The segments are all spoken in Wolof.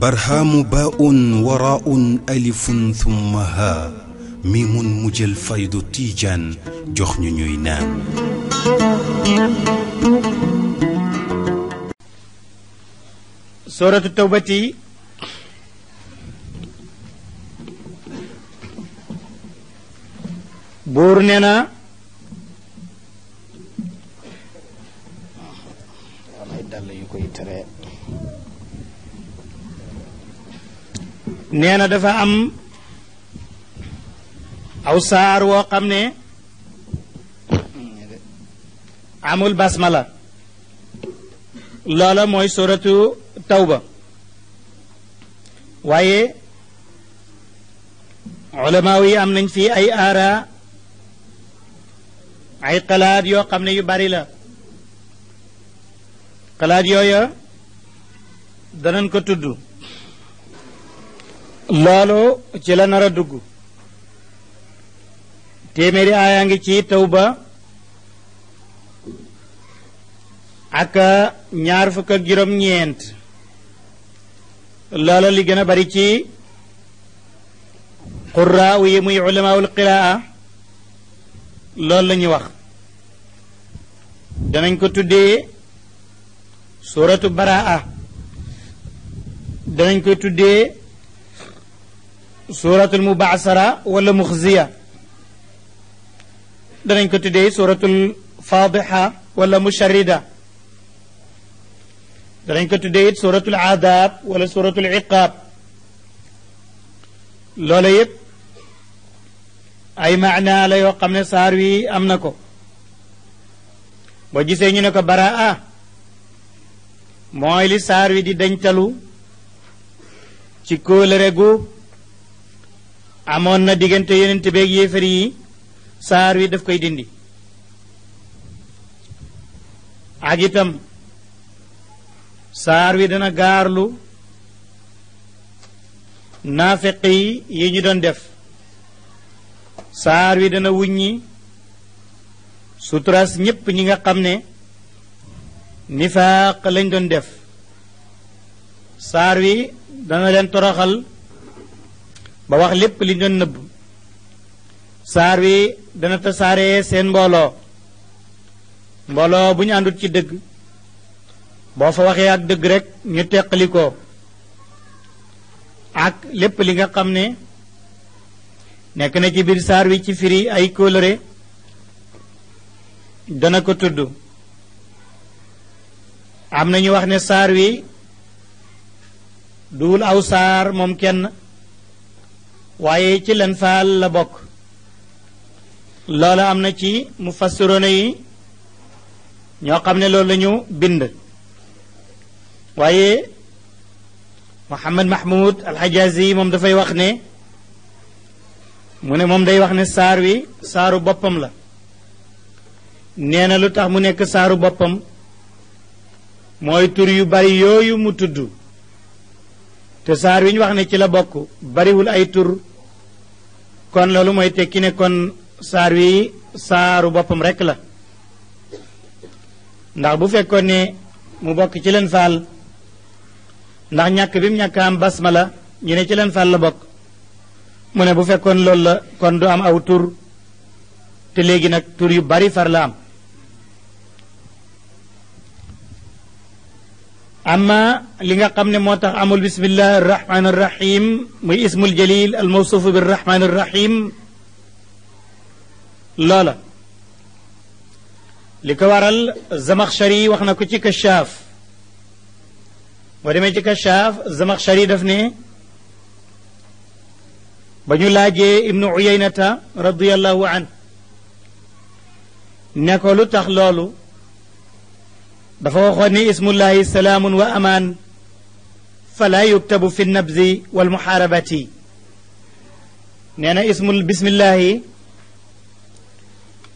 barhaamu baa un waraa un alifun thumma haa mi mun mujjal faydu tiijaan jox ñu ñuy naan. sooratu tawbati buur nee na koy nee na dafa am aw saar woo xam ne amul basmala loola mooy suratu tawba waaye ulamaaw am nañ fi ay aara ay xalaat yoo xam ne yu bari la xalaat yooya danañ ko tudd loolu ci la nar a dugg téeméeri aayaa ngi ci tawba ak ñaar fukk ak juróom-ñeent loolu li gën a bari ci qurraa yi muy ulamaawul qiraa loolu la ñuy wax danañ ko tuddee suratu baraa danañ koy tuddee suratul mubaasara wala muxziya danañ ko tuddee suratul faadixa wala musharida danañ ko tuddee it suratul aadaab wala suratul iqaab loola yëpp ay maanaa la yoo xam ne saar wi am na ko boo gisee ñu ne ko baraa mooy li saar wi di deñtalu ci kóolëre gu amoon na diggante yonent beeg yéefar yi saar wi daf koy dindi ak itam saar wi dana gaarlu naafeq yi yi ñu doon def saar wi dana wuññi suturas ñépp ñi nga xam ne nifaq lañ doon def saar wi dana leen toroxal ba wax lépp li doon nëbb saar wi dana tasaare seen mbooloo mbooloo bu ñu àndut ci dëgg boo fa waxee ak dëgg rek ñu teqali ko ak lépp li nga xam ne nekk na ci biir saar wi ci firi ay dana ko tudd am na ñu wax ne saar wi duwul aw saar moom kenn waaye ci leen faal la bokk loola am na ci mu mufassirone yi ñoo xam ne loolu la ñu bind waaye Muhammad Mahmoud Alxajazi moom dafay wax ne mu ne moom day wax ne saar wi saaru boppam la nee na lu tax mu nekk saaru boppam mooy tur yu bari yooyu mu tudd te saar wi ñu wax ne ci la bokk bariwul ay tur kon loolu mooy tekki ne kon saar wi saaru boppam rekk la ndax bu fekkoon ne mu bokk ci leen faal ndax ñàkk bi mu ñàkk am basma la ñu ne ci leen faal la bokk mu ne bu fekkoon loolu la kon du am aw tur te léegi nag tur yu bari far la am أما لنغا قمنا موتخ أمول بسم الله الرحمن الرحيم مي اسم الجليل الموصوف بالرحمن الرحيم لا لا لكوار الزمخشري وخنا كتي كشاف ودمي كشاف زمخشري دفني بنو لاجي ابن عيينة رضي الله عنه نكولو تخلولو دفوخني اسم الله السلام وأمان فلا يكتب في النبذ والمحاربة نانا اسم بسم الله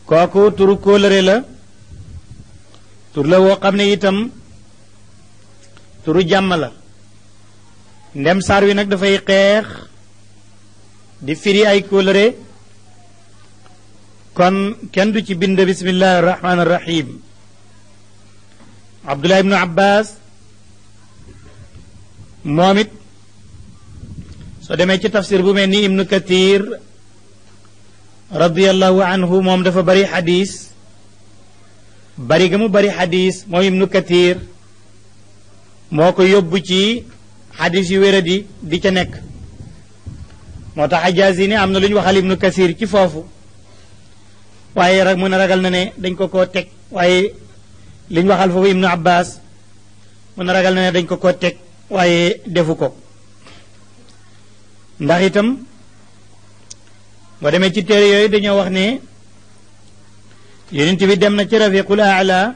كوكو تركو لريلا ترلو قبني يتم ترو جمالا ندم ساروي نك دفاي قيخ دي اي كولري كن كندوشي بند بسم الله الرحمن الرحيم abdullah ibnu abbas moom it soo demee ci tafsir bu mel ni ibnu kathir radiallahu anhu moom dafa bari xadis bari ga mu bari xadis moom ibnu kathir moo ko yóbbu ci xadis yu wéradi di ca nekk moo tax ajaasi ni am na lu ñu waxal ibnu kathir ci foofu waaye rag mu ne ragal na ne dañ ko koo teg waaye liñ waxal foofu ibnu abbas mun na ragal na ne dañ ko ko teg waaye defu ko ndax itam boo demee ci téere yooyu dañoo wax ne yonent bi dem na ci rafiqul aala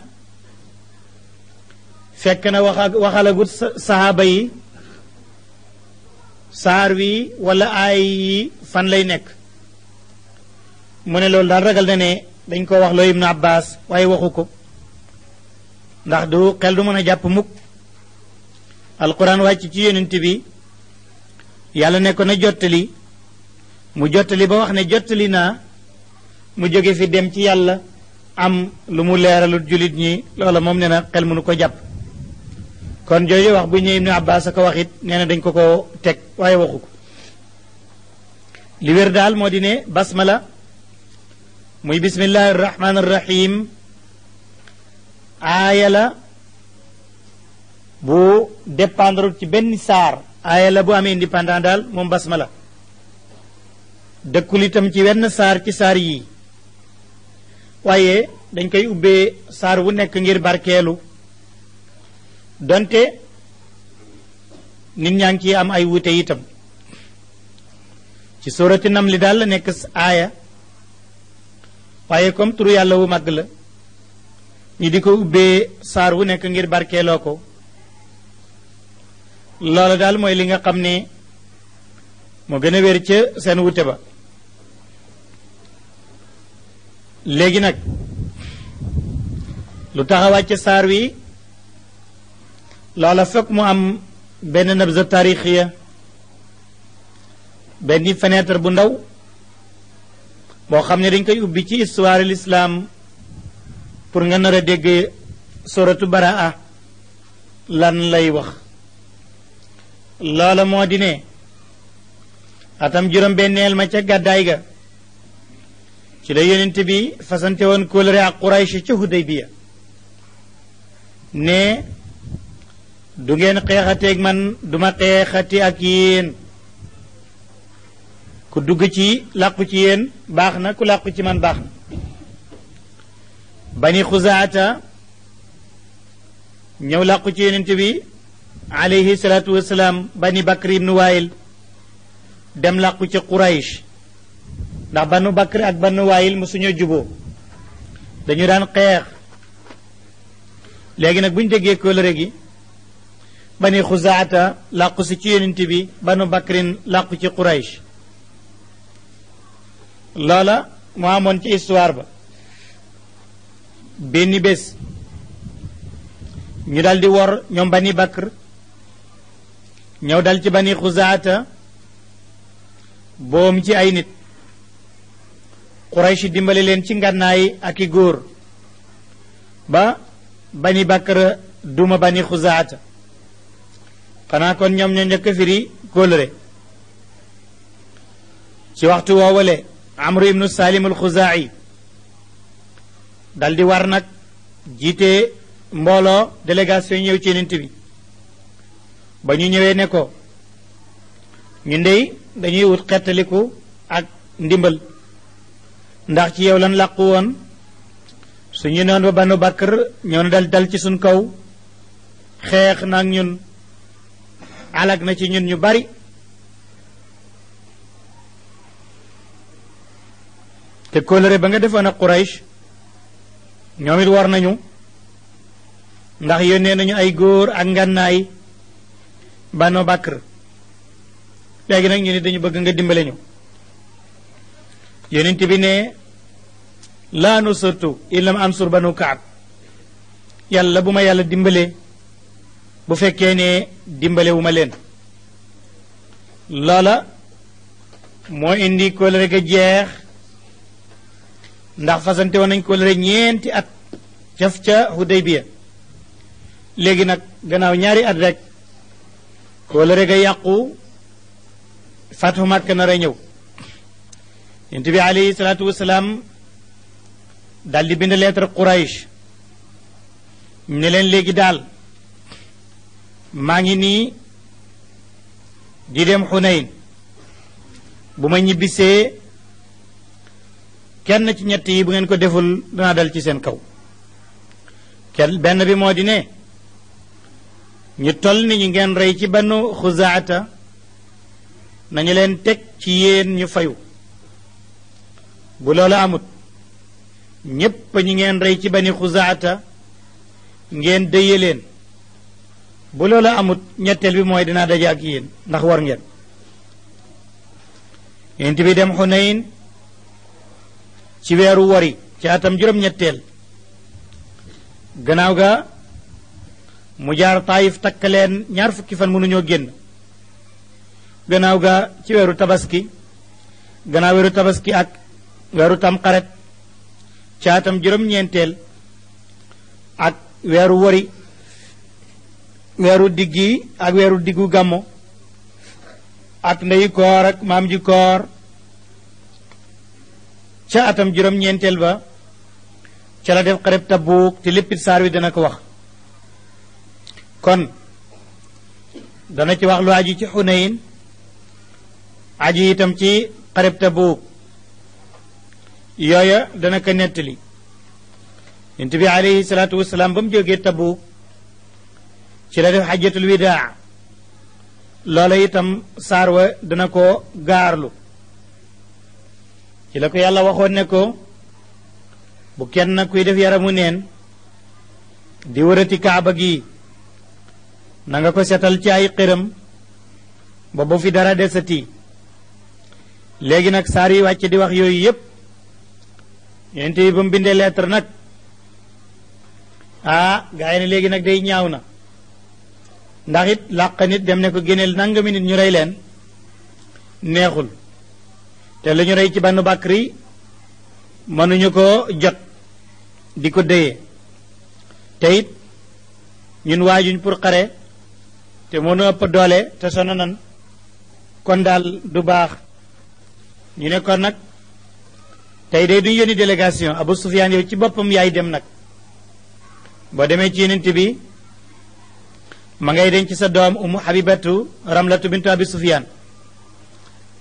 fekk na waxa waxalagut sahaaba yi saar wi walla aay yi fan lay nekk mu ne loolu daal ragal na ne dañ ko wax loo ibnu abbas waaye waxu ko ndax du xel du mën a jàpp mukk alquran wàcc ci yonent bi yàlla ne ko na jottali mu jottali ba wax ne jottali naa mu jóge fi dem ci yàlla am lu mu leeralut julit ñi loola moom nee na xel mënu ko jàpp kon jooju wax bu ñëw ibnu abbas ko waxit nee na dañ ko ko teg waaye waxu li wér daal moo basmala muy bismillahi arrahmani arrahim aaya la bu dépendre ci benn saar aaya la bu amee indépendant daal moom la dëkkul itam ci wenn saar ci saar yii waaye dañ koy ubbee saar bu nekk ngir barkeelu donte nit ñaa ngi ciy am ay wuute itam ci sóorati li daal la nekk aaya waaye comme turu yàlla wu màgg la ñi di ko ubbee saar wu nekk ngir barkeeloo ko loolu daal mooy li nga xam ne moo gën wér ca seen wute ba léegi nag lu tax a saar wi loola fekk mu am benn nabza taarixiya benn fenêtre bu ndaw boo xam ne dañ koy ubbi ci histoire l'islam pour nga nara a dégg suratu baraa lan lay wax loola moo di ne atam juróom benneel ma ca gàddaay ga ci la yonent bi fasante woon kóllëre ak Quraysh ca Hudaybiya ne du ngeen xeexateeg man duma xeexati ak yéen ku dugg ci làqu ci yéen baax na ku làqu ci man baax na bani xuzaata ñëw làqu ci yonent bi alayhi salaatu wasalaam bani bakr ibnu waayil dem làqu ci quraysh ndax banu bakr ak banu waayil mosuñoo juboo dañu daan xeex léegi nag bu ñu déggee kóllëre gi bani xuzaata làqu si ci yonent bi banu bakrin làqu ci quraysh loola moo amoon ci histoire ba benn bés ñu daldi wor ñoom bani bakr ñëw daldi ci bani xuzaata boom ci ay nit quraysh dimbali leen ci ngànnaay ak i góor ba bani bakr duma bani xuzaata xanaa kon ñoom ñoo njëkk firi kóllëre ci waxtu woowale amru ibnu salim al xuzaayi dal di war nak jité mbolo délégation ñew ci yenent bi ba ñu ñëwee né ko ñun ndey dañuy wut xétaliku ak ndimbal ndax ci yow lan laq won suñu non ba banu bakkar ñoo dal dal ci suñ kaw xex nak ñun alag na ci ñun ñu bari te kóolëre ba nga defoon quraish ñoom it war nañu ndax yónnee nañu ay góor ak ngànnaay Banu Bakr léegi nag ñu ne dañu bëgg nga dimbale ñu yonent bi ne laa nusurtu illam sur Banu Kaab yàlla bu ma yàlla dimbale bu fekkee ne dimbalewuma leen loola moo indi kóllëre ga jeex ndax fasante woon nañ ko ñeenti at jaf ca Hudaybiya léegi nag gannaaw ñaari at rek kóllëre ga yàqu fatu Makka nar a ñëw yonent bi alayhi salaatu wasalaam daal di bind lettre Quraysh ne leen léegi daal maa ngi nii di dem Xunayn bu ma ñibbisee kenn ci ñett yi bu ngeen ko deful dana dal ci seen kaw kenn benn bi moo di ne ñu toll ni ñu ngeen rey ci banu xuzaata nañu leen teg ci yéen ñu fayu bu loola amut ñépp ñu ngeen rey ci bani xuzaata ngeen dëye leen bu loola amut ñetteel bi mooy dinaa daje ak yéen ndax war ngeen yent bi dem xunayn ci wéru wari ci atam juróom ñetteel gannaaw ga mu jaar taayif takk leen ñaar fukki fan mënuñoo génn gannaaw ga ci wéru tabaski gannaaw wéru tabaski ak wéru tam xaret ci atam juróom ñeenteel ak wéru wari wéru diggi ak wéru diggu gàmmo ak ndeyi koor ak maam koor ca atam juróom-ñeenteel ba ca la def xareb Tabuuk te léppit saar wi dana ko wax kon dana ci wax lu aji ci Xunayn aji itam ci xareb Tabuuk yooya dana ko nettali yonent bi alayhi salaatu wasalaam ba mu jógee Tabuuk ci la def xajatul wida loola itam saar wa dana ko gaarlu ci la ko yàlla waxoon ne ko bu kenn kuy def yaramu neen di wërati kaaba gi na nga ko setal ci ay xëram ba bu fi dara desati léegi nag saar yi wàcc di wax yooyu yépp yonent bi ba mu bindee lettre nag ah gaa ne léegi nag day ñaaw na ndax it làq nit dem ne ko génneel nangami nit ñu rey leen neexul te lañu rey ci bànn bakri mënuñu ñuko jot di ko déye it ñun wajuñ pour xaré te mënu ëpp doole te sonanan kon dal du baax ñu ne kon nak tay day yoni délégation Abu Sufian yow ci bopam yaay dem nak boo démé ci yenent bi ma ngay denc sa doom umu Habibatu Ramlatu bintu Abu Sufian,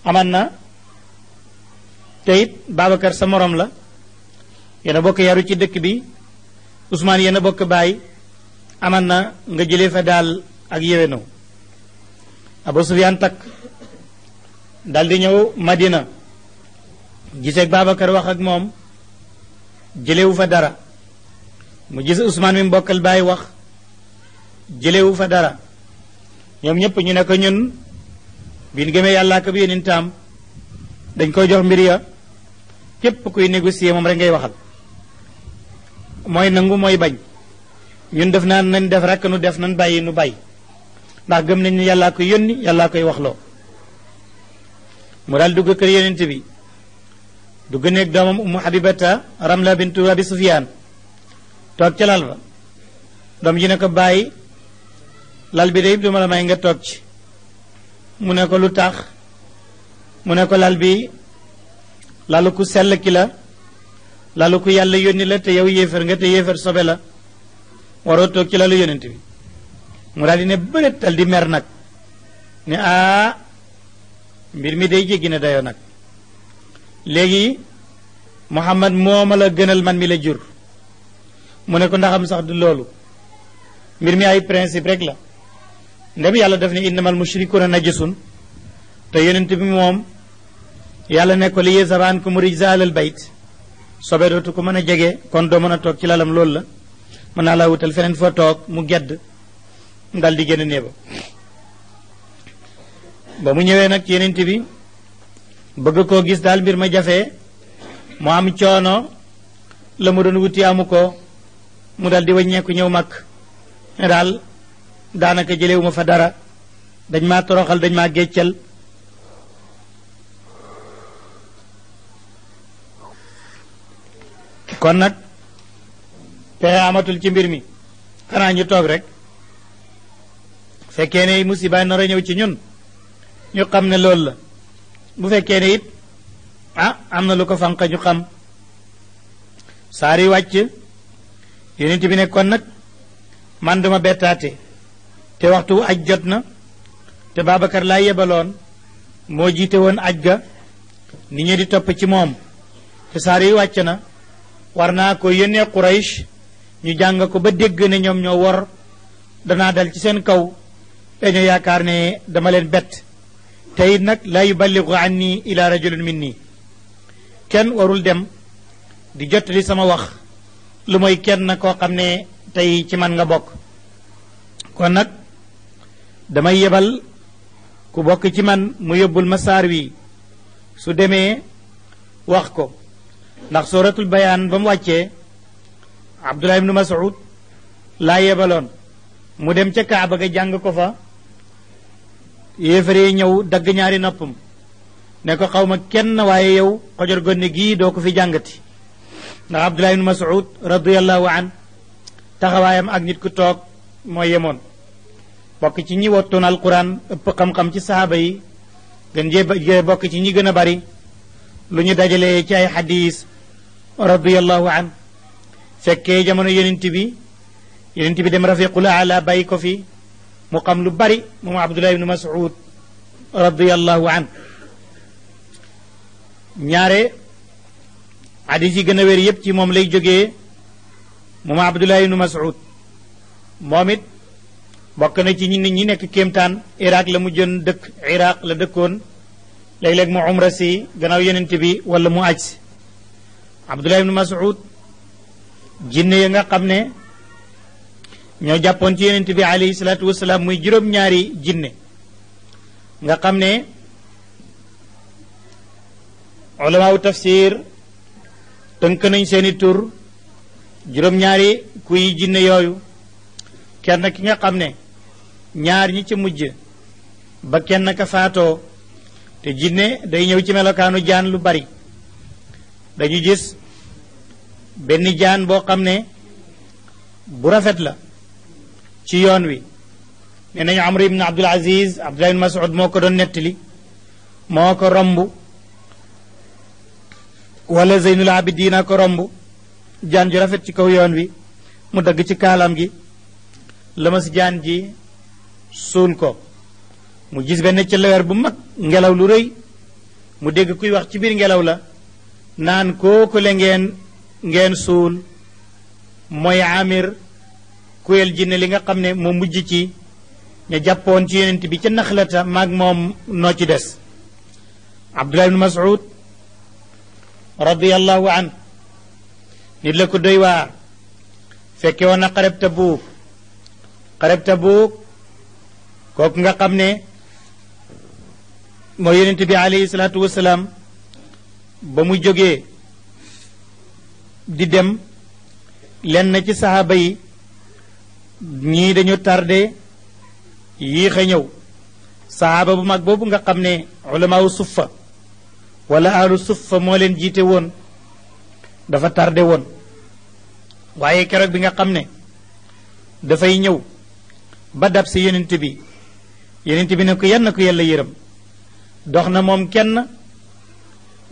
aman te it sa morom la yéen a bokk yaru ci dëkk bi usmaan yéen bokk baay aman na nga jëlee fa daal ak yéwénoo Abu Sufyaan takk daal ñëw Madina giseeg Babacar wax ak moom jëlewu fa dara mu gis Ousmane mi mbokkal baay wax jëlewu fa dara ñoom ñëpp ñu ne ko ñun bi ñu gëmee yàllaa ko bi yéen taam dañ koy jox mbir ya képp koy négocier moom rek ngay waxal mooy nangu mooy bañ ñun def naan nañ def rek nu def nañ bàyyi nu bàyyi ndax gëm nañ ne yàllaa koy yónni yàllaa koy waxloo mu daal dugg kër yonent bi dugg néeg doomam umu habibata ramla bintu abi sufyaan toog ca lal ba doom ji ne ko bàyyi lal bi day duma la may nga toog ci mu ne ko lu tax mu ne ko lal bi lalu ku sell ki la lalu ku yàlla yónni la te yow yéefar nga te yéefar sobe la waroo toog ci lalu yónent bi mu daal di ne bëreetal di mer nag ne aa mbir mi day jéggi na dayoo nag léegi Muhammad mooma la gënal man mi la jur mu ne ko ndaxam sax du loolu mbir mi ay principe rek la ndem yàlla def ne innamal mushrikuuna najasun te yónent bi moom yàlla ne ko li yasabaan ku murij zaalal bayt sobe dootu ko mën a jege kon doo mën a toog ci lalam loolu la mën naa laa wutal feneen foo toog mu gedd dal di génn néeba ba mu ñëwee nag ci yenent bi bëgg koo gis daal mbir ma jafe mu am coono la mu doon wuti amuko mu dal di waññeeku ñëw mag daal daanaka jëlewuma fa dara dañ maa toroxal dañ maa géccal kon nag pexe amatul ci mbir mi xanaa ñu toog rek fekkee ne musiba nar a ñëw ci ñun ñu xam ne loolu la bu fekkee ne it ah am na lu ko fanq ñu xam saari wàcc yonent bi ne kon nag man duma bettaate te waxtu aj jot na te Babacar laa yebaloon moo jiite woon aj ga nit ñi di topp ci moom te saari wàcc na war naa ko yónnee Quraysh ñu jàng ko ba dégg ne ñoom ñoo wor danaa dal ci seen kaw dañoo yaakaar ne dama leen bett te it nag laa yuballigu anni ila mit nii kenn warul dem di jottali sama wax lu mooy kenn koo xam ne tey ci man nga bokk kon nag damay yebal ku bokk ci man mu yóbbul ma saar wi su demee wax ko ndax suratul bayaan ba mu wàccee abdullah ibnu mas'ud laa yebaloon mu dem ca kaaba ga jàng ko fa yéefare ñëw dagg ñaari noppam ne ko xawma kenn waaye yow xojor gone gii doo ko fi jàngati ndax abdullah ibnu mas'ud radiallahu an taxawaayam ak nit ku toog mooy yemoon bokk ci ñi wottoon alquran ëpp xam-xam ci sahaaba yi gën jee bokk ci ñi gën a bari lu ñu dajalee ci ay xadiis radiyallahu an fekkee jamono yonent bi yonent bi dem rafiqul la bàyyi ko fi mu xam lu bari moom abdullah ibnu mas'ud radiyallahu an ñaare hadis gën a wér yépp ci moom lay jógee moom abdullah ibnu mas'ud moom it bokk na ci ñi ñi nekk kéemtaan iraq la mujjoon dëkk iraq la dëkkoon léeg-léeg mu umra si gannaaw yonent bi wala mu aj si abdullah ibnu mas'ud jinne ya nga xam ne ñoo jàppoon ci yonent bi alayhi salaatu wasalaam muy juróom-ñaari jinne nga xam ne ulamaawu tafsir tënk nañ seeni tur juróom-ñaari kuy jinne yooyu kenn ki nga xam ne ñaar ñi ci mujj ba kenn ka faatoo te jinne day ñëw ci melokaanu jaan lu bari dañu gis benn jaan boo xam ne bu rafet la ci yoon wi nee nañu amr ibn abdul aziz abdullah ibn masud moo ko doon nettali moo ko romb wala zeynul abidina ko romb jaan ju rafet ci kaw yoon wi mu dagg ci kaalam gi la ma jaan ji suul ko mu gis benn ci lewer bu mag ngelaw lu rëy mu dégg kuy wax ci biir ngelaw la naan kooku le ngeen ngeen suul mooy amir kuyel jinne li nga xam ne mu mujj ci ña jàppoon ci yonent bi ca naxlata maag moom noo ci des abdullah ibn mas'ud radiallahu an nit la ko doy waar fekke woon na xareb Tabuuk xareb Tabuuk nga xam ne mooy yonent bi alayhi salaatu wasalaam ba mu jógee di dem lenn ci saxaaba yi ñii dañu tàrde yéex a ñëw saxaaba bu mag boobu nga xam ne ulamaawu suffa wala ahlu suffa moo leen jiite woon dafa tàrde woon waaye keroog bi nga xam ne dafay ñëw ba dab si yonent bi yeneent bi ne ko yan na ko yàlla yërëm dox na moom kenn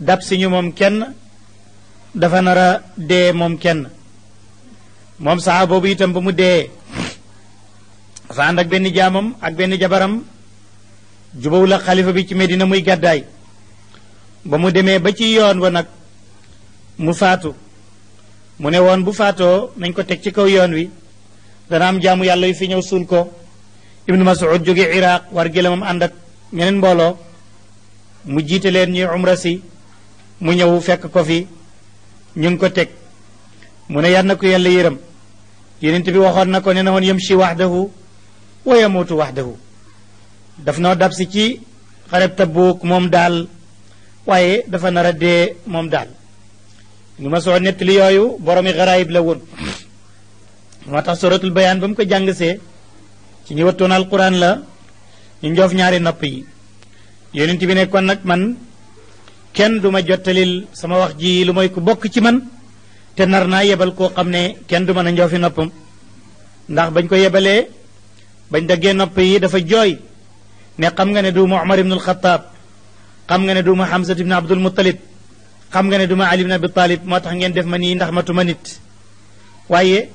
dab si ñu moom kenn dafa nar a dee moom kenn moom saxaa boobu itam ba mu dee dafa ànd ak benn jaamam ak benn jabaram jubawu la xalifa bi ci Medina muy gàddaay ba mu demee ba ci yoon wa nag mu faatu mu ne woon bu faatoo nañ ko teg ci kaw yoon wi dana am jaamu yàlla yu fi ñëw suul ko ibnu Mas'ud jóge Iraq war gëlamam ànd ak ñeneen mbooloo mu jiite leen ñuy umra mu ñëw fekk ko fi ñu ngi ko teg mu ne yàlla na ko yàlla yërëm yonent bi waxoon na ko ne na woon yamshi wahdahu wa wax wahdahu daf noo dab si ci xareb Tabuuk moom daal waaye dafa nar a dee moom daal ñu ma soo nettali yooyu boroomi garaayib la woon moo tax suratul bayaan ba mu ko jàng see ci ñu wattoon alquran la ñu njoof ñaari nopp yi yonent bi ne kon nag man ken duma ma sama wax ji lu moy ku bok ci man te narna yebal ko xamne ken duma na ndofi noppam ndax bañ ko yebale bañ dagge nopp yi dafa joy ne xam nga ne du Umar ibn al-Khattab xam nga ne duuma Hamza ibn Abdul Muttalib xam nga ne duma Ali ibn Abi Talib mo tax ngeen def ma nii ndax matuma nit waye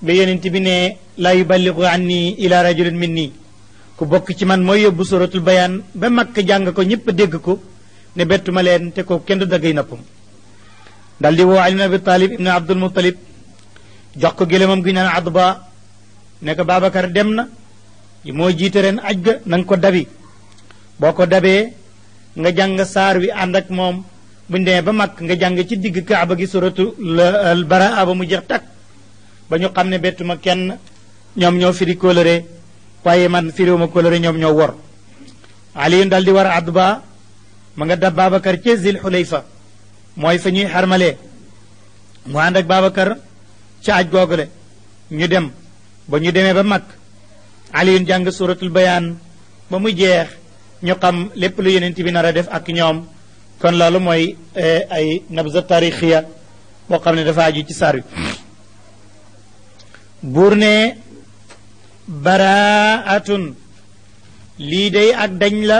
be yonenti bi ne la yuballighu anni ila rajulin minni ku bok ci man moy yobbu suratul bayan ba makk jang ko ñepp ko ne bettuma len te ko kendo du daggay noppam dal di woo ali talib ibn abdul muttalib jox ko gelemam gi naan adba ne ko babakar demna yi mo jite ren ajga nang ko dabi boko dabe nga jang sar wi andak mom buñ ba mak nga jang ci digg kaaba gi suratu al baraa ba mu jeex takk ba ñu xam bettuma kenn ñom ñoo firi waye man ko ñom ñoo wor ali dal di war adba ma nga dab Babacar ca Zil Xulayfa mooy fa ñuy xarmalee mu ànd ak ci aj googale ñu dem ba ñu demee ba mag aliyun jàng suratul bayaan ba mu jeex ñu xam lépp lu yonent bi nar a def ak ñoom kon loolu mooy eh, ay nabza tarixiya boo xam ne dafa aju ci saar wi buur ne baraatun lii day ak dañ la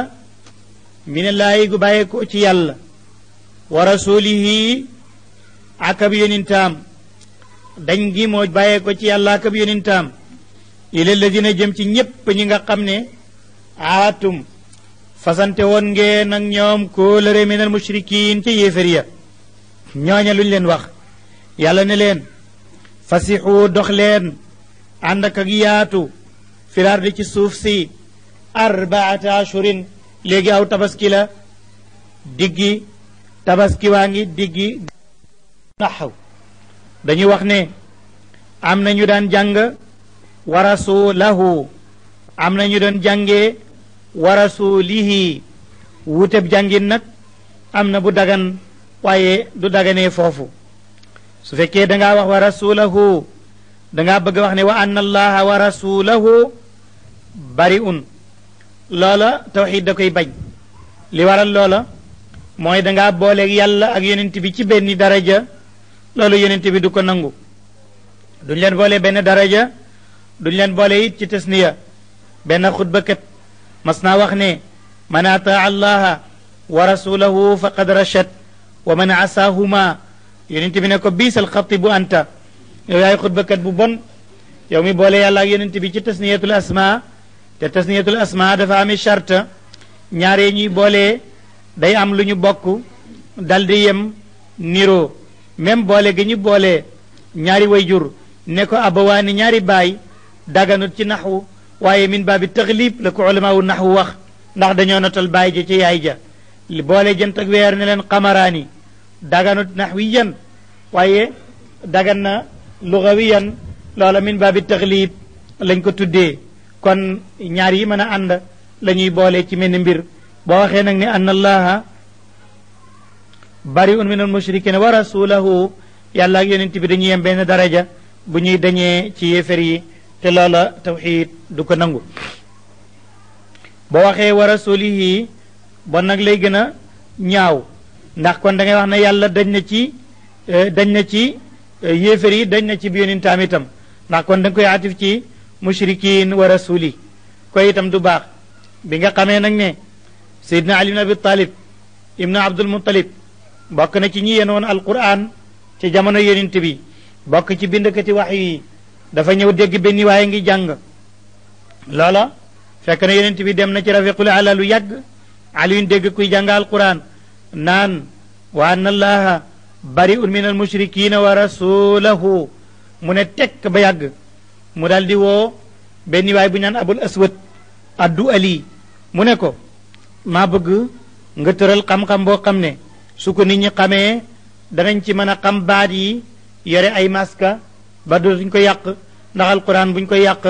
minallaahi gu bàyyeekoo ci yàlla wa rasuulihi ak ab yónintaam dañ gi moo bàyyeekoo ci yàlla ak ab yónintaam ila ladina jëm ci ñépp ñi nga xam ne aatum fasante woon ngeen ak ñoom kóolëre minal mushrikiin ca yéefér ñooña luñ leen wax yàlla ne leen fasixu dox leen ànd ak ak ci suuf si arbaata legi aw tabaski la diggi tabaski wangi diggi nahaw dañuy wax ne am na ñu daan jang wa am ñu doon jàngee wa rasulihi wuteb jàngin nag amna bu dagan waaye du daganee fofu su da nga wax wa da nga bëgg wax ne wa anna wa bariun loola tawxiid da koy bañ li waral loola mooy danga booleeg yàlla ak yonent bi ci benn daraja loolu yonent bi du ko nangu duñ leen boole benn daraja duñ leen boole it ci tasniya benn xutbakat mas naa wax ne man ataa allaha wa rasulahu faqad rachat wa man asaahuma yonent bi ne ko biisal bu anta yow yaay xutbakat bu bon yow mi boole yàlla ak yonent bi ci tasniyatul asma te tasniyatul asma dafa ami charte ñaaree ñuy boole day am lu ñu bokk dal di yem niroo même boole gi ñu boole ñaari way wayjur ne ko abawaani ñaari baay daganut ci naxwu waaye min baabi taxlib la ko ulama wax ndax dañoo notal baay ja ci yaay ja boole jant ak weer ne leen xamaraani daganut naxwiyan waaye dagan na lugawiyan loola min baabi taxlib lañ ko tuddee kon ñaar yi mën a ànd la ñuy boole ci menn mbir boo waxee nag ne ann allaha bari un minal war a rasulahu yàlla ak yonent bi dañuy yem benn daraja bu ñuy dañee ci yéefér yi te loola tawxiid du ko nangu boo waxee war wa rasulihi bon nag lay gën a ñaaw ndax kon da wax ne yàlla dañ na ci eh, dañ na ci eh, yéefér yi dañ na ci bi yonentaam itam ndax kon koy atif ci mushrikiin wa rasuli koy itam du baax bi nga xamee nag ne seydna ali ibn abi talib ibnu abdul muttalib bokk na ci ñi yenoon alquran ci jamono yonent bi bokk ci bindkati wax yi dafa ñëw dégg benn waaye ngi jàng loola fekk na yonent dem na ci rafiqul ala lu yàgg aliyun dégg kuy jàng alquran naan wa anna allaha bariun min almushrikina wa rasulahu mu ne tekk ba yàgg mu daal di woo benn waay bu ñaan abul aswad addu ali mu ne ko maa bëgg nga tëral xam-xam boo xam ne su ko nit ñi xamee danañ ci mën a xam baat yi yore ay maska ba dootuñ koy yàq ndax bu ñu koy yàq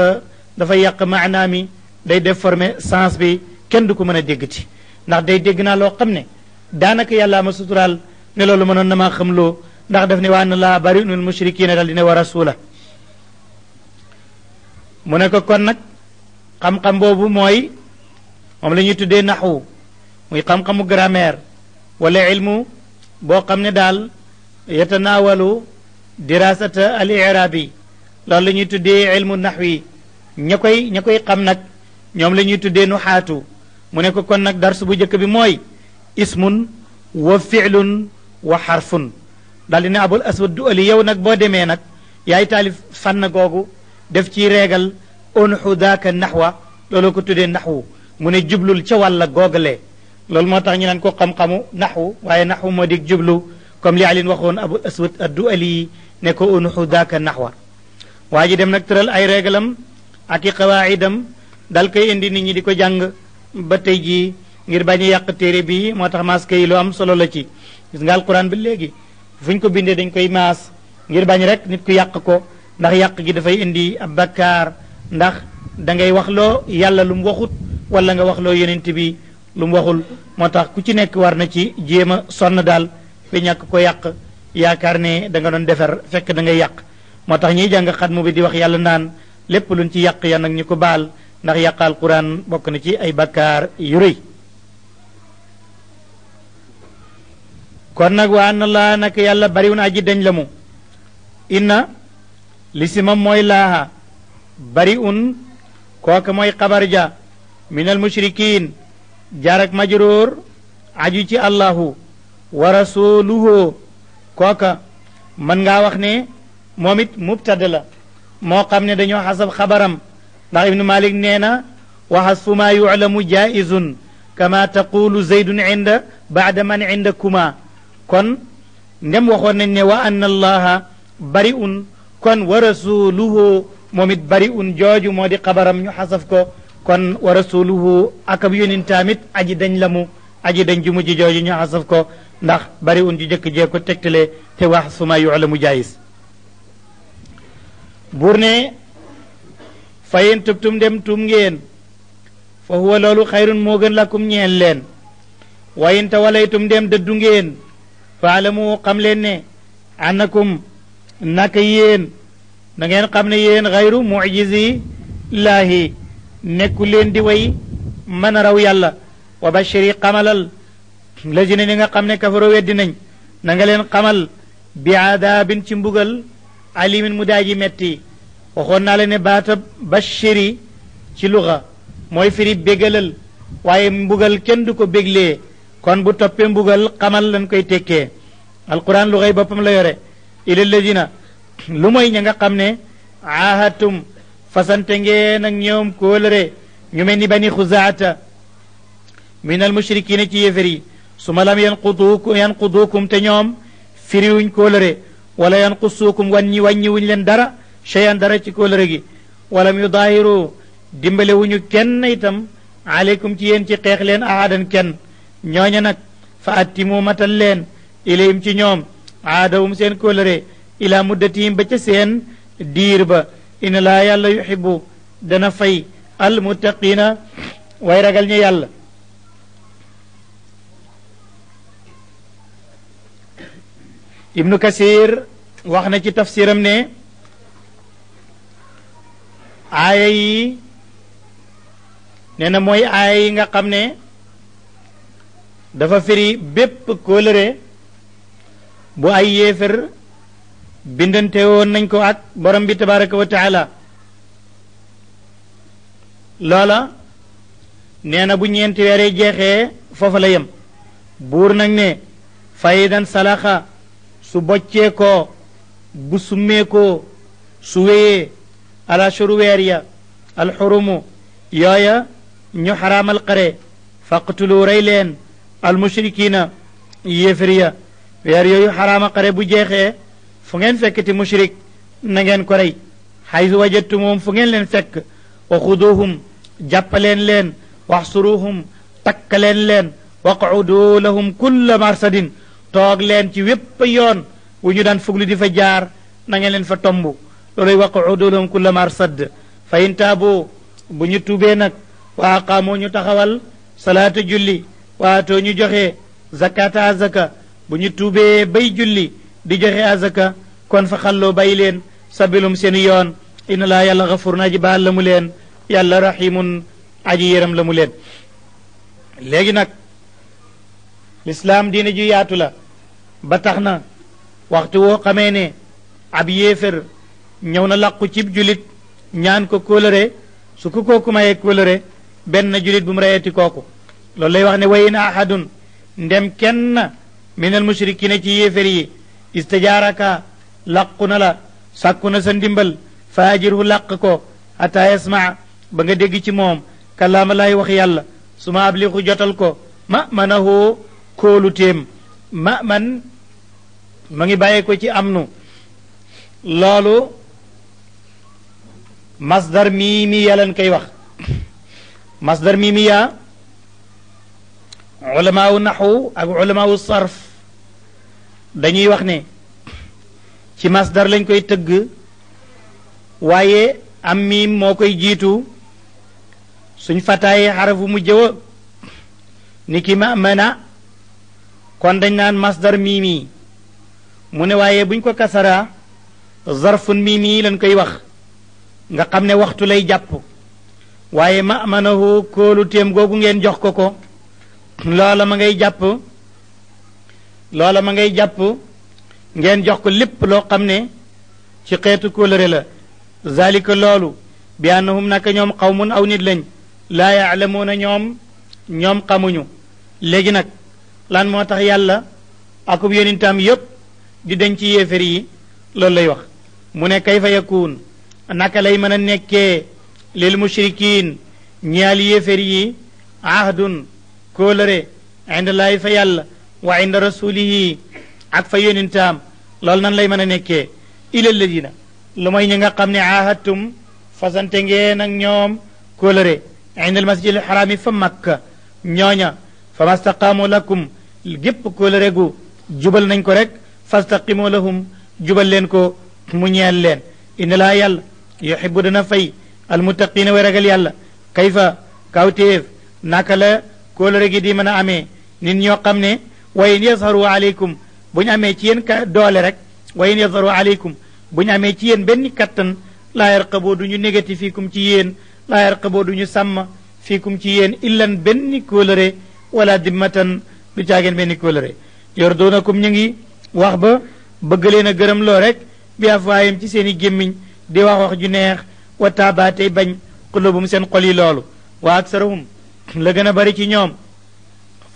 dafa yàq maanaa mi day def déformer sens bi kenn du ko mën a dégg ti ndax day dégg naa loo xam ne daanaka yàllaa ma suturaal ne loolu mënoon na maa loo ndax daf ne waan laa bari unul mushrikiina dal dina war a suula mu ne ko kon nag xam-xam boobu mooy moom la ñuy tuddee naxwu muy xam-xamu grammaire wala ilmu boo xam ne daal yatanaawalu dirasata al irabi loolu la ñuy tuddee ilmu naxwi ña koy ña koy xam nag ñoom la ñuy tuddee nuxaatu mu ne ko kon nag darsu bu njëkk bi mooy ismun wa filun wa xarfun daal dina abul aswad du ali yow nag boo demee nag yaay taalif fànn googu def ci reegal onxu daaka naxwa loolu ko tuddee naxwu mu ne jublul ca wàlla googale loolu moo tax ñu naan ko xam-xamu naxwu waaye naxwu moo di jublu comme li alin waxoon abu aswad addu ali ne ko onxu daaka naxwa waa ji dem nag tëral ay reegalam ak i xawaayidam dal koy indi nit ñi di ko jàng ba tey jii ngir bañ yàq téere bi moo tax lu am solo la ci gis nga alquran ba léegi fu ko bindee dañ koy maas ngir bañ rek nit ku yàq ko ndax yàq gi dafay indi ab bakkaar ndax da ngay waxloo yàlla lu mu waxut wala nga waxloo yonent bi lu mu waxul moo tax ku ci nekk war na ci jéem a sonn daal ba ñàkk ko yàq yaakaar ne da nga doon defar fekk da ngay yàq moo tax ñiy jàng bi di wax yàlla naan lépp luñ ci yàq ya nag ñu ko baal ndax quran bokk na ci ay bakkaar yu rëy kon nag waa la nag yàlla bariwun aji dañ la mu inna لسي مم موي لاها بري ان كوك موي قبر من المشركين جارك مجرور عجيتي الله ورسوله كوك من غا وخني موميت مبتدلا مو قامني دانيو حسب خبرم دا ابن مالك نينا وحسب ما يعلم جائز كما تقول زيد عند بعد من عندكما كون نيم وخون ني وان الله بريء kon wa rasuluhu moom bari un jooju moo di xabaram ñu xasaf ko kon wa rasuluhu ak ab yónintaam it aji dañ la mu aji dañ ju mujj jooju ñu xasaf ko ndax bari un ju jëkk jee ko tegtale te wax suma yuclamu jaayis buur ne fa yéen dem tuub ngeen fa huwa loolu xayrun moo gën lakum ñeel leen wayin tawalaytum dem dëddu ngeen faalamu xam leen ne annakum naka yéen da xam ne yéen xayru mujizi laahi nekku leen di way mën a raw yàlla wa bashiri xamalal lazina ni nga xam ne kafaro weddi nañ na nga leen xamal bi aadaabin ci mbugal alimin mu daaji metti waxoon naa ne baata bashiri ci luxa mooy firi bégalal waaye mbugal kenn du ko begle kon bu toppee mbugal xamal lañ koy tekkee alquran luxay boppam la yore ila ladina lu mooy ña nga xam ne aahadtum fasante ngeen ak ñoom kóolëre ñu mel ni bani xuzaata min al mushrikina ci yéefér yi su ma lam yanquduukum yanquduukum te ñoom firiwuñ kóolëre wala yanqusuukum wàññi wàññiwuñ leen dara cheyan dara ci kóolëre gi walam yudaahiru dimbale wuñu kenn itam aleykum ci yéen ci xeex leen ahadan kenn ñooña nag fa attimu matal leen ci ñoom aadawum seen kóllëre ilaa muddatihim ba ca seen diir ba ina laa yàlla yuxibu dana fay almuttaqiina way ragal ña yàlla ibnu kasir wax na ci tafsiram ne aaya yi na mooy aaya yi nga xam ne dafa firi bépp kóllëre bu ay yéefér bindante nañ ko ak borom bi tabaraka wa taala loola nee na bu ñeenti weere jeexee foofa yem buur nag ne fayidan salaxa su boccee ko bu summee su wéyee alashuru alxurumu yooya ñu xaraamal xare faqtulu rey leen almushrikiina yéefér weer yooyu xaraama xare bu jeexee fu ngeen fekkati mushrik na ngeen ko rey xaysu wajattumum fu ngeen leen fekk wa xuduhum jàppaleen leen waxsuruhum takkaleen leen waqudu lahum kulla marsadin toog leen ci wépp yoon wu ñu daan fuglu di fa jaar na ngeen leen fa tomb looluy waqudu lahum kulla marsad fa in bu ñu tuubee nag wa aqaamoo ñu taxawal salaata julli waatoo ñu joxe zakata zaka. bu ñu tuubee bay julli di joxe azaka kon fa xalloo bay leen sabilum seeni yoon inna laa yàlla xafur na aji baa lamu leen yàlla rahimun aji yéram la mu leen léegi nag lislaam diine ju yaatu la ba tax na waxtu woo xamee ne ab yéefér ñëw na làqu cib julit ñaan ko kóolëre su ko kooku mayee benn julit bu mu rayeti kooku loolu lay wax ne wayin ahadun ndem kenn minal mushrikina ci yéefér yi istijaaraka làqu na la sàkku na sa ndimbal faajirhu làq ko hatta yasmaa ba nga dégg ci moom kalaama laay wax yàlla su ma ablixu jotal ko ma manahu kóolu téem ma man ma ngi bàyyi ko ci am nu loolu masdar mii mi yalan koy wax masdar mii mi ulamaawu naxwu ak ulamaawu sarf dañuy wax ne ci masdar lañ koy tëgg waaye am miim moo koy jiitu suñ fataayee xarafu mu jëwa ni ma mëna kon dañ naan masdar miimi mu ne waaye buñ ko kasara zarfun miimi lañ koy wax nga xam ne waxtu lay jàpp waaye ma mënahu kóolu téem googu ngeen jox ko ko loola ma ngay jàpp loola ma ngay jàpp ngeen jox ko lépp loo xam ne ci xeetu kóllëre la zalika loolu bi annahum naka ñoom xawmun aw nit lañ laa yaalamuuna ñoom ñoom xamuñu léegi nag lan moo tax yàlla akub yonentam yépp di denc ci yéefér yi loolu lay wax mu ne kayfa yakuun naka lay mën a nekkee lil mushrikiin ñaal yéefér yi ahdun kóolëre inda laahi fa yàlla wa inda rasulihi ak fa yonentaam loolu nan lay mën a nekkee ila ladina lu mooy ñi nga xam ne aahadtum fasante ngeen ak ñoom kolere inda al masjid al xaraami fa makka ñooña fa mastaqaamu lakum gépp kóolëre gu jubal nañ ko rek fastaqimu lahum jubal leen ko mu ñeel leen inna laa yàlla yuxibu dana fay almuttaqiina way ragal yàlla kayfa kawtéef naka kóolare gi di mën a amee nit ñoo xam ne wa in yazharu aleykum bu ñu amee ci yéen ka doole rek wa in yazharu aleykum bu ñu amee ci yéen benn kattan laa yarqaboo du ñu négatif fiikum ci yéen laa yarqaboo du ñu sàmm fiikum ci yéen illan benn kóolare wala dimmatan du caageen benn kóolare yor doonakum ñu ngi wax ba bëgg leen a gërëm lool rek bi afwaayam ci seen i gémmiñ di wax wax ju neex wa taabaatey bañ xulubum seen xol yi loolu wa aksaruhum la gën a bari ci ñoom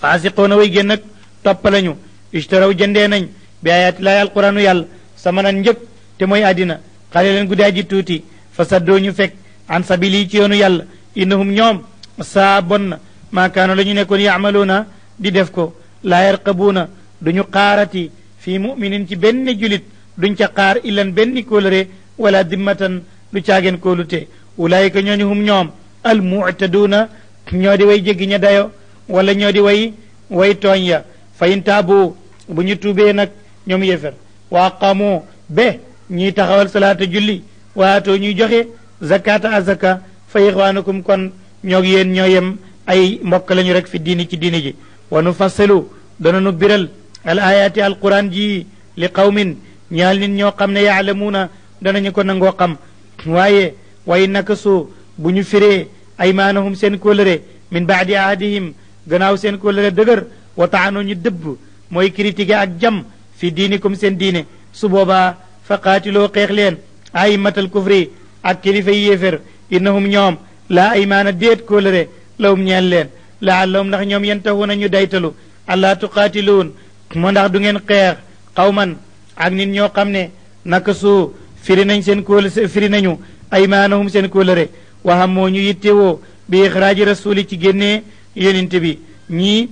faasiqoona way génn ak topp lañu ishtaraw jëndee nañ bi ayaati laay alquraanu yàlla samanan njëg te mooy àddina xale leen guddaa ji tuuti fa saddoo ñu fekk an sabili ci yoonu yàlla innahum ñoom saa bon na maakaano la ñu nekkoon yaamaluuna di def ko laa yarqabuuna duñu xaarati fii muminin ci benn julit duñ ca xaar illan benn kóolëre wala dimmatan du caageen kóolute ulaayika ñooñu hum ñoom almuctaduuna ñoo di way jéggi ña dayo wala ñoo di way way tooñ ya fa bu ñu tuubee nag ñoom yéefér wa aqaamu be ñuy taxawal salaata julli waato ñuy joxe zakata azaka fa ixwaanakum kon ñoog yéen ñoo yem ay mbokk lañu rek fi diini ci diini ji wa nu fassilu dananu biral al ayaati al quran ji li qawmin ñaal nit ñoo xam ne yaalamuuna danañu ko nangoo xam waaye way naka su bu ñu firee አይማነሁም ሴን ኮልሬ ሚን ባዕድ አህዲህም ገናው ሴን ኮልሬ ደገር ወጣዓኖኝ ድብ ሞይ ክሪቲገ አጀም ፊ ዲኒኩም ሴን ዲኔ ሱቦባ ፈቃቲሎ ቄክሌን አይመተል ኩፍሪ አኪሊ ፈየፍር ኢነሁም ኛውም ላ አይማነ ዴት ኮልሬ ለውም ኛለን ለአለሁም ndax ñoom yentehunañu daytalu alla tuqatiluun mo ndax du ngeen xeex qawman ak nit ñoo xam ne naka su firi nañ seen kóol firi nañu aymaanahum seen kóolëre waxam moo ñu yittewoo bi ixraaji rasuli ci génnee yonente bi ñii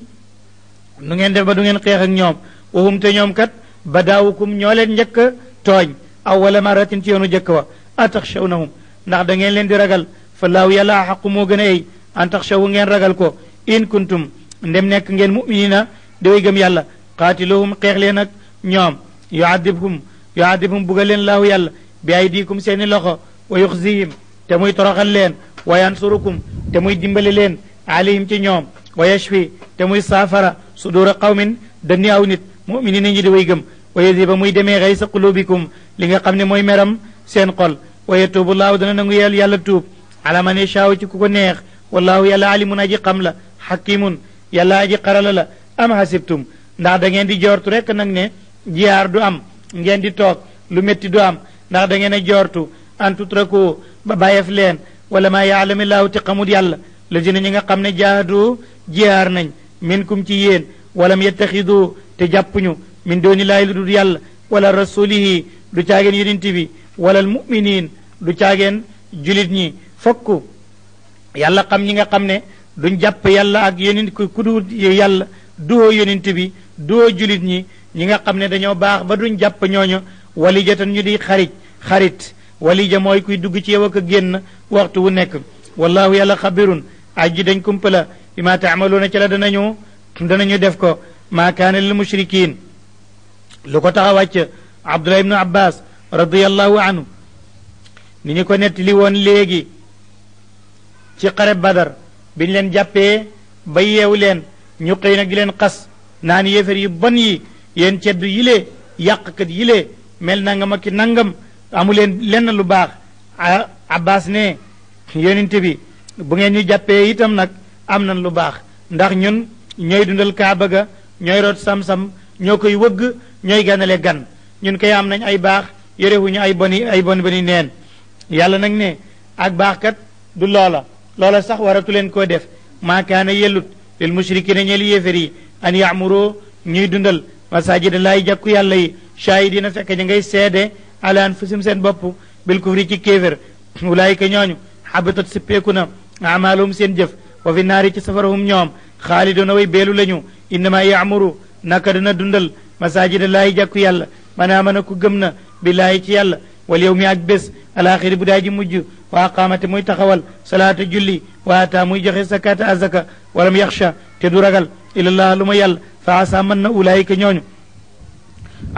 nu ngeen def ba du ngeen xeex ak ñoom waxum te ñoom kat ba daawukum ñoo leen njëkk tooñ awwala maratin ci yoonu jëkk wa ataxshawnahum ndax da ngeen leen di ragal fa laaw yàlla a xaqu moo gën a ay an taxshawu ngeen ragal ko in kuntum ndem nekk ngeen muminina di way gëm yàlla qaatiluhum xeex leen ak ñoom yuadibhum yuadibhum bugal leen laaw yàlla bi aydikum seeni loxo wa yuxzihim te muy toroxal leen wa yansurukum te muy dimbali leen alayhim ci ñoom wa yashfi te muy saafara sudura qawmin dani aw nit muminina ñi di way gëm wa ba muy demee xay sa qulubikum li nga xam ne mooy meram seen xol wa yatuubu laahu dana nangu yel yàlla tuub ala man yashaaw ci ku ko neex wallahu yàlla alimun aji xam la xakimun yalla aji xarala la am hasibtum ndax da ngeen di joortu rekk nag ne jiyaar du am ngeen di toog lu métti du am ndax da ngeen a joortu an tutraku ba bàyyef leen wala maa yaalamillahu ti xamut yàlla lazina ñi nga xam ne jaahadu jihaar nañ minkum ci yéen walam yettaxidu te jàppuñu min doonilaahi lu dul yàlla wala rasulihi du caageen yonent bi wala almuminin du caageen julit ñi fokk yàlla xam ñi nga xam ne duñ jàpp yàlla ak yonent yàlla duhoo yonent bi duhoo julit ñi ñi nga xam ne dañoo baax ba duñ jàpp ñooñu wali jotan ñu di xarit xarit walija mooy kuy dugg ci yow ak a waxtu wu nekk wallahu yàlla xabirun aji dañ kumpala bi ma taamaluuna ci la danañu danañu def ko maa kaane lil mushrikin lu ko taxa a wàcc abdullah ibnu radiallahu anhu ni ñu ko nett li woon léegi ci xare badar biñ leen jàppee ba yeew leen ñu xëy nag di leen xas naan yéefar yu bon yi yéen ceddu yilee yàqkat yilee mel nangam ki nangam amu leen lenn lu baax abbas ne yonente bi bu ngeen ñu jàppee itam nag am nañ lu baax ndax ñun ñooy dundal kaaba ga ñooy root sam-sam ñoo koy wëgg ñooy ganale gan ñun kay am nañ ay baax yorewuñu ay boni ay bon boni neen yàlla nag ne ak baax kat du loola loola sax waratu leen koo def maa kaana yellut lil mushrikiina ñeel yéefér yi an yaamuroo ñuy dundal masajida laay jàkku yàlla yi dina fekk ña ngay seede ala anfusihim seen bopp bil kufri ci kéefér ulaayika ñooñu xabitat sippeeku na amaaluhum seen jëf wa fi naari ci safarahum ñoom xaaliduna way beelu lañu innama yaamuru naka dundal masajid laayi jàkku yàlla manaa mën a ku gëm na billaahi ci yàlla wal yow mi ak bés alaaxiri bu daa ji mujj waa qaamate muy taxawal salaata julli waataa muy joxe sakata azaka walam yaxsha te du ragal ilallah lu ma yàlla fa asa mën na ñooñu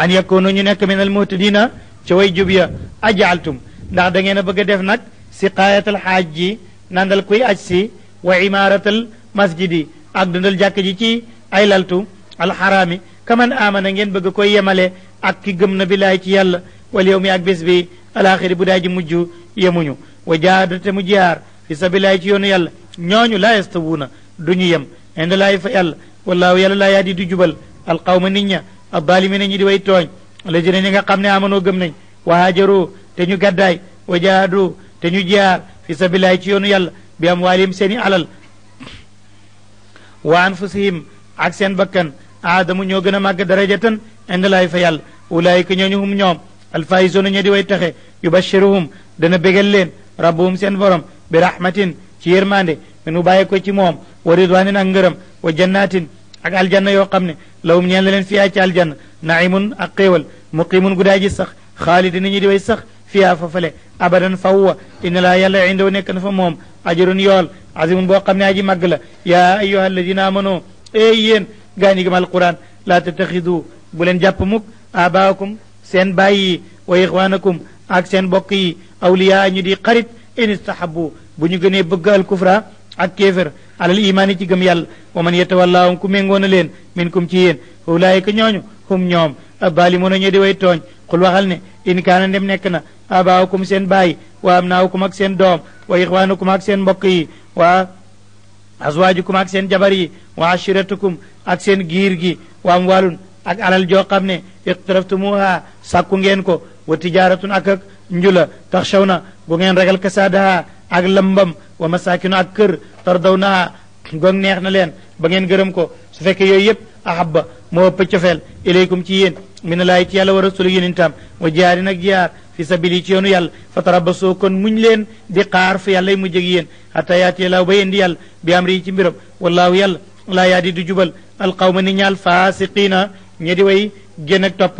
an yakunu ñu nekk min almuhtadina ca way jub ya ajaltum ndax da ngeen a bëgg def nag siqaayatal xaaj ji nandal kuy aj si wa imaaratal masjidi ak dundal jàkk ji ci ay laltu alxaraami kaman amana ngeen bëgg koy yemale ak ki gëm na bilaay ci yàlla wal yow mi ak bés bi alaxiri bu daay ji mujj yemuñu wa jaadate mu jihaar fi sabilaay ci yoonu yàlla ñooñu laa yastawuuna duñu yem indalaay fa yàlla wallaahu yàlla laa yaadi du jubal alqawma nit ña addaalimina ñi di way tooñ léegi ne ñi nga xam ne amanoo gëm nañ waa hajaru te ñu gaddaay wa jaadu te ñu jihaar fi sabilillahi ci yoonu yàlla bi am waalihim seen i alal wa anfusihim ak seen bakkan aadamu ñoo gën a màgg darajatan indalaay fa yàlla ulaayika ñooñu hum ñoom alfaayisuuna ña di way taxe yubashiruhum dana bégal leen rabbuhum seen borom bi rahmatin ci yërmande minu bàyyi ko ci moom wa ridwanin ak ngërëm wa jannatin ak aljanna yoo xam ne lahum ñeel na leen fiyaa ci aljanna naimun ak xéewal muqimun gudaay ji sax xaalidi ni ñu di way sax fiyaa fa fale abadan fawwa inna laa yàlla indaw nekk na fa moom ajrun yool azimun boo xam ne aji màgg la yaa ayuha alladina amano ey yéen gaa ñi gëm alquran laa tattaxidu bu leen jàpp mukk abaakum seen baay yi wa ixwaanakum ak seen bokk yi awliyaa ñu di xarit in istahabu bu ñu gënee bëgg alkufra ak kéefër alal imaan yi ci gëm yàlla wa man yatawallaahum ku méngoon a leen minkum ci yéen ulaayika ñooñu hum ñoom abaalimuuna ñe di way tooñ xul waxal ne in kaana ndem nekk na abaawukum seen baay wa abnaawukum ak seen doom wa ixwaanukum ak seen mbokk yi wa aswaajukum ak seen jabar yi wa ashiratukum ak seen giir gi wa amwaalun ak alal joo xam ne iqtaraftumuha sàkku ngeen ko wa tijaaratun ak ak njula tax chaw na gu ngeen ragal kasaadaha ak lambam wa masaakinu ak kër tardaw naa goog neex na leen ba ngeen gërëm ko su fekkee yooyu yëpp ahabba moo ëpp cofeel ilaykum ci yéen mina laay ci yàlla wa rasulu yéen itam wa jaari nag jiyaar fi sabili ci yoonu yàlla ba tarabasoo kon muñ leen di xaar fa yàlla mu jëg yéen xataa yaati laaw ba yéen yàlla bi am ci mbiram wallaahu yàlla laa yaa di du jubal alqawma ni ñaal faasiqiina ñe di way gén ak topp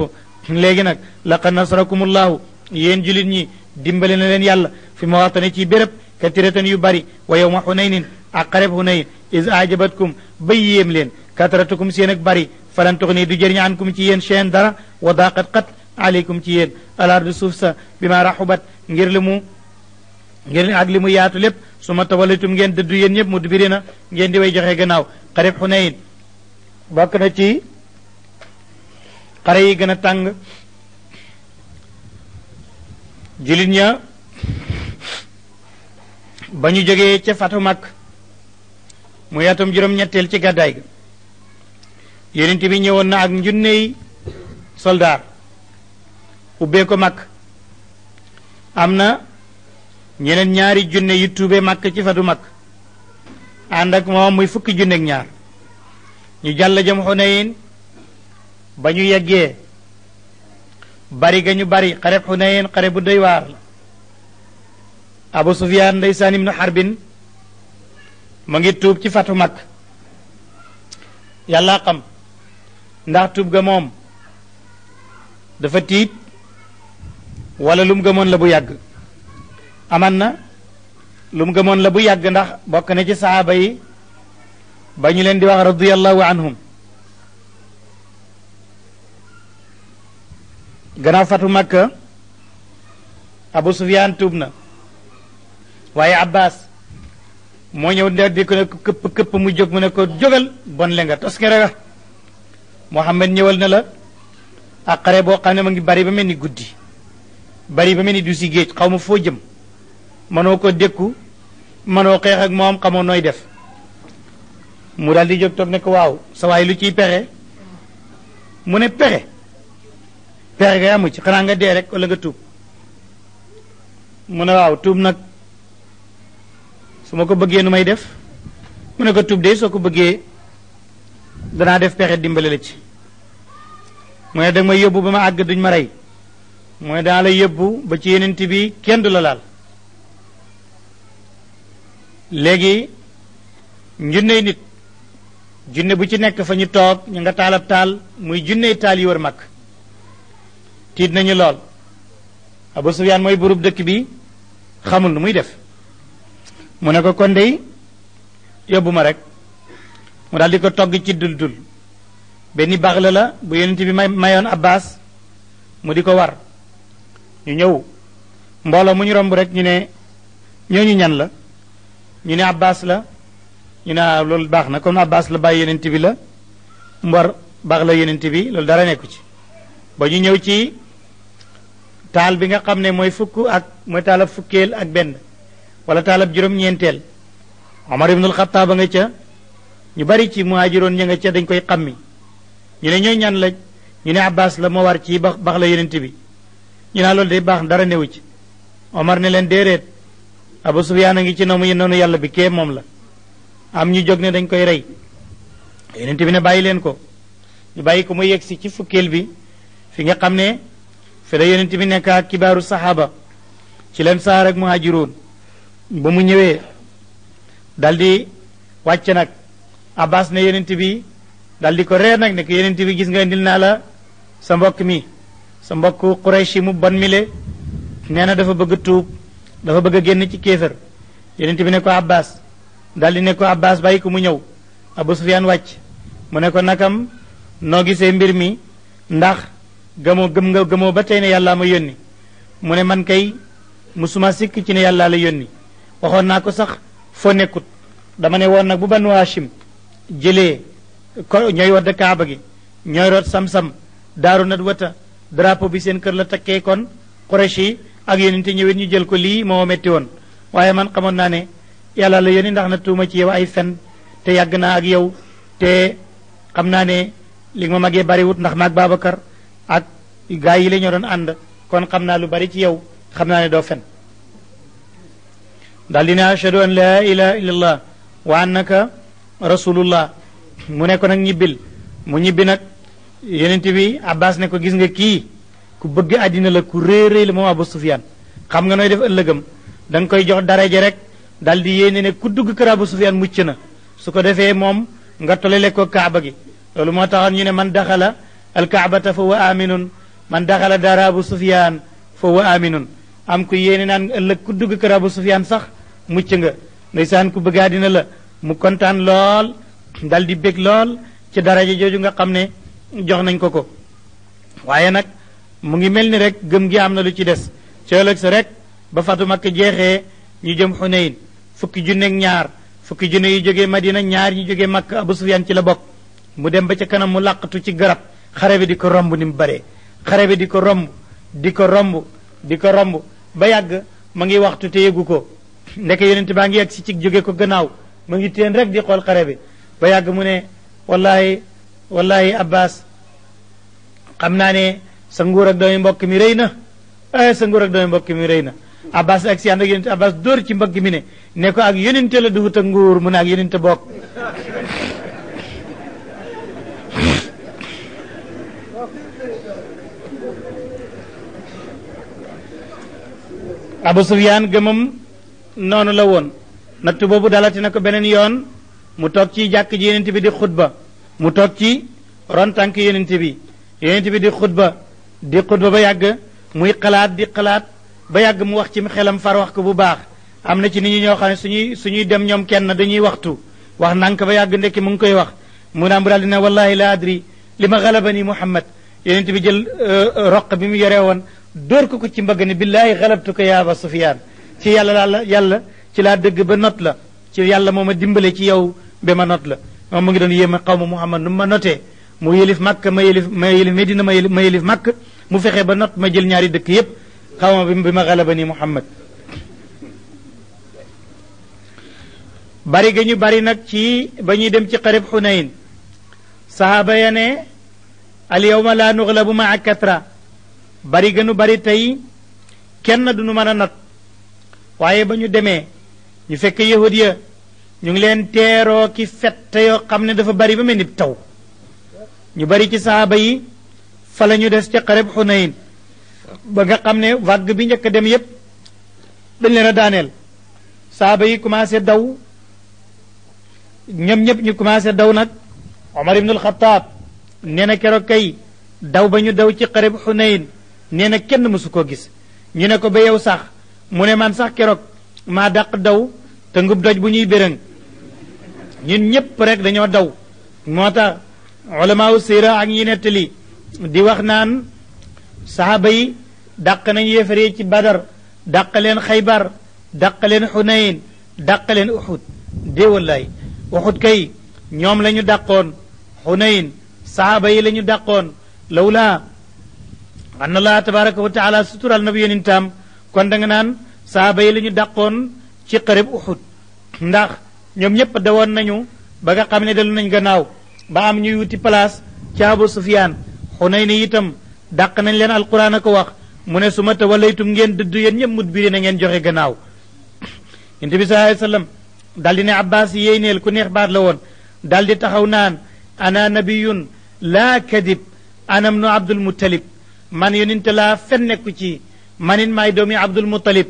léegi nag laqad allah yen julit ni dimbali na len yalla fi mawatani ci berep katiratan yu bari wa yawma hunain aqrab xareb iz ajabatkum ba len katratukum sen ak bari falan tukhni du jëriñ ankum ci yen seen dara wa daqat qat alaykum ci yéen alardu sufsa bima bi ma raxubat ngir li ngir ak limu yaatu lepp suma tawalitum ngen deddu yen ñep mu dubiri na di way joxe gannaaw xareb hunain bokk na ci xare yi gën a tàng jullit ña ba ñu jógee ca fatu mag muy atum juróom-ñetteel ci gàddaay ga yonent bi ñëwoon na ak njunney soldaar ubbee mag am na ñeneen ñaari junne yu tuube mag ci fatu mag ànd ak moom muy fukki junne ñaar ñu jàll jëm Xunayn ba ñu yeggee bari ga ñu bari xareb xunayeen xare bu doy waar la abu sufiyaan ndeysaan ibnu xarbin mu ngi tuub ci fatu mag yàlla xam ndax tuub ga moom dafa tiit wala lum mu gëmoon la bu yàgg aman na lum mu moon la bu yàgg ndax bokk na ci sahaaba yi ba ñu leen di wax radiyallahu anhum gannaaw fatu makka abu sufiyaan tuub na waaye abbas moo ñëw ndeer di ko ne këpp këpp mu jóg mu ne ko jógal bon le nga tos xam ah. Muhammad ñëwal na la ak xare boo xam ne ma ngi bari ba mel ni guddi bari ba mel ni du si géej xaw ma foo jëm mënoo ko dékku mënoo xeex ak moom xamoo nooy def mu dal di jóg toog ne ko waaw sa waay lu ciy pexe mu ne pexe Pergi ga amu ci xanaa nga dee rek wala nga tuub mu ne waaw tuub nag su ma ko bëggee nu may def mu ne ko tuub de soo ko bëggee danaa def pexe dimbale la ci mu ne danga may yóbbu ba ma àgg duñ ma rey mu ne danaa la yóbbu ba ci yenent bi kenn du la laal léegi njunney nit junne bu ci nekk fa ñu toog ñu nga taalab taal muy junney taal war tiit nañu lool Abu Sufyaan mooy burub dëkk bi xamul nu muy def mu ne ko kon day yóbbu ma rek mu daal di ko togg ci dul dul benn baax la bu yonent bi may mayoon Abbas mu di ko war ñu ñëw mbooloo mu ñu romb rek ñu ne ñooñu ñan la ñu ne Abbas la ñu ne ah, loolu baax na comme Abbas la bàyyi yonent bi la mbar baax yonent bi loolu dara nekku ci ba ñu ñëw ci taal bi nga xam ne mooy fukk ak mooy taalab fukkeel ak benn wala taalab juróom-ñeenteel Omar ibnul Xattaab ba nga ca ñu bari ci muhaajiroon ña nga ca dañ koy xammi ñu ne ñooy ñan la ñu ne Abbas la moo war ci bax la yonent bi ñu naa loolu day baax dara newu ci Omar ne leen déeréet Abu Sufyaan a ngi ci noonu yàlla bi kee moom la am ñu jóg ne dañ koy rey yonent bi ne bàyyi leen ko ñu bàyyi ko mu yegg si ci fukkeel bi fi nga xam ne fi la yonent bi nekk ak kibaaru sahaba ci leen saar ak muhaajiroon ba mu ñëwee daldi wàcc nag abbas ne yonent bi daldi ko reer nag ne ko yonent bi gis nga indil naa la sa mbokk mi sa mbokk quraysh mu bon mi le nee na dafa bëgg tuub dafa bëgg a ci kéefër yonent bi ne ko abbas daldi ne ko abbas bàyyi ko mu ñëw abu Sufyan wàcc mu ne ko nakam noo gisee mbir mi ndax gëmoo gëm nga gëmoo ba tey ne yàllaa yónni mu ne man kay musuma sikk ci ne yàllaa la yónni waxoon naa ko sax foo nekkut dama ne woon nag bu banu Hachim jëlee ko ñooy wadd kaaba gi ñooy root sam-sam daaru nat wata drapeau bi seen kër la takkee kon Quraysh yi ak yonente ñëwet ñu jël ko lii moo metti woon waaye man xamoon naa ne yàlla la yónni ndax na tuuma ci yow ay fen te yàgg naa ak yow te xam naa ne li nga ma magee bariwut ndax maag Babacar ak gaa yi la ñoo doon ànd kon xam naa lu bari ci yow xam naa ne doo fen daal di ne ashhadu an laa ilaha wa annaka rasulullah mu ne ko nag ñibbil mu ñibbi nag yenent bi abbas ne ko gis nga kii ku bëgg àddina la ku réy réy la moom abu sufyaan xam nga nooy def ëllëgam da koy jox dara daraja rek daal di yéene ne ku dugg kër abu sufyaan mucc na su ko defee moom nga tolele ko kaaba gi loolu moo taxoon ñu ne man daxala alkaabata fa wa man daxala dara abu sufyaan fa wa am ku yéene naan ëllëg ku dugg kër abu sufyaan sax mucc nga ndeysaan ku bëggaa dina la mu kontaan lool dal di bég lool ci daraja jooju nga xam ne jox nañ ko ko waaye nag mu ngi mel ni rek gëm gi am na lu ci des ci sa rek ba fatu makk jeexee ñu jëm xuneyn fukki junne ñaar fukki junne yu jógee madina ñaar ñu jóge makk abu sufyaan ci la bokk mu dem ba ca kanam mu làqatu ci garab xare bi di ko romb ni mu bare xare bi di ko romb di ko romb di ko romb ba yàgg ma ngi waxtu te yegu ko ndeke yonent baa ngi yegg si cig jóge ko gannaaw ma ngi teen rek di xool xare bi ba yàgg mu ne wallahi wallahi abbas xam naa ne sa nguur ak doomi mbokk mi rëy na ay eh, sa nguur ak doomi mbokk mi rëy abbas ak si ànd ak yonent abbas dóor ci mbokk mi ne ne ko ak yonente la duhut ak nguur mu ne ak yonente bokk abu sufyaan gëmam noonu la woon natt boobu dalati na ko beneen yoon mu toog ci jàkk ji yonent bi di xutba mu toog ci ron tànk yonent bi yonent bi di xutba di xutba ba yàgg muy xalaat di xalaat ba yàgg mu wax ci mu xelam far wax ko bu baax am na ci nit ñu ñoo xam ne suñuy suñuy dem ñoom kenn dañuy waxtu wax nank ba yàgg ndekki mu ngi koy wax mu naam bu daal dina wallahi la adri li ma galabani muhammad yonent bi jël euh, euh, roq bi mu yore woon dóor ko ko ci mbagg ne billaahi xalabtu ko yaa Aba ci yàlla laa la yàlla ci laa dëgg ba not la ci yàlla moo ma dimbale ci yow ba ma not la moom mu ngi doon yéem a xaw ma Muhammad nu ma notee mu yëlif Makka ma yëlif ma yëlif Medina ma yëlif ma yëlif Makka mu fexe ba not ma jël ñaari dëkk yépp xaw bi ma xalaba nii Muhammad bari ga ñu bari nag ci ba ñuy dem ci xarib Xunayn sahaaba ya ne al yawma laa nuxlabu maa katra bari gënu bari tey kenn du nu mën a nat waaye ba ñu demee ñu fekk yahud ya ñu ngi leen teeroo ki fett yoo xam ne dafa bari ba mel ni taw ñu bari ci saaba yi fa la ñu des ca xareb xunayin ba nga xam ne vague bi njëkk a dem yépp dañ leen a daaneel saaba yi commencé daw ñoom ñëpp ñu commencé daw nag omar ibnul xataab nee na keroog kay daw ba ñu daw ci xareb xunayin nee na kenn mësu koo gis ñu ne ko ba yow sax mu ne man sax keroog maa dàq daw te doj bu ñuy bérëng ñun ñépp rek dañoo daw moo tax ulamaawu siira ak ñi nettali di wax naan saxaaba yi dàq nañ yéefar yi ci badar dàq leen xaybar dàq leen xunayn dàq leen uxud dée wallaay uxud kay ñoom lañu ñu dàqoon xunayn saxaaba yi lañu ñu dàqoon lawlaa أن الله تبارك وتعالى ستر النبي ننتم كون دنگنان صحابي لنو دقون چي قرب أحد ناخ نيوم يب دوان نانيو بغا قامنا دل ننگناو با أم نيو يوتي پلاس چابو سفيان خنين يتم دقنا لن القرآن كواخ من سمة وليتم ген ددو ين يم مدبيرين ين جوغي گناو انتبه صلى الله عليه وسلم دالين عباس ييني الكوني اخبار لون دالي تخونان أنا نبي لا كذب أنا من عبد المطلب man yonente laa fen nekku ci manit maay doomi abdul muttalib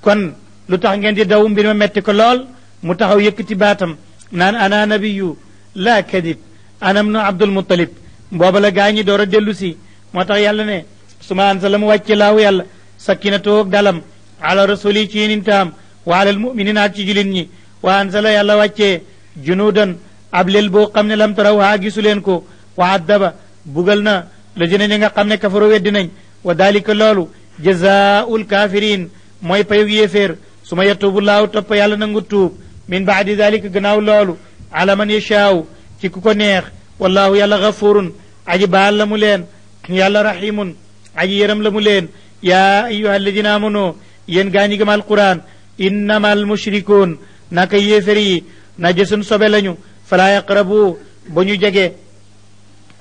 kon lu tax ngeen di daw mbir ma metti ko lool mu taxaw yëkkati baatam naan ana nabiyu laa kadib anam na abdul muttalib booba la gaa ñi door a dellu si moo tax yàlla ne suma an mu wàcce laaw yàlla sakkinatoog dalam ala rasuli ci yenintaam wa alal muminina ci julin ni wa ansala yàlla wàccee junuudan ab lel boo xam ne lam taraw haa gisuleen ko wa addaba bugal na la jëne nga xam ne kafaro weddi nañ wa dalika loolu jazaul kaafiriin mooy payug yéeféer su ma yatubu laahu topp yàlla nangu tuub min baadi dalika gannaaw loolu ala man yashaaw ci ku ko neex wallahu yàlla gafurun aji baal la mu leen yàlla rahimun aji yërëm la mu leen yaa ayuha alladina amano yéen gaa ñi gëm alquran innama almushrikuun naka yéefér yi najasun sobe lañu falaa yaqrabu ba ñu jege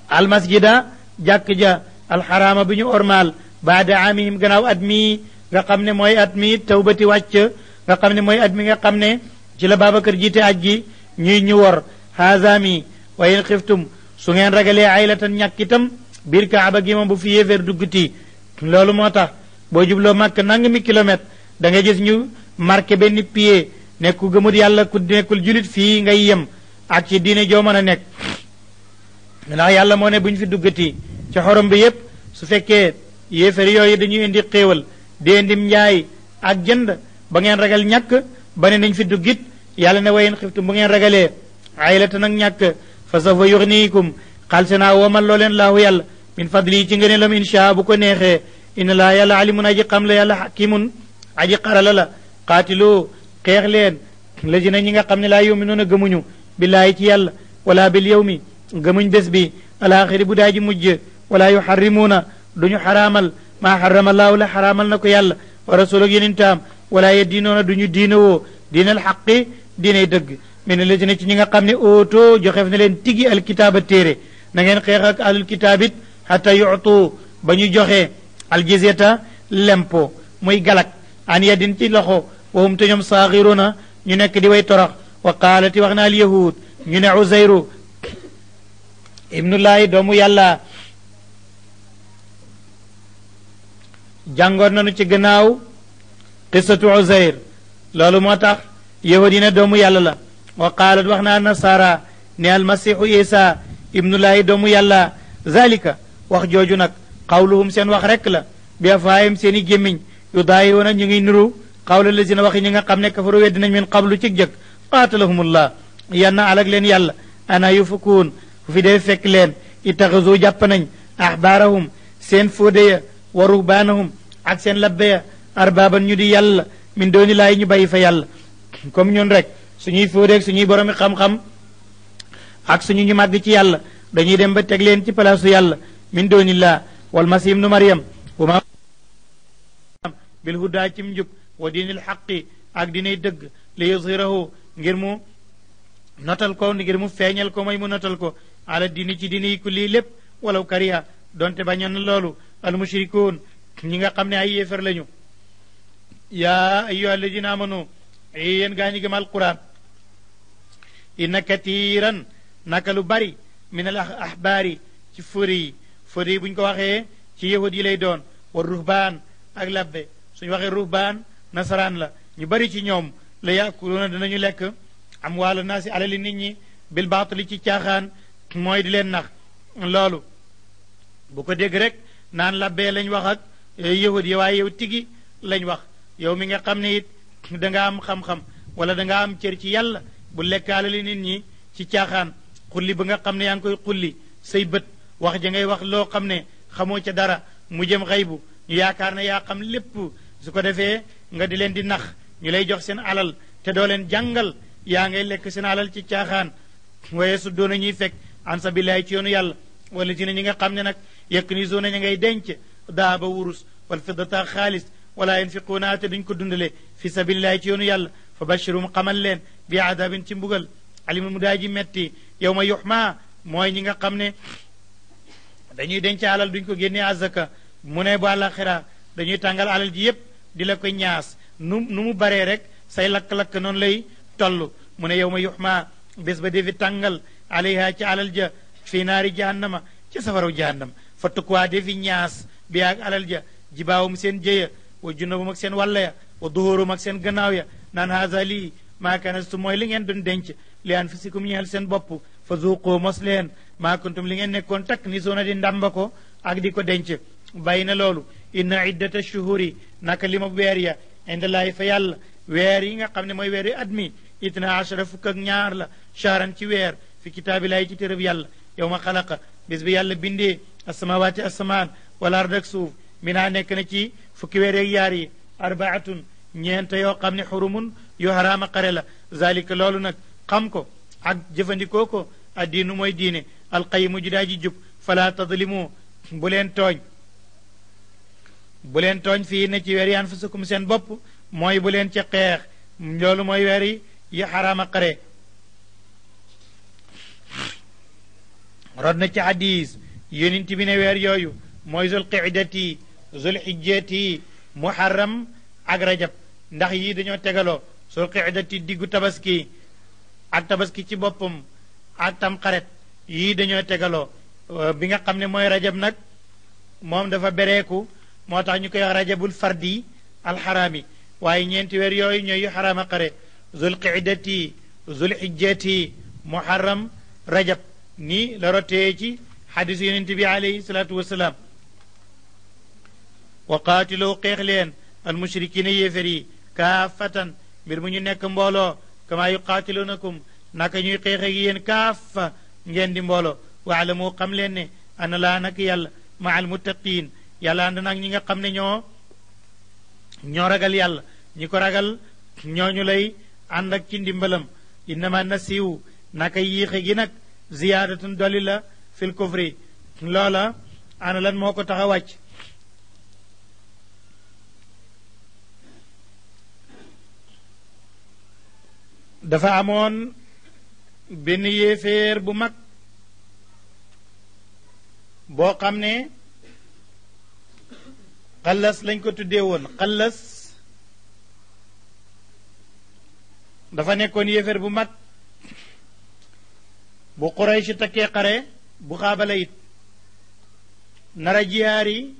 almasjida jàkk ja al bi ñu ormaal baada amihim gannaaw at mii nga xam ne mooy tawbati wàcc nga xam ne mooy at mi nga xam ne ci la Babacar jiite aj ñuy ñu wor haasa mi wa in khiftum su ngeen ragalee aylatan ñàkk itam biir kaaba gi moom bu fi yéeféer duggti loolu moo tax boo jubloo màkk nangami kilomètre da nga gis ñu marqué pied nekku gëmut ku nekkul julit fii ngay yem ak ci diine nekk ndax yàlla moo ne bu ñu fi duggati ci xorom bi yépp su fekkee yéefari yi dañuy indi xéewal di indim njaay ak jënd ba ngeen ragal ñàkk ba ne nañ fi duggit yàlla ne wayen xiftum bu ngeen ragalee aylatan ak ñàkk fa sawfa yugniikum xaalse naa woomal loo leen laahu yàlla min fadli ci ngeen lam insha bu ko neexee inna laa yàlla alimun aji xam la yàlla xakimun aji xarala la qaatilu xeex leen la ji na ñi nga xam ne laa yuminuuna gëmuñu billaahi ci yàlla wala bil yawmi gëmuñ bés bi alaaxiri bu daaji mujj wala yuxarrimuuna duñu xaraamal maa xarama laahu la xaraamal na ko yàlla wa rasul ak yenintaam wala yeddiinoona duñu diina woo diinal xaqi diinay dëgg min alladina ci ñi nga xam joxef na leen tigi alkitaaba téere na ngeen xeex ak alul kitaabit xata yutu ba joxe aljizeta lempo muy galak an yeddin ci loxo wahum te ñoom saaxiruuna ñu nekk di way torox wa qaalati wax alyahud ñu ne uzayru ibnullahi doomu yàlla jàngoon nañu ci gannaaw qissatu Uzayr loolu moo tax yahudi ne doomu yàlla la wa qaalat wax naa nasaara ne almasihu isa ibnullahi doomu yàlla zalika wax jooju nag xawluhum seen wax rekk la bi afaayim seen i gémmiñ yu daayiwoona ñu ngi nuru xawla la sina waxi ñi nga xam ne kafaru weddi nañ min qablu jëkk qaatalahumullah yanna alag leen yàlla ana yufukuun ku fi dee fekk leen itaxasu jàpp nañ axbaarahum seen fóodeya wa ruhbaanahum ak seen labbeya arbaaban ñu di yàlla min dooni laay ñu bàyyi fa yàlla comme ñun rek suñuy fóodeeg suñuy boromi xam-xam ak suñu ñu màgg ci yàlla dañuy dem ba teg leen ci palaasu yàlla min dooni laa wal masih ibnu mariam wa ma bil hudaa cim njub wa diinil xaqi ak dinay dëgg li yuzhirahu ngir mu notal ko ngir mu feeñal ko mooy mu notal ko ala dini ci dini yi kulli lepp walaw kariha donte al mushrikun ñi nga xamne ne ay yefer lañu ya ayyuha alladina amanu ayen e gañi gamal qur'an inna katiran nakalu bari min al ahbari ci furi furi buñ ko waxe ci yahud yi lay doon war ruhban ak labbe suñ waxe ruhban nasaraan la ñu bari ci ñom la alali nit ñi bil batli ci tiaxan moy di len nax loolu bu ko deg rek la be lañ wax ak eh, yahud yi ya, waaye yow tigi lañ wax yow mi nga xam it da nga am xam-xam wala da nga am cer ci yalla bu lekkaale li nit ñi ci tiaxan xulli bi nga xam ne yaa koy xulli sey beut wax ja ngay wax lo xam ne xamoo ca dara mu jëm xaybu ñu yaakar na ya xam lepp su ko defee nga di len di nax ñu lay jox seen alal te do len jangal ya ngay lek seen alal ci tiaxan waye su doon ñuy fekk an sabilillahi ci yoonu yàlla wala ci ne ñi nga xam ne nag yaknizuna ña ngay denc daaba wurus wal fiddata xaalis wala yanfiquuna te duñ ko dundale fi sabilillahi ci yoonu yàlla fa bashirum xamal leen bi adabin ci mbugal alimu mu daa ji metti yow ma yuxma mooy ñi nga xam ne dañuy denc alal duñ ko génnee azaka mu ne bu àlaxira dañuy tàngal alal ji yépp di la ko ñaas nu nu mu baree rek say lakk-lakk noonu lay toll mu ne yow ma yuxma bés ba di fi tàngal alayha ci alal ja fi naari jahannama ci safaraw jahannam fa tukkuwaa defi ñaas bi ak alal ji jibaawum seen jëya wa junubum ak seen walla ya wa duhóorum ak seen gannaaw ya naan haasa maa kanastu mooy li ngeen doon denc li an fisikum ñeel seen bopp fa zuuqoo mos leen maa kuntum li ngeen nekkoon takk ni soona di ndàmba ko ak di ko dence bàyyi na loolu inna iddata shuhuri naka li ma weer ya indallaahi fa yàlla weer yi nga xam ne mooy weer yi at mi itna achara fukk ñaar la shahran ci weer fi kitaabilaay ci tërëb yàlla yow ma xalaqa bis bi yàlla bindee asamawaati asamaan wala ardak suuf minaa nekk na ci fukki weer yeeg yaar yi arbaatun ñeent yoo xam ne xurumun yu haraama xare la zalika loolu nag xam ko ak jëfandikoo ko addiinu mooy diine alqayimu judaa ji jub fala tadlimu bu leen tooñ bu leen tooñ fii na ci weer yi anfusakum seen bopp mooy bu leen ci xeex loolu mooy weer yi yu haraama xare rod na ci hadis yonent bi ne wer yoyu moy zul qidati zul hijjati muharram ak rajab ndax yi dañu tegalo zul qidati digu tabaski ak tabaski ci bopum ak tam xaret yi dañu tegalo bi nga xamne moy rajab nak mom dafa bereku motax ñukoy wax rajabul fardi al harami waye ñent wer yoyu ñoy harama xare zul qidati zul hijjati muharram rajab nii la rottee ci xadis yonente bi alayhi salaatu wasalaam wa qaatilow xeex leen almushrikina yéefér yi kaafatan mbir mu ñu nekk mbooloo kama yuqaatilunakum naka ñuy xeex ak yéen kaafa ngeen di mbooloo waalamu xam leen ne ana laa nak yàlla ma almuttaqiin yàlla ànd nag ñi nga xam ne ñoo ñoo ragal yàlla ñi ko ragal ñooñu lay ànd ak ci ndimbalam innama nasiwu naka yéexe gi nag زيادة دليلة في الكفر لا أنا لن موكو تغوات دفع أمون بن يفير بمك بو قمني قلس لنكو تديون قلس دفع نكون يفير بمك bu Quraysh takkee xare bu xaabala it nara jiyaar yi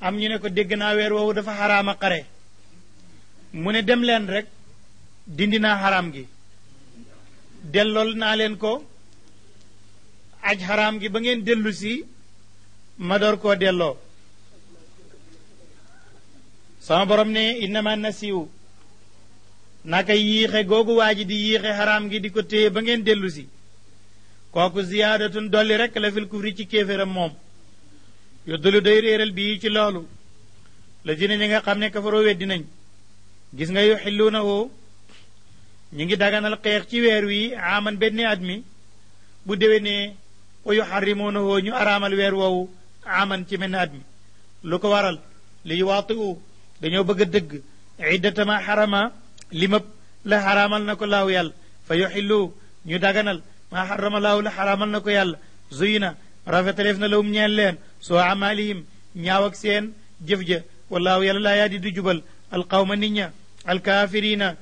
am ñu ne ko dégg naa weer woowu dafa xaraama xare mu ne dem leen rekk dindi naa xaraam gi dellool naa leen ko aj xaraam gi ba ngeen dellusi si ma door koo delloo sama borom ne innama nasiwu naka yiixe googu waa ji di yiixe xaraam gi di ko téye ba ngeen dellusi kooku ziyaadatun dolli rekk la fil kufri ci kéeféram moom yoddalu day réeral bii ci loolu la dina ñi nga xam ne kafaroo weddi nañ gis nga yu xilluuna woo ñi ngi daganal xeex ci weer wi aman benn at mi bu déwénee wa yu xarrimuuna woo ñu araamal weer woowu aman ci menn at lu ko waral li yu waati u dañoo bëgg a dëgg iddatama xarama limab la xaraamal na ko laaw yàlla fa yuxillu ñu daganal maa xaramalaahu la xaraamal na ko yàlla zuyina rafetaleef na lawum ñeel leen soo amaalihim ñaaw ak seen jëf ja wallaahu yàlla laa di du jubal alqawma nit ña alkaafirina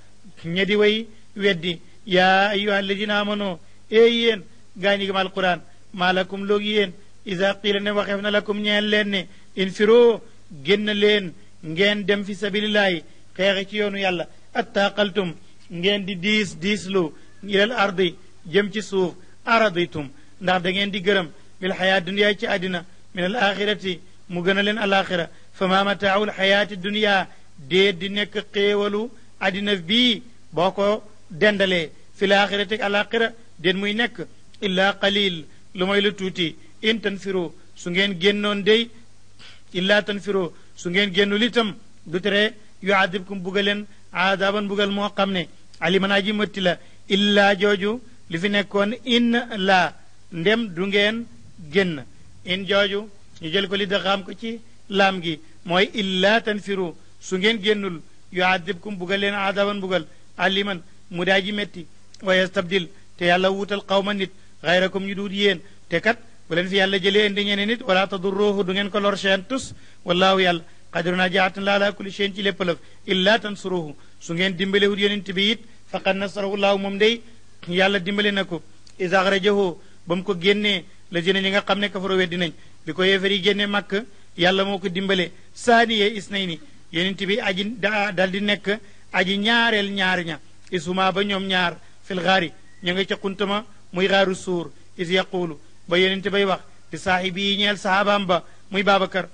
ña di way weddi yaa ayuha alladina amano ee yéen gaañi gam alquran maa lakum loog yéen isa qiila waxeef na lakum ñeel leen ne infiro génn leen ngeen dem fi sabilillahi xeexe ci yoonu yàlla attaqaltum ngeen di diis diislu ilal ardi jëm ci suuf araditum ndax da ngeen di gërëm bil xayaat duniyaa ci àddina min al axirati mu gën a leen alaxira fa ma mataawu l xayaati duniyaa dee di nekk xéewalu àddina bi boo ko dendalee fi l axirati ak muy nekk illaa qalil lu mooy lu tuuti in tanfiro su ngeen génnoon day illaa tanfiro su ngeen génnul itam du tere yuadibkum bugaleen aadaban bugal moo xam ne alimanaa ji mëtti illaa jooju li fi nekkoon in la ndem du ngeen génn in jooju ñu jël ko li daxaam ko ci laam gi mooy illaa tanfiru su ngeen génnul yuadibkum bugal leen adaban bugal aliman mu daa ji métti wa yastabdil te yàlla wuutal xawma nit xayrakum ñu duut yéen te kat bu fi yàlla jëlee indi ñeneen nit wala tadurruhu du ngeen ko lor seen tus wallaahu yàlla qadiruna jaatan la ala kulli shay'in ci lépp lëf illaa tansuruhu su ngeen dimbalewut yonent bi it faqad moom day yàlla dimbali na ko isax rajahu ba mu ko génnee la jëne ñi nga xam ne kafaro weddi nañ bi ko yéefar génne màkk yàlla moo ko dimbale saani yee is nay ni yonent bi aji dal di nekk aji ñaareel ñaar ña isuma ba ñoom ñaar fil xaari ña nga ca muy xaaru suur is yaquulu ba yonent bay wax di saaxibi yi ñeel saxaabaam ba muy Babacar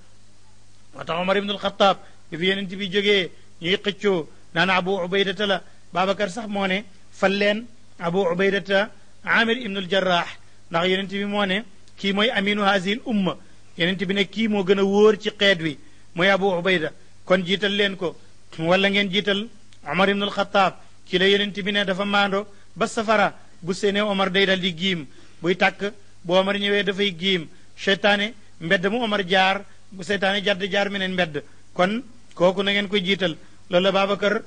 moo tax Omar ibnul Xataab bi fi yonent bi jógee ñuy xëccoo naan Abu Ubaydata la Babacar sax moo ne fal leen abu ubaydata amir ibnu aljarrah ndax yonent bi moo ne kii mooy aminu hazil umma yonent bi ne kii moo gën a wóor ci xeet wi mooy abu ubayda kon jiital leen ko wala ngeen jiital omar ibnu alxataab ci la yonent bi ne dafa maando ba safara bu séene omar day dal di giim buy tàkk bu omar ñëwee dafay giim seytaane mbedd mu omar jaar bu seytaane jadd jaar meneen mbedd kon kooku na ngeen koy jiital loolu la Babacar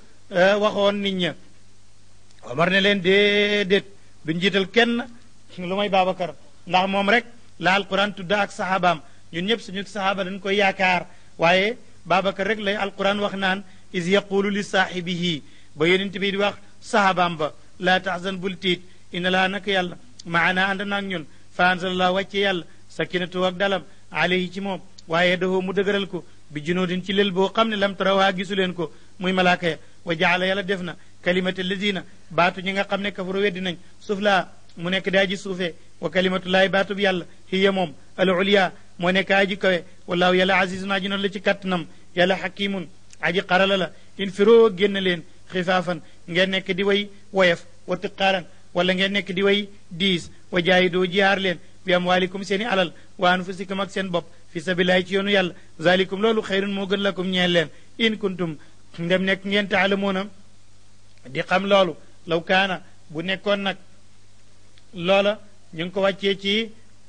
nit ña Omar ne leen déedéet duñ jiital kenn lu may Babacar ndax moom rek la alquran tudda ak sahabaam ñun ñëpp suñu sahaaba dañ koy yaakaar waaye Babacar rek lay alquran wax naan is yaqulu li saahibihi ba yonent bi di wax sahabaam ba laa taxzan bul tiit ina laa nak yàlla maana ànd naag ñun fa anzalallah wàcce yàlla sakinatu ak dalam alayhi ci moom waaye dahoo mu dëgëral ko bi junoodin ci lel boo xam ne lam tarawaa gisu leen ko muy malaaka ya wa jaala yàlla def na كلمه الذين باتو نيغا خامني كفروا ويدي نان سفلا مو نيك داجي سوفه وكلمه الله باتو بيال هي موم العليا مو نيك اجي كوي والله يلا عزيز ناجي نول سي كاتنم يلا حكيم اجي قرال لا ان فرو ген لين خفافا نغي نيك دي وي ويف وتقارا ولا نغي نيك دي وي ديس وجاهدوا جيار لين بأموالكم سيني علل وأنفسكم أكسين بوب في سبيل الله يونو يال ذلكم لولو خير موغن لكم نيال إن كنتم ندم نيك نين تعلمونم di xam loolu law kaana bu nekkoon nag loola ñu ngi ko wàccee ci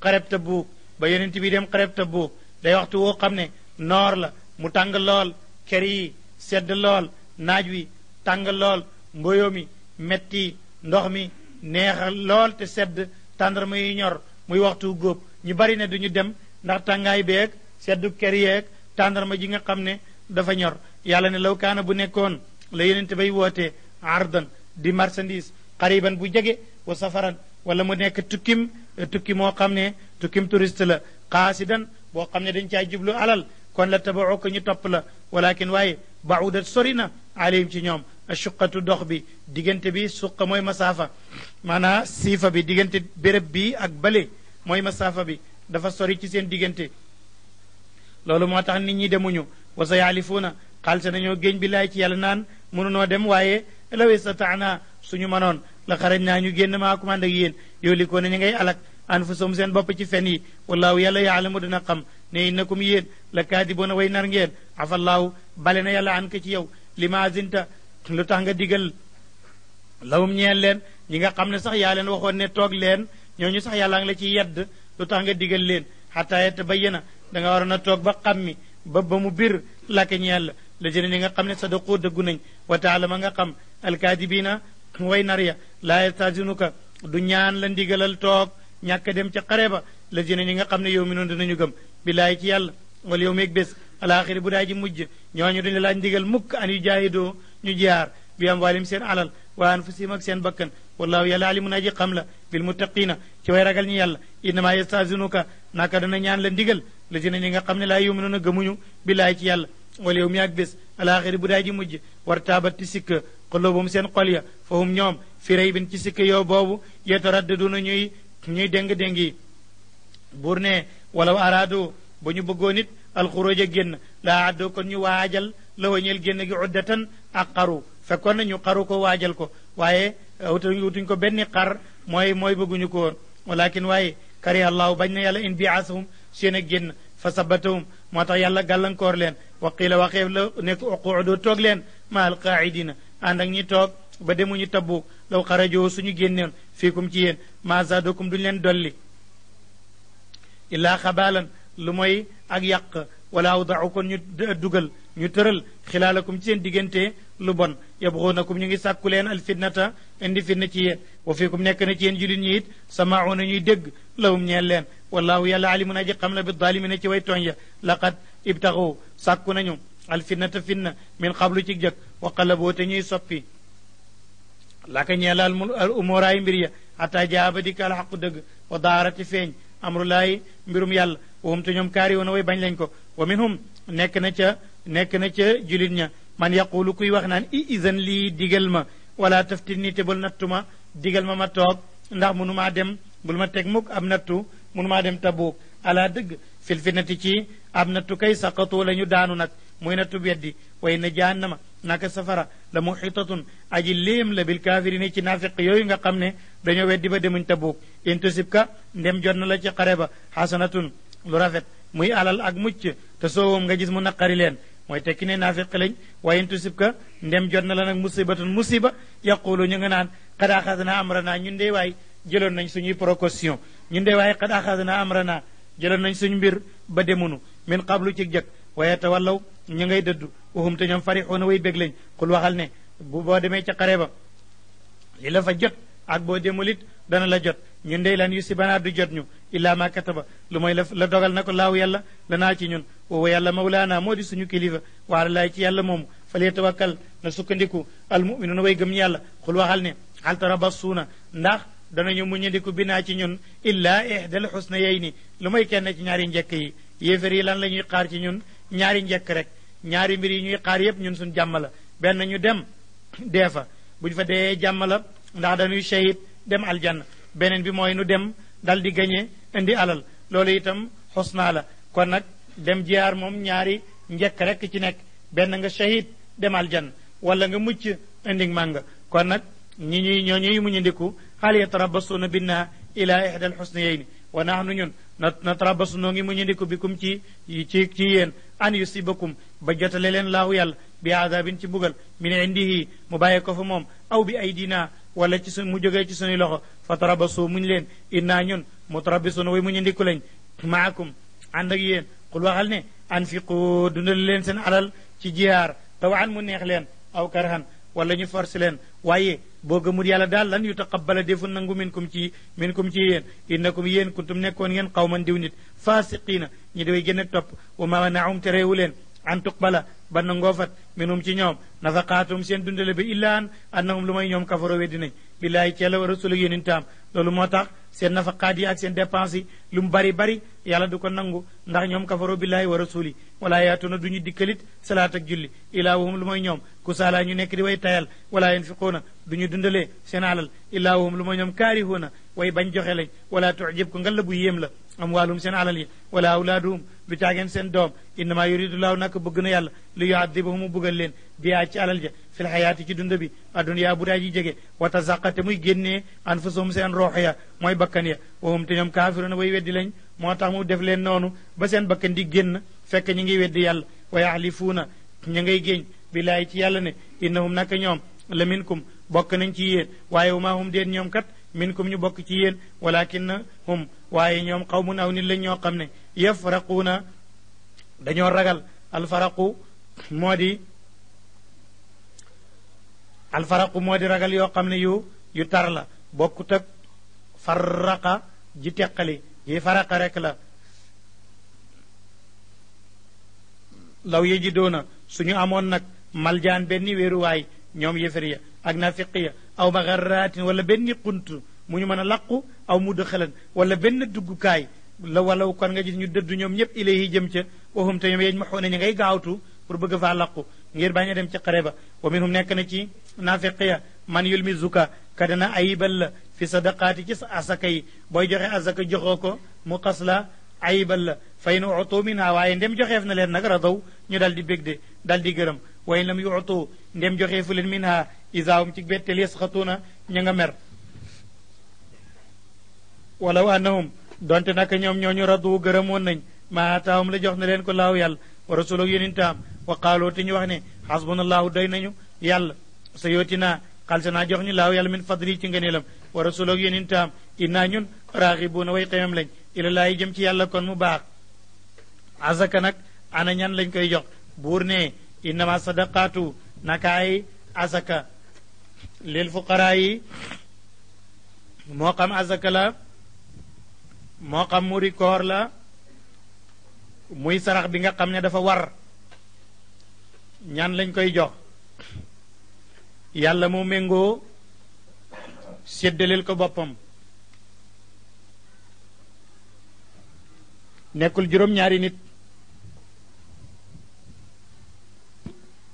xareb Tabuuk ba yonent bi dem xareb Tabuuk day waxtu woo xam ne noor la mu tàng lool kër yi sedd lool naaj wi tàng lool mboyo mi metti ndox mi neexa lool te sedd tàndarma yu ñor muy waxtu góob ñu bari ne duñu dem ndax tàngaay beeg seddu kër yeek tàndarma ji nga xam ne dafa ñor yàlla ne law kaana bu nekkoon la yonent bay wootee ardan di marchandise xariban bu jege wa safaran wala mu nekk tukkim eh, tukki moo xam ne tukkim touriste la xaasidan boo xam ne dañ caa jublu alal kon la tabaxu ko ñu topp la walakin waaye baudat sori na alayhim ci ñoom suqatu dox bi diggante bi suqa mooy masaafa maanaa siifa bi diggante béréb bi ak bale mooy masaafa bi dafa sori ci seen diggante loolu moo tax nit ñi demuñu wa sa yaalifuuna xaalse nañoo géeñ bi laay ci yàlla naan mënunoo dem waaye law istataana suñu manoon la xaraj naa ñu génn maakum ànd ak yéen yow ñu ngay alak anfusahum seen bopp ci fen yi wallaahu yàlla yaalamu dina xam ne innakum yéen la kaadiboona way nar ngeen afallaahu bale na yàlla an ci yow lima azinta lu tax nga digal lawum ñeel leen ñi nga xam ne sax yaa leen waxoon ne toog leen ñoo ñu sax yàlla ngi la ci yedd lu tax nga digal leen xataa yatabayyana da nga waroon a toog ba xammi ba ba mu bir lakk ñeel la jëne ñi nga xam ne sadaqu dëggu nañ wa taala ma nga xam alkaadibiina way nar ya laa yastaazinuka du ñaan la ndigalal toog ñàkk dem ca xare ba la dina ñi nga xam ne yow mi noonu dinañu gëm billaay ci yàlla wala yow meeg bés alaaxiri bu daa ji mujj ñooñu duñu laaj ndigal mukk an yu jaahidoo ñu jihaar bi am waalim seen alal wa anfusihim ak seen bakkan wallaahu yàlla alimun aji xam la bil muttaqiina ci way ragal ñu yàlla innama yastaazinuka naka dana ñaan la ndigal la dina ñi nga xam ne laa yuminuuna gëmuñu billaay ci yàlla wala yow mi ak bés alaaxiri bu daay ji mujj war taabat ti sikk xulóobum seen xol ya fahum ñoom fi rey bin ci sikk yow boobu yetaraddaduna ñuy ñuy déng-déng yi buur ne walaw araado ba ñu bëggoo nit alxuróoja génn laa addoo kon ñu waajal la wañeel génn gi uddatan ak xaru fekkoon na ñu xaru ko waajal ko waaye uh, wutuñ ko benn xar mooy mooy bëgguñu ko woon walakin waaye kari allahu bañ na yàlla in biasahum seen a génn fa sabatahum moo tax yàlla gàllankoor leen waqiila waxeef la nekk uquudu toog leen maal qaaidina ànd ak ñi toog ba demuñu tabbuuk law xarajoo suñu génnoon fiikum ci yéen maa zaadukum duñu leen dolli illaa xabaalan lu mooy ak yàq ولا أوضعكم دجل نترل خلالكم تين دجنتي لبن يبغونكم يجي ساكلين الفتنة عندي فتنة تين وفيكم نكنة تين جلنيت سمعون يدق لهم نيلين والله يلا علي من أجي قملا بالظالم من أجي ويتونيا لقد ابتغوا ساكونا يوم الفتنة فتنة من قبل تيجك وقلبوا تني صفي لكن يلا الأمور أي مريه حتى جاء بديك الحق دق ودارت فين أمر الله مرم يلا wahum te ñoom kaarihuuna way bañ lañ ko wa minhum nekk na ca nekk na ca julit ña man yaqulu kuy wax naan i izan lii digal ma wala taftin te te bul nattuma digal ma ma toog ndax mënumaa dem bul ma teg mukk am nattu mënumaa dem tabuuk ala dëgg fil fitnati ci am nattu kay saqatu la ñu daanu nag muy nattu weddi way na jaan na ma naka safara la muxitatun aji léem la bil kaafirina ci naafiq yooyu nga xam ne dañoo weddi ba demuñ tabuuk in ka ndem jot na la ci xare ba xasanatun lu rafet muy alal ak mucc te soowoom nga gis mu naqari leen mooy tekki ne naafiq lañ waaye tusib ka ndem jot na la nag musibatun musiba yaqulu ñu nga naan qad axadna amrana ñun dee waay jëloon nañ suñuy précaution ñun dee waay qad axadna amrana jëloon nañ suñu mbir ba demunu min qablu ci jëkk waaye tawallaw ñu ngay dëddu waxum te ñoom farixoona way bég lañ xul waxal ne bu boo demee ca xare ba li la fa jot ak boo demulit dana la jot ñun dey lan yu si banaa du jot ñu illaa ma kataba lu mooy la la dogal na ko laaw yàlla lanaa ci ñun woowa yàlla mawlaana moo di suñu kilifa waa laay ci yàlla moomu falee tawakkal na sukkandiku na way gëm yàlla xul waxal ne xal tarabassuuna ndax danañu bi binaa ci ñun illaa ihdal xusna yey ni lu may kenn ci ñaari njëkk yi yéefér yi lan la ñuy xaar ci ñun ñaari njekk rek ñaari mbir yi ñuy xaar yépp ñun suñ jàmm la benn ñu dem dee fa buñ fa dee jàmm ndax dañuy shahid dem aljanna beneen bi mooy nu dem dal di gañe indi alal loolu itam xusnaa la kon nag dem jihaar moom ñaari njekk rek ci nekk benn nga shahid demal jan wala nga mucc indi màng kon nag ñi ñuy ñoo ñuy mu ñu ndiku hal yatarabasuna binna ila ihda alxusniyayni wa nahnu ñun na natarabasu noo ngi mu ñu ndiku bikum ci ci ci yéen an yusibakum ba jotale leen laahu yàlla bi aadaabin ci bugal min indihi mu bàyyee ko fa moom aw bi aydina wala ci su mu jógee ci suñuy loxo fa tarabasu muñ leen innaa ñun mutarabisuuna way muñu ndikku lañ maakum ànd ak yéen qul waxal ne anfiqu dundal leen seen alal ci jihaar tawaan mu neex leen aw karhan wala ñu forcé leen waaye boo gëmul yàlla daal lan yu taqabbala defun nangu minkum ci minkum ci yéen innakum yéen kuntum nekkoon ngeen xawman diw nit faasiqiina ñi daway gën a topp wa ma naum tereewu leen an tuqbala ba nangoo fat minum ci ñoom nafaqaatum seen dundale bi illaan annahum lu may ñoom kafaro weddi nañ billaahi ci yàlla wa rasul ak yonentam loolu moo tax seen nafaqaat yi ak seen dépense yi lu mu bari bari yàlla du ko nangu ndax ñoom kafaro billaahi wa rasuli wala yaatuna du ñu dikkalit ak julli ilaahum lu ñoom ku saalaa ñu nekk di way tayal wala yanfiquuna du ñu seen alal ilaahum lu ñoom kaarihuuna way bañ joxe lañ wala tuujib ko ngal bu yéem la amwaalum seen alal yi wala awlaaduhum du caageen seen doom innama yuridullahu nak bëgg na yàlla lu yuadibahum mu buggal leen biyaa ci alal ja fil xayaati ci dund bi adduniyaa bu daa ji jege wa tasaqate muy génnee anfusahum seen roox ya mooy bakkan ya wahum te ñoom kaafiruna way weddi lañ moo tax mu def leen noonu ba seen bakkan di génn fekk ñi ngi weddi yàlla wa yaxlifuuna ña ngay géeñ billaahi ci yàlla ne innahum naka ñoom la minkum bokk nañ ci yéen waaye wu maahum deen ñoom kat minkum ñu bokk ci yéen walakin hum waaye ñoom xawmun aw nit lañ ñoo xam ne yafraquuna dañoo ragal alfaraqu moo di alfaraqu moo di ragal yoo xam ne yu yu tar la bokkut ak farraqa ji teqali ji faraqa rekk la law ye ji su ñu amoon nag maljaan benn wéeruwaay ñoom yëfër ya ak nafiq ya aw magarratin wala benn xunt mu ñu mën a aw mu dëxalan wala benn duggukaay la walaw kon nga gis ñu dëdd ñoom ñëpp ilayhi jëm ca waxum te ñoom yeñ ma xoone ñi ngay gaawtu pour bëgg faa laqku ngir bañ a dem ci xareba wa minhum nekk na ci nafiqiya man yulmizuka ka dana ayibal la fi sadaqati ci asaka yi booy joxe asaka joxoo ko mu xas la ayibal la fay na utu minha waaye ndem joxeef na leen nag radaw ñu dal di bég de dal di gërëm waaye lam yutu ndem joxeefu leen minha isaawum ci betteel yasxatuuna ña nga mer walaw annahum donte naka ñoom ñooñu raddu gërëmoon nañ maa ataahum la jox na leen ko laaw yàlla wa rasul ak yonentaam wa qaaloo te ñu wax ne xasbunallaahu doy nañu yàlla sa yooti naa xalsa naa jox ñu laaw yàlla min fadli ci ngëneelam wa rasul ak yonentaam innaa ñun raaxibuuna way xemam lañ ila jëm ci yàlla kon mu baax azaka nag ana ñan lañ koy jox buur ne innama sadaqaatu nakaay azaka lil fuqara yi moo xam azaka la moo xam muri koor la muy sarax bi nga xam ne dafa war ñaan lañ koy jox yàlla mu méngoo séddalil ko boppam nekkul juróom-ñaari nit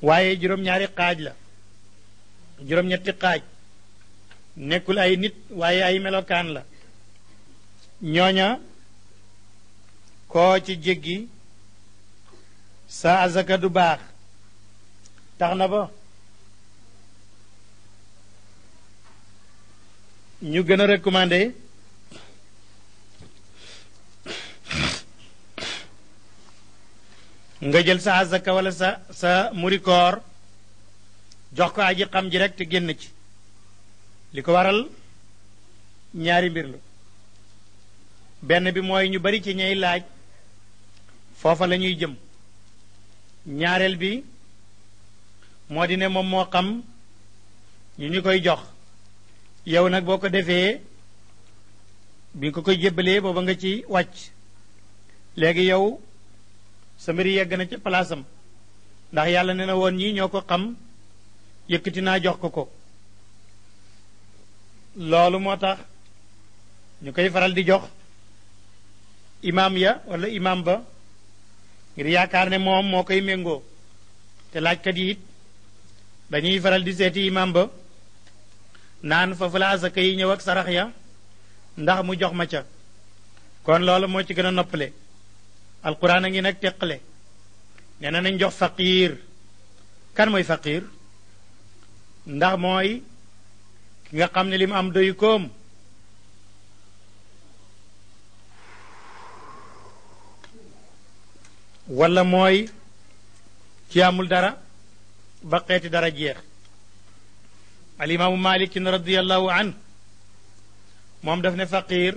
waaye juróom-ñaari xaaj la juróom-ñetti xaaj nekkul ay nit waaye ay melokaan la ñooña koo ci jéggi sa azaka du baax tax na ba ñu gën a recommandé nga jël sa azaka wala sa sa murikoor jox ko aji xam ji rekk te génn ci li ko waral ñaari mbir la benn bi mooy ñu bari ci ñay laaj foofa la ñuy jëm ñaareel bi moo di ne moom moo xam ñu ñu koy jox yow nag boo ko defee bi nga ko koy jébbalee booba nga ci wàcc léegi yow sa mbir yegg na ci palaasam ndax yàlla nee na woon ñii ñoo ko xam yëkkati naa jox ko ko loolu moo tax ñu koy faral di jox imaam ya walla imaam ba ngir yaakaar ne moom moo koy méngoo te laajkat yi it dañuy faral di seeti imaam ba naan fa la asaka yi sarax ya ndax mu jox ma ca kon loolu moo ci gën a noppale alquran a ngi nag teqale nee na nañ jox faqiir kan mooy faqiir ndax mooy ki nga xam ne li am doyu koom wala mooy ki amul dara ba xeeti dara jeex alimaamu malikin radiallahu an moom daf ne faqir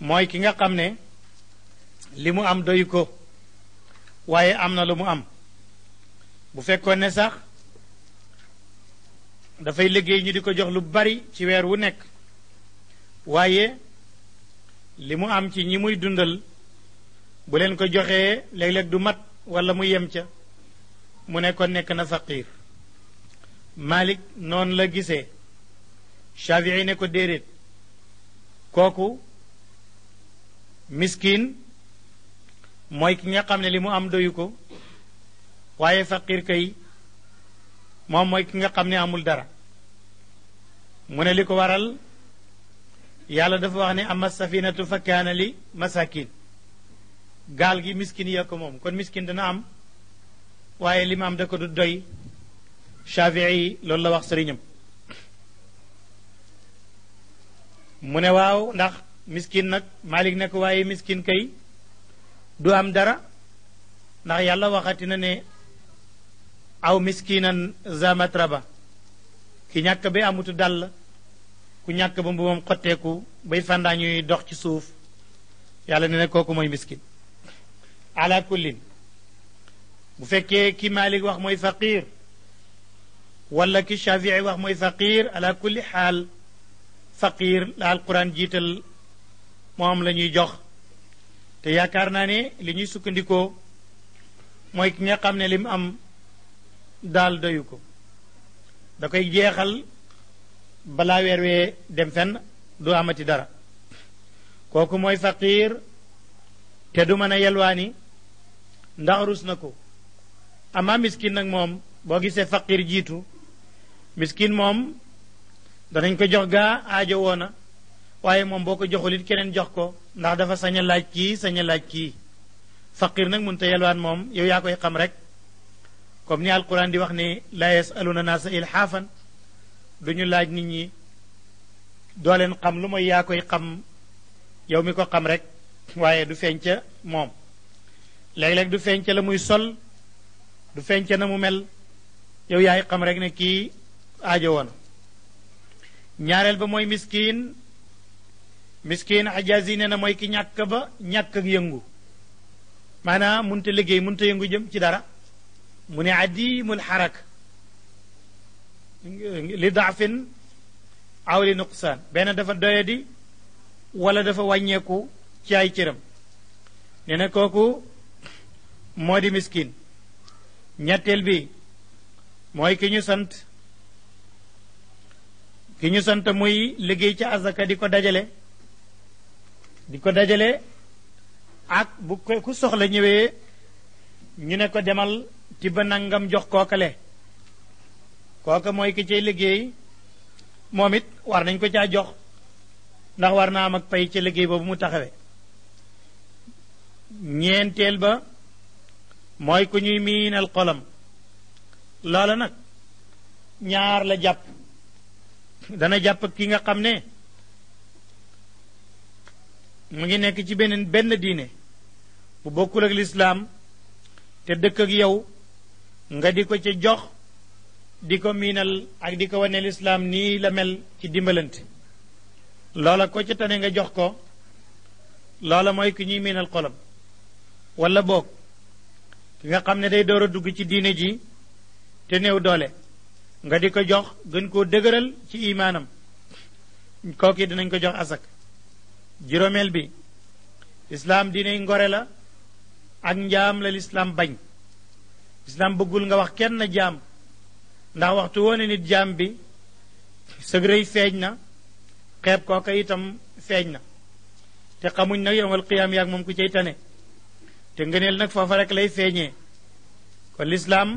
mooy ki nga xam ne li mu am doyu ko waaye am na lu mu am bu fekkoon ne sax dafay liggéey ñu di ko jox lu bari ci weer wu nekk waaye li mu am ci ñi muy dundal bu leen ko joxee léeg-léeg du mat wala mu yem ca mu ne ko nekk na faqiir Malik noonu la gisee Shafii ne ko déedéet kooku miskin mooy ki nga xam ne li mu am doyu ko waaye faqiir kay moom mooy ki nga xam ne amul dara mu ne li ko waral yàlla dafa wax ne ama safinatu fa kaana li masakin gaal gi miskin ya ko moom kon miskin dana am waaye li mu am da ko du doy Shafii loolu la wax sëriñam mu ne waaw ndax miskin nag Malik nekk waaye miskin kay du am dara ndax yàlla waxatina ne aw miskinan zamatraba ki ñàkk bay amutu dàll ku ñàkk ba mbubbam xotteeku bay fàndaa ñuy dox ci suuf yàlla ne na kooku mooy miskin ala kullin bu fekkee ki Malik wax mooy faqir wala ki Shafii wax mooy faqir ala kulli xaal faqir la alquran jiital moom la ñuy jox te yaakaar naa ne li ñuy sukkandikoo mooy ki nga xam ne lim am daal doyu ko da koy jeexal balaa weer we dem fenn du amati dara kooku mooy faqiir te du mën a yelwaani ndax rus na ko ama miskin nag moom boo gisee faqiir jiitu miskin moom danañ ko jox gaa aajo woona waaye moom boo ko joxulit keneen jox ko ndax dafa sañ laaj kii sañ laaj kii faqiir nag mënut a yelwaan moom yow yaa koy xam rek comme ni alquran di wax ni naa yasaluna naasa ilxaafan du ñu laaj nit ñi doo leen xam lu mooy yaa koy xam yow mi ko xam rek waaye du feeñ moom léeg-léeg du feeñ la muy sol du feeñ ca na mu mel yow yaay xam rek ne kii ajo woon ñaareel ba mooy miskiin miskiin ajaasi nee na mooy ki ñàkk ba ñàkk ak yëngu maanaam munta liggéey munta yëngu jëm ci dara mu ne adimul xaraka li daafin aw li nuqsaan benn dafa doyadi walla dafa wàññeeku ci ay cëram nee na kooku moo di miskin ñetteel bi mooy ki ñu sant ki ñu sant muy liggéey ci azaka di ko dajale di ko dajale ak bu ku soxla ñëwee ñu ne ko demal ci ba nangam jox kookale kooka mooy ki cay liggéey moom it war nañ ko caa jox ndax war naa am ak pay ca liggéey boobu mu taxawe ñeenteel ba mooy ku ñuy miinal xolam loola nag ñaar la jàpp dana jàpp ki nga xam ne mu ngi nekk ci beneen benn diine bu bokkul ak lislaam te dëkk ak yow nga di ko ci jox di ko miinal ak di ko wane lislaam nii la mel ci dimbalante loola ko ci tane nga jox ko loola mooy ki ñuy miinal xolam walla boog ki nga xam ne day door a dugg ci diine ji te néew doole nga di ko jox gën koo dëgëral ci imaanam kooki dinañ ko jox asak juróomeel bi lislaam diiney ngore la ak njaam la lislaam bañ islam bëggul nga wax kenn jaam ndax waxtu woone nit jaam bi sëg rëy feeñ na xeeb kooka itam feeñ na te xamuñ nag yowmal qiyaam yaag moom ku cay tane te ngëneel nag foofa rek lay feeñee kon lislaam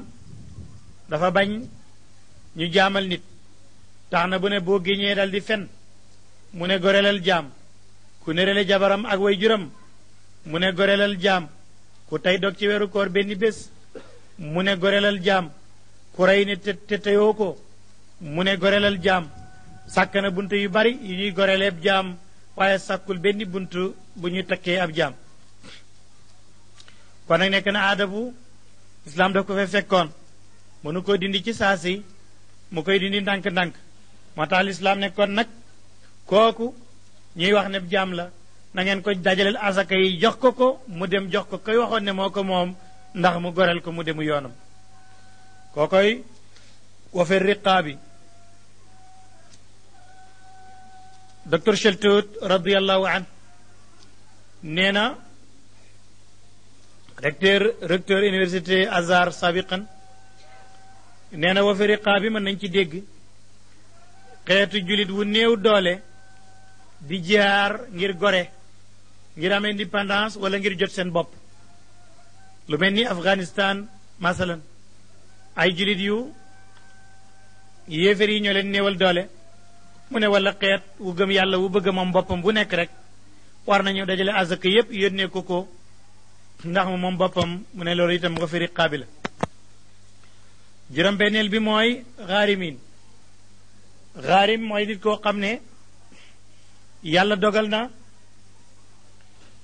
dafa bañ ñu jaamal nit tax na bu ne boo géñee dal di fen mu ne gorelal jaam ku nérele jabaram ak way juram mu ne gorelal jaam ku tey dog ci weeru koor benn bés mu ne gorelal jaam ku rey nit te ko mu ne gorelal jaam sàkk na bunt yu bari yu ñuy goreleeb jaam waaye sàkkul benn bunt bu ñu takkee ab jaam kon nag nekk na aada bu islaam daf ko fee fekkoon mënu ko dindi ci saa si mu koy dindi ndànk-ndànk moo tax lislaam nekkoon nag kooku ñuy wax ne jaam la na ngeen ko dajaleel asaka yi jox ko ko mu dem jox ko koy waxoon ne moo ko moom ndax mu goral ko mu demu yoonam wa fi riqabi docteur Cheltout radiallahu an neena recteur recteur université azar sabiqan neena wa fi riqabi man nañ ci deg xeetu julit wu néew doole di jaar ngir gore ngir am indépendance wala ngir jot sen bop lu mel ni Afghanistan masalan ay jullit yu yéefar yi ñoo leen néewal doole mu ne wala xeet wu gëm yàlla wu bëgg moom boppam bu nekk rek war nañu dajale azaka yépp yónnee ko ko ndax mu moom boppam mu ne loolu itam nga firi qaabila juróom-benneel bi mooy xaarimiin xaarim mooy nit koo xam ne yàlla dogal na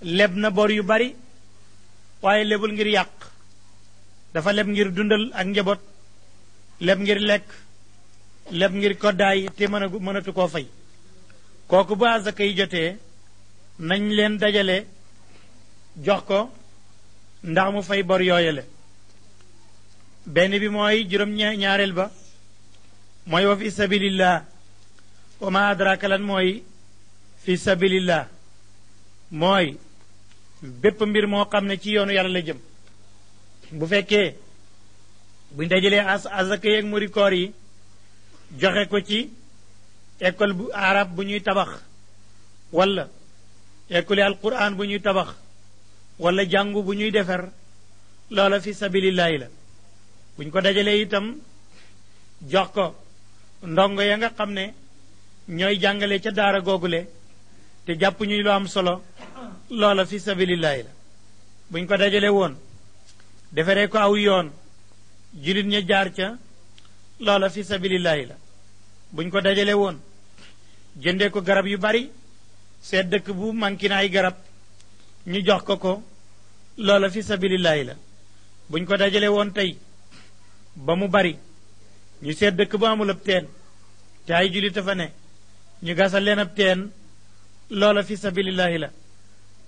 leb na bor yu bari waaye lebul ngir yàq dafa leb ngir dundal ak njaboot leb ngir lekk leb ngir koddaay te mënatu koo fay kooku bu asaka yi jotee nañ leen dajale jox ko ndax mu fay bor yooyale benn bi mooy juróom ñaareel ba mooy wa fi sabilillah wa ma adraka lan mooy fi sabilillah mooy bépp mbir moo xam ne ci yoonu yàlla la jëm bu fekkee buñ dajalee as azaka yeeg muri koor yi joxe ko ci école bu arab bu ñuy tabax wala école alquran bu ñuy tabax walla jàngu bu ñuy defar loola fi sabilillahi la buñ ko dajalee itam jox ko ndongo ya nga xam ne ñooy jàngale ca daara googule te jàpp ñuy lu am solo loola fi sabilillahi la buñ ko dajale woon defaree ko aw yoon jullit ña jaar ca loola fi sabilillahi la buñ ko dajale woon jëndee ko garab yu bari seet dëkk bu manqué na ay garab ñu jox ko ko loola fi sabilillahi la buñ ko dajale woon tey ba mu bari ñu seet dëkk bu amul ab teen te jullit a fa ne ñu gasal leen ab teen loola fi sabilillahi la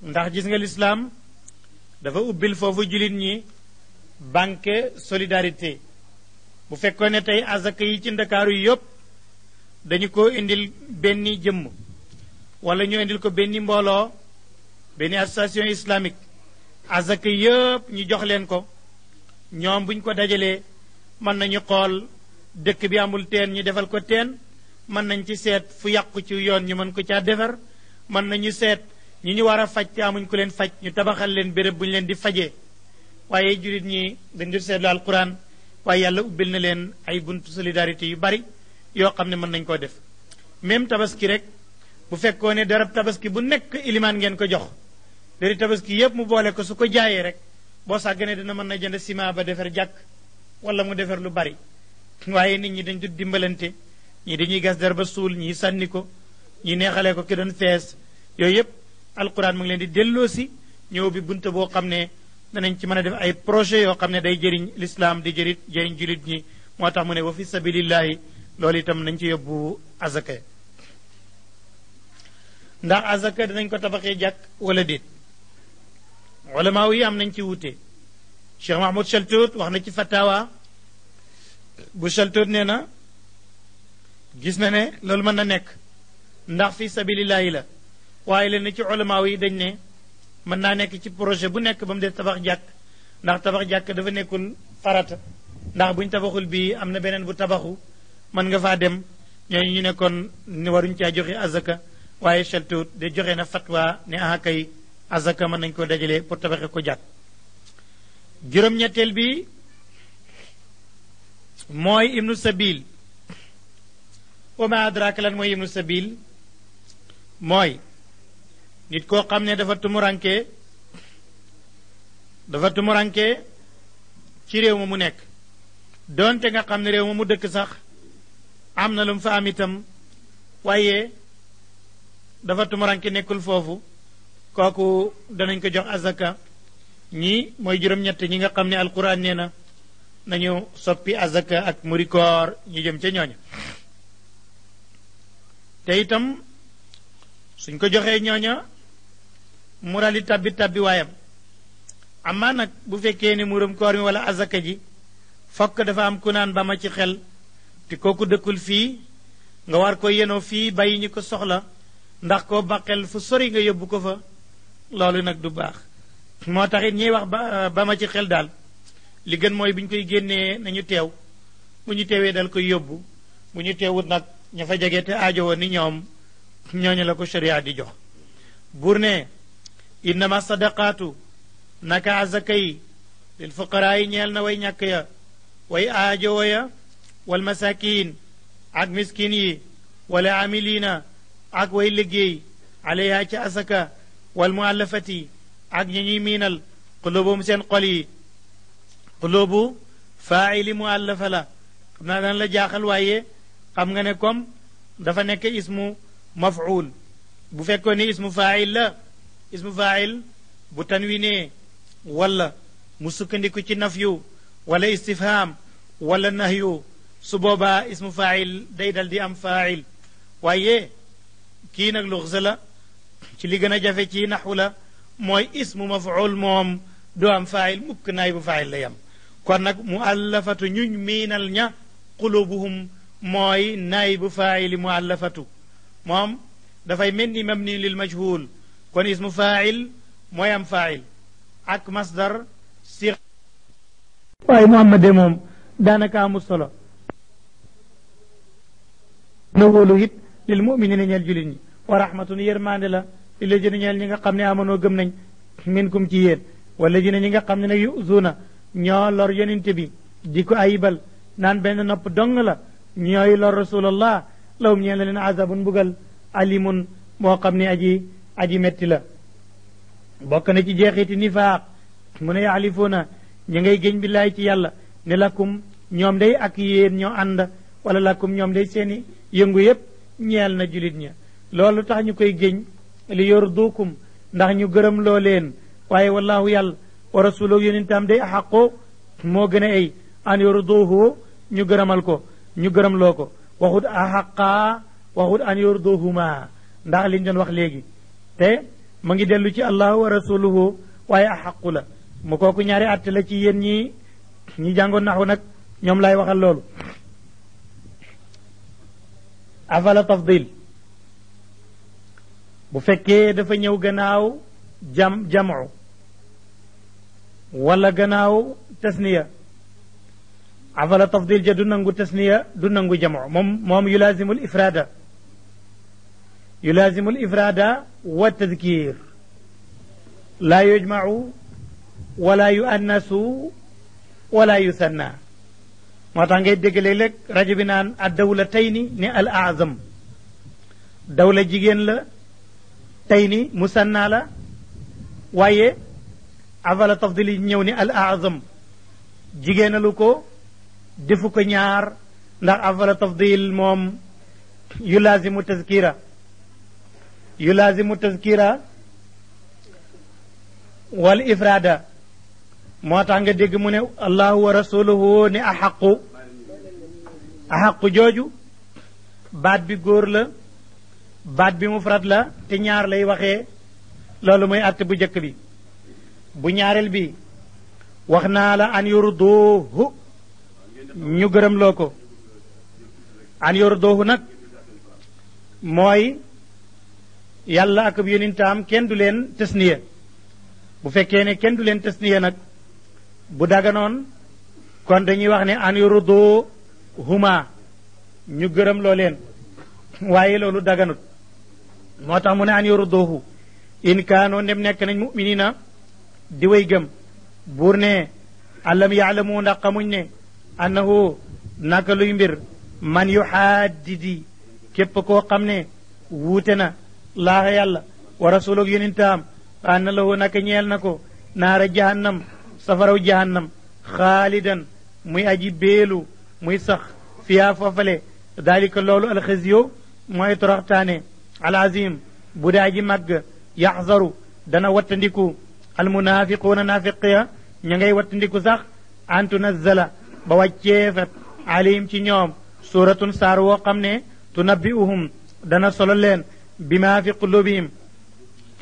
ndax gis nga lislaam dafa ubbil foofu jullit ñi banque solidarité bu fekkoon ne tey azaka yi ci ndakaaru yëpp dañu ko indil benn jëmm wala ñu indil ko benn mbooloo benn association islamique azaka yëpp ñu jox leen ko ñoom buñ ko dajalee mën nañu xool dëkk bi amul teen ñu defal ko teen mën nañ ci seet fu yàqu ci yoon ñu mën ko caa defar mën nañu seet ñi ñu war a faj te amuñ ko leen faj ñu tabaxal leen béréb bu ñu leen di fajee waaye jurit ñi dañ di seetlu alquran waaye yàlla ubbil na leen ay buntu solidarité yu bari yoo xam ne mën nañ koo def même tabaski rek bu fekkoo ne darab tabaski bu nekk ilimaan ngeen ko jox dari tabaski yépp mu boole ko su ko jaayee rek boo sàgganee dana mën na jënd ciment ba defar jàkk wala mu defar lu bari waaye nit ñi dañ du dimbalante ñii dañuy gas dar ba suul ñii sànni ko ñii neexalee ko ki doon yooyu yépp alquran mu ngi leen di delloosi ñëw bi bunte boo xam ne danañ ci mën a def ay projet yoo xam ne day jëriñ lislaam di jërit jëriñ julit ñi moo tax mu ne wa fi sabilillahi loolu itam nañ ci yóbbu azaka ndax azaka danañ ko tabaxee jàkk wala déet olamaa yi am nañ ci wute Cheikh Mahmoud Chaltout wax na ci fatawa bu Chaltout nee na gis na ne loolu mën na nekk ndax fi sabilillahi la waaye leen ci olomaaw yi dañ ne mën naa nekk ci projet bu nekk ba mu def tabax jàkk ndax tabax jàkk dafa nekkul farata ndax buñ tabaxul bii am na beneen bu tabaxu mën nga faa dem ñoo ñu nekkoon ni waruñ caa joxe azaka waaye cheltuut de joxe na fatwa ne aha kay azaka mën nañ koo dajalee pour tabaxee ko jàkk juróom-ñetteel bi mooy ibnu sabil wa ma adraka lan mooy ibnu sabil mooy nit koo xam ne dafa tumuranke dafa tumuranke ci réew ma mu nekk donte nga xam ne réew ma mu dëkk sax am lu fa am itam waaye dafa tumuranke nekkul foofu kooku danañ ko jox azaka ñi mooy juróom-ñett ñi nga xam alquran nee na nañu soppi azaka ak murikor, ñu jëm ca ñooña te itam suñ ko joxee ñooña mu rali tabbi tabbi waayam amma nag bu fekkee ni murum koor mi wala azaka ji fokk dafa am ku naan ba ci xel te kooku dëkkul fii nga war ko yenoo fii bàyyi ñu ko soxla ndax koo baqel fu sori nga yóbbu ko fa loolu nag du baax moo tax it ñiy wax ba ba ma ci xel daal li gën mooy bu ñu koy génnee nañu teew bu ñu teewee dal koy yóbbu bu ñu teewut nag ña fa jege te aajo woon ni ñoom ñooñu la ko sharia di jox buur ne innama sadaqaatu naka azaka yi lil fuqaraa yi ñeel na way ñàkk ya way aajowo ya wal masakin ak miskin yi wala amilina ak way liggéey alayha ci asaka wal muallafati ak ñi ñuy miinal qulubum seen xol yi qulubu faaili muallafa la xam naa daan la jaaxal waaye xam nga ne comme dafa nekk ismu maf'ul bu fekkoon ni ismu faail la اسم فاعل بتنوينه ولا مسكني كتي نفيو ولا استفهام ولا نهيو سبوبا اسم فاعل ديدل دي ام فاعل وايي كي نك لغز لا تي لي غنا جافي تي نحو لا موي اسم مفعول موم دو ام فاعل مك نايب فاعل ليام كون نك مؤلفه نيون مينال نيا قلوبهم موي نايب فاعل مؤلفه موم دا فاي مني مبني للمجهول كون اسم فاعل مويم فاعل اك مصدر سيغ واي محمد موم دانكا مصلى نقولو هيت للمؤمنين نيال جولين ورحمه يرمان لا الا جين نيال نيغا خامني امانو گم نين منكم تي يين ولا جين نيغا خامني نا يؤذونا ньо лор йонинте би дико айбал нан бен ноп донгла ньо лор расулуллах лаум ньелен азабун бугал алимун мо хамни аджи aji metti la bokk na ci jeexiti nifaaq mu ne yaxalifuuna ñi ngay géñ billaay ci yàlla ne lakum ñoom day ak yéen ñoo ànd wala lakum ñoom day seeni yëngu yépp ñeel na julit ña loolu tax ñu koy géñ li yorduukum ndax ñu gërëm loo leen waaye wallahu yàlla wa rasuluhu yonentam day xaqoo moo gën a ay an yorduuhu ñu gërëmal ko ñu gërëm loo ko waxut a xaqaa waxut an yorduuhuma ndax liñ doon wax léegi te ma ngi dellu ci allahu wa rasuluhu waaye axaqu la mu kooku ñaari àtt la ci yéen ñi ñi jàngoon naxu nag ñoom laay waxal loolu afala tafdil bu fekkee dafa ñëw gannaaw jam jamu wala gannaaw tasniya afala tafdil ja du nangu tasniya du nangu jamu moom moom yulaasimul ifraada يلازم الإفراد والتذكير لا يجمع ولا يؤنس ولا يثنى ما تنجد لك رجبنا الدولتين الأعظم دولة جيجين تيني مسنى لا وي أفضل تفضيل نيوني الأعظم جيجين لكو دفوك نيار أفضل تفضيل موم يلازم التذكيره yulaazimu taskira wal ifraada moo tax nga dégg mu ne allahu wa rasuluhu ne axaqu axaqu jooju baat bi góor la baat bi mufrad la te ñaar lay waxee loolu mooy att bu njëkk bi bu ñaareel bi wax naa la an yurduhu ñu gërëm loo ko an yurduhu nag mooy yàlla ak ab yonentaam kenn du leen tasniya bu fekkee ne kenn du leen tasniya nag bu daganoon kon dañuy wax ne an yurdu huma ñu gërëm loo leen waaye loolu daganut moo tax mu ne an yurduhu in kaanoon dem nekk nañ muminina di way gëm buur ne alam yaalamu ndax xamuñ ne annahu naka luy mbir man yuxaaddidi képp koo xam ne wuute na الله يلا ورسولك ينتام أن له هناك نكو نار جهنم سفر جهنم خالدا مي أجي بيلو مي سخ فيها ففلي ذلك اللولو الخزيو مي ترغتاني العظيم بودا أجي مك يحذر دنا واتنديكو المنافقون نافقيا نيغي واتنديكو سخ أن نزل بواجيفت عليهم تنيوم سورة سارو قمني تنبئهم دنا صلى الله bi maa fi qulubihim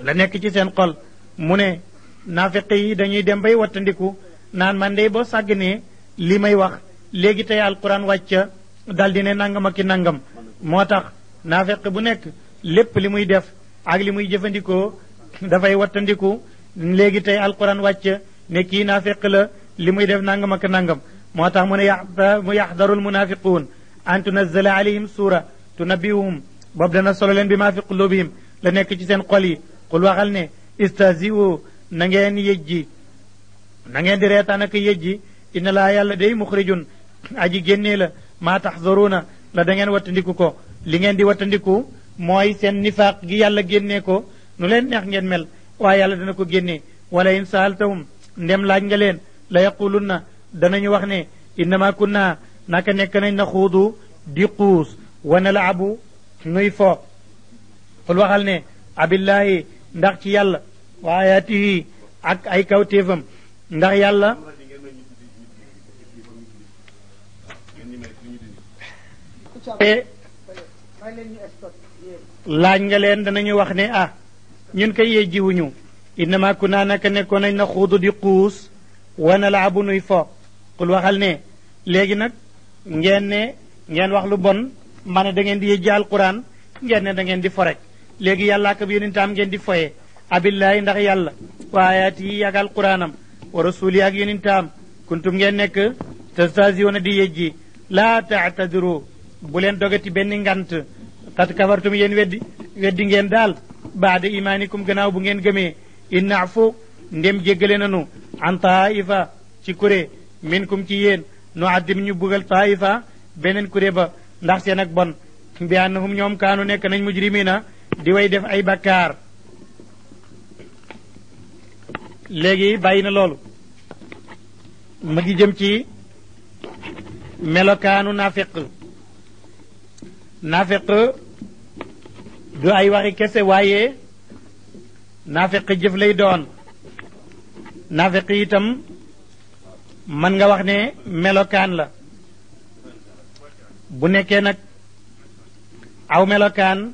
la nekk ci seen xol mu ne naafiq yi dañuy dem bay wattandiku naan man dey boo sàgg ne li may wax léegi tey alquran wàcca dal di ne nangam ak ki nangam moo tax naafiq bu nekk lépp li muy def ak li muy jëfandikoo dafay wattandiku léegi tey alquran wàcc ne kii naafiq la li muy def nangam ak nangam moo tax mu ne yaxdaru almunafiquun an tunazala alayhim suura tunabbiuhum bob dana solo len bi maa fi qulubihim la nek ci sen xol yi qul waxal ne istaziu na ngeen yëjji na ngeen di reetaan ak yëjji inna la yàlla day mukhrijun aji genne la ma tahzuruna la da ngeen watandiku ko li ngeen di watandiku moy sen nifaq gi yàlla genne ko nu len neex ngeen mel wa yàlla dana ko genne wala in saltum ndem laaj nga len la yaqulunna danañu wax ne ma kunna naka nek nañ na khudu diqus wa nalabu nuy fo xul ne abillaahi ndax ci yàlla wa ayaatihi ak ay kaw kawtéefam ndax yàlla eh, laaj nga leen danañu wax ne ah ñun koy yee jiwuñu innama ku naa naka nekkoon nañ na xuudu di xuus wana laa bu nuy fo xul waxal ne léegi nag ngeen ne ngeen wax lu bon ma da ngeen di yëjji alquran ngeen ne da ngeen di forek léegi yàllaa ak yonentam ngeen di foye abillaahi ndax yàlla wa ayaati yi ak alquraanam wa rasuuli ak yonentam kuntum ngeen nekk tastasiyoona di yëjji laa taatadiru bu leen dogati benn ngant xat kafartum yéen weddi weddi ngeen daal baada imaanikum gannaaw bu ngeen gëmee inna fu ndem jéggale nanu an taifa ci kuré minkum ci yéen nu addim ñu bugal taifa beneen kuré ba ndax seen ak bon bi annahum ñoom kaanu nekk nañ mujrimina di way def ay bakkaar léegi bàyyi na loolu mu ngi jëm ci melokaanu nafiq nafiq du ay waxi kese waaye nafiq jëf lay doon nafiq itam mën nga wax ne melokaan la bu nekkee nag aw melokaan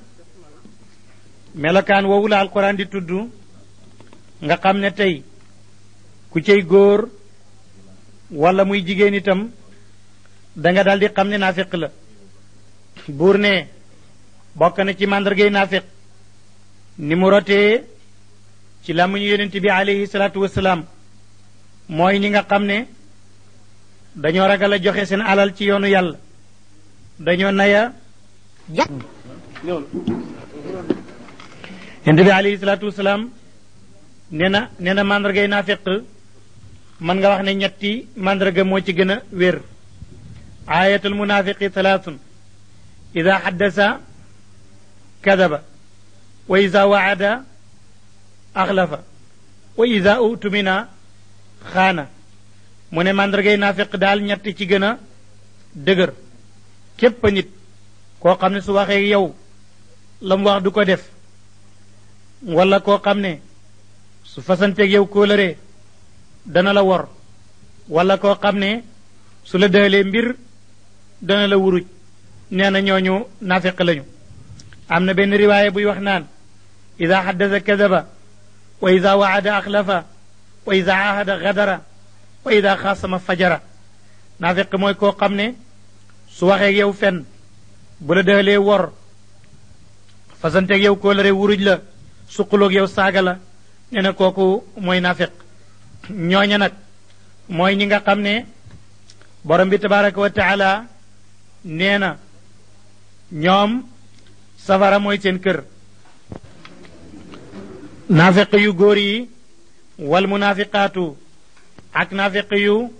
melokaan woowu la alquran di tudd nga xam ne tey ku cay góor walla muy jigéen itam danga nga daal di xam ne naafiq la buur ne bokk na ci màndargay naafiq ni mu rotee ci làmmiñu yonent bi alayhi salaatu wasalaam mooy ñi nga xam ne dañoo ragal a joxe seen alal ci yoonu yàlla dañoon na ya yent bi alayhi salaatu wasalaam nee na nee na mandargay naafiq mën nga wax ne ñetti mandarga moo ci gën a wér ayatul munafiqi talaatun ida xaddasa kadaba wa ida waada axlafa wa ida utumina xaana mu ne mandargay naafiq daal ñett ci gën a dëgër képp nit koo xam ne su waxee yow la mu wax du ko def wala koo xam ne su fasanteeg yow kóolëree dana la wor wala koo xam ne su la dëhalee mbir dana la wuruj nee na ñooñu nafiq lañu am na benn riwaaya buy wax naan ida xaddasa kadaba wa ida waada axlafa wa ida ahada gadara wa ida xaasama fajara nafiq mooy koo xam ne su waxee yow fen bu la dëxalee wor fasanteeg yow kóolare wuruj la suqaloog yow saaga la nee na kooku mooy naafiq ñooña nag mooy ñi nga xam ne borom tabaraka wa taala nee na ñoom safara mooy seen kër naafiq yu góor yi wal munaafiqaatu ak naafiq yu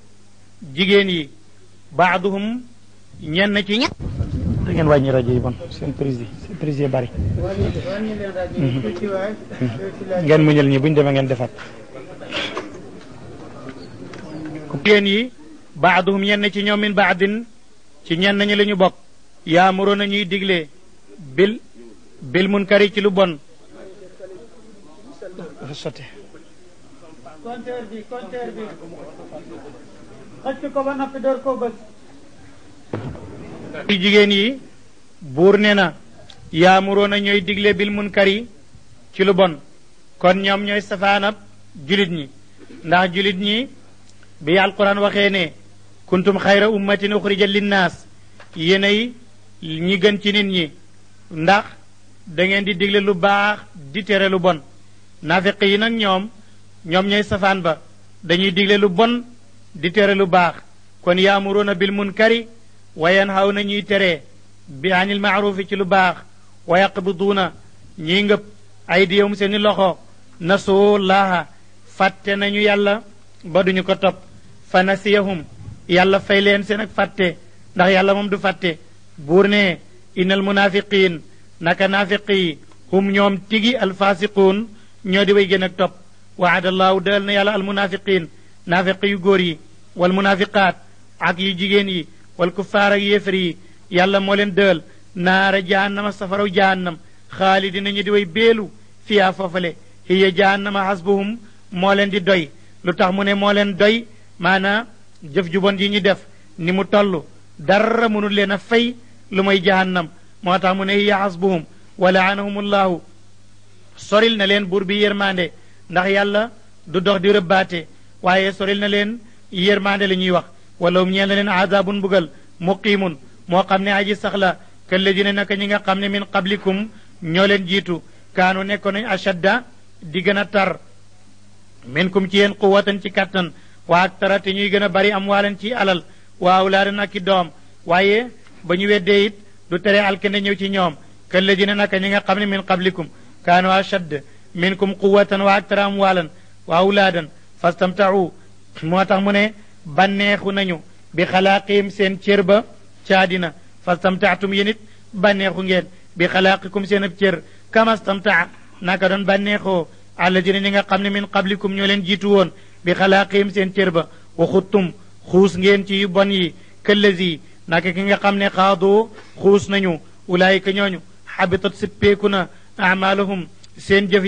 jigéen yi baaduhum ñenn ci ñet da ngeen wañi rajo yi bon seen prise yi seen prise bari mhm. ngeen muñal ñi buñ demee ngeen defaat yéen yi baaduhum ñenn ci ñoom min baadin ci ñenn ñi lañu bokk yaamuroo na ñuy digle bil bil munkari ci lu bon sote compteur ya. bi compteur bi xëcc ko ba noppi door koo bëgg jigéen yi buur ne na yaamuroona ñooy digle bil munkar yi ci lu bon kon ñoom ñooy safaanab julit ñi ndax julit ñi bi alquran waxee ne kuntum xayra ummatin uxrijat linnaas yéenay ñi gën ci nit ñi ndax da ngeen di digle lu baax di tere lu bon naafiq nag ñoom ñoom ñooy safaan ba dañuy digle lu bon di tere lu baax kon yaamuroona bil munkari wayen xaw na ñuy tere bi anil maarufi ci lu baax bu wa yaqbiduuna ñiy ngëb aydiyahum seeni loxo nasuu laaha fàtte nañu yàlla ba duñu ko topp fa nasiyahum yàlla fay leen seen ak fàtte ndax yàlla moom du fàtte buur ne innal munaafiqiin naka naafiqi yi hum ñoom tigi alfaasiquun ñoo di way gën ak topp waadallaahu dël na yàlla almunaafiqiin naafiqi yu góor yi wal munaafiqaat ak yu jigéen yi wal kuffaar ak yéefar yi yàlla moo leen dël naara jahannama safaraw jahannam xaalidina ñu di way béelu fiyaa foofale hiya jahannama xasbuhum moo leen di doy lu tax mu ne moo leen doy maanaa jëf ju bon yi def ni mu toll dara mënul leen a fay lu may jahannam moo tax mu ne hiya xasbuhum wa laanahumullahu soril na leen buur bi yërmande ndax yàlla du dox di rëbbaate waaye soril na leen yërmande la ñuy wax walaum ñeel na leen azabun bugal muqimun moo xam ne aji sax la kalladina naka ñi nga xam ne min qablikum ñoo leen jiitu kaanu nekkoon nañ ashadda di gën a tar minkum ci yéen quwatan ci kattan waa ak tara te ñuy gën a bari am waalan ci alal waa awlaadan ak i doom waaye ba ñu weddee it du tere alkende ñëw ci ñoom kalladina naka ñi nga xam ne min qablikum kaanu ashadd minkum quwatan waa ak tara am waalan waa awlaadan fastamtau moo tax mu ne bànneexu nañu bi xalaaqiim seen cër ba caadina fa stamtaatum yéen it bànneexu ngeen bi xalaaqikum seen ab cër kama stamtaa naka doon bànneexoo alladina ñi nga xam ne min qablikum ñoo leen jiitu woon bi xalaaqiim seen cër ba waxuttum xuus ngeen ci bon yi këllazi naka ki nga xam ne xaadoo xuus nañu ulaayika ñooñu xabitat sippeeku na amaaluhum seen jëf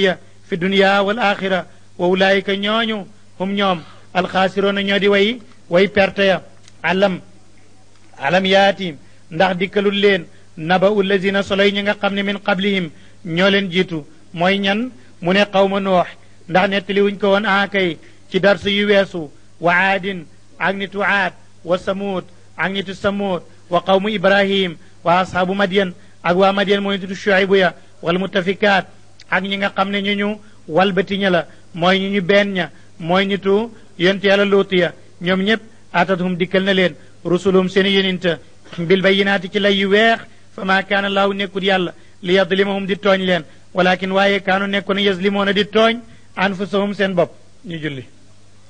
fi dunya wal axira wa ulaayika ñooñu hum ñoom alxaasiroona ñoo di way way perte ya alam alam yaati ndax dikkalul leen naba ullazina soloy ñi nga xam ne min qablihim ñoo leen jiitu mooy ñan mu ne xawma noox ndax nettali wuñ ko woon aakay ci darsu yu weesu wa aadin ak nitu aad wa samuud ak nitu samuud wa qawmu ibrahim wa ashaabu madian ak waa madian mooy nitu shuaybu ya wal mutafikaat ak ñi nga xam ne ñu ñu walbatiña la mooy ñu ñu benn ña mooy nitu yonent yàlla luut ya ñoom ñëpp atathum dikkal na leen rusulum seen yonent bil bayyinaati ci lay yu weex fa kaan kaana laahu nekkut yàlla li yadlimahum di tooñ leen walakin waaye kaanu nekkoon yaslimona di tooñ anfusahum seen bopp ñu julli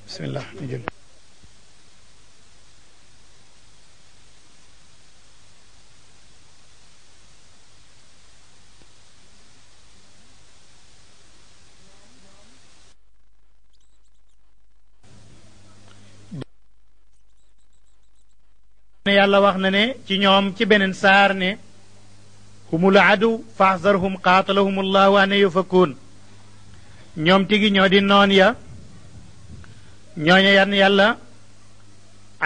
bismillah ñu julli ne yàlla wax na ne ci ñoom ci beneen saar ne humul adu fahzarhum qaatalahum allahu an yufakuun ñoom tigi ñooñu yàlla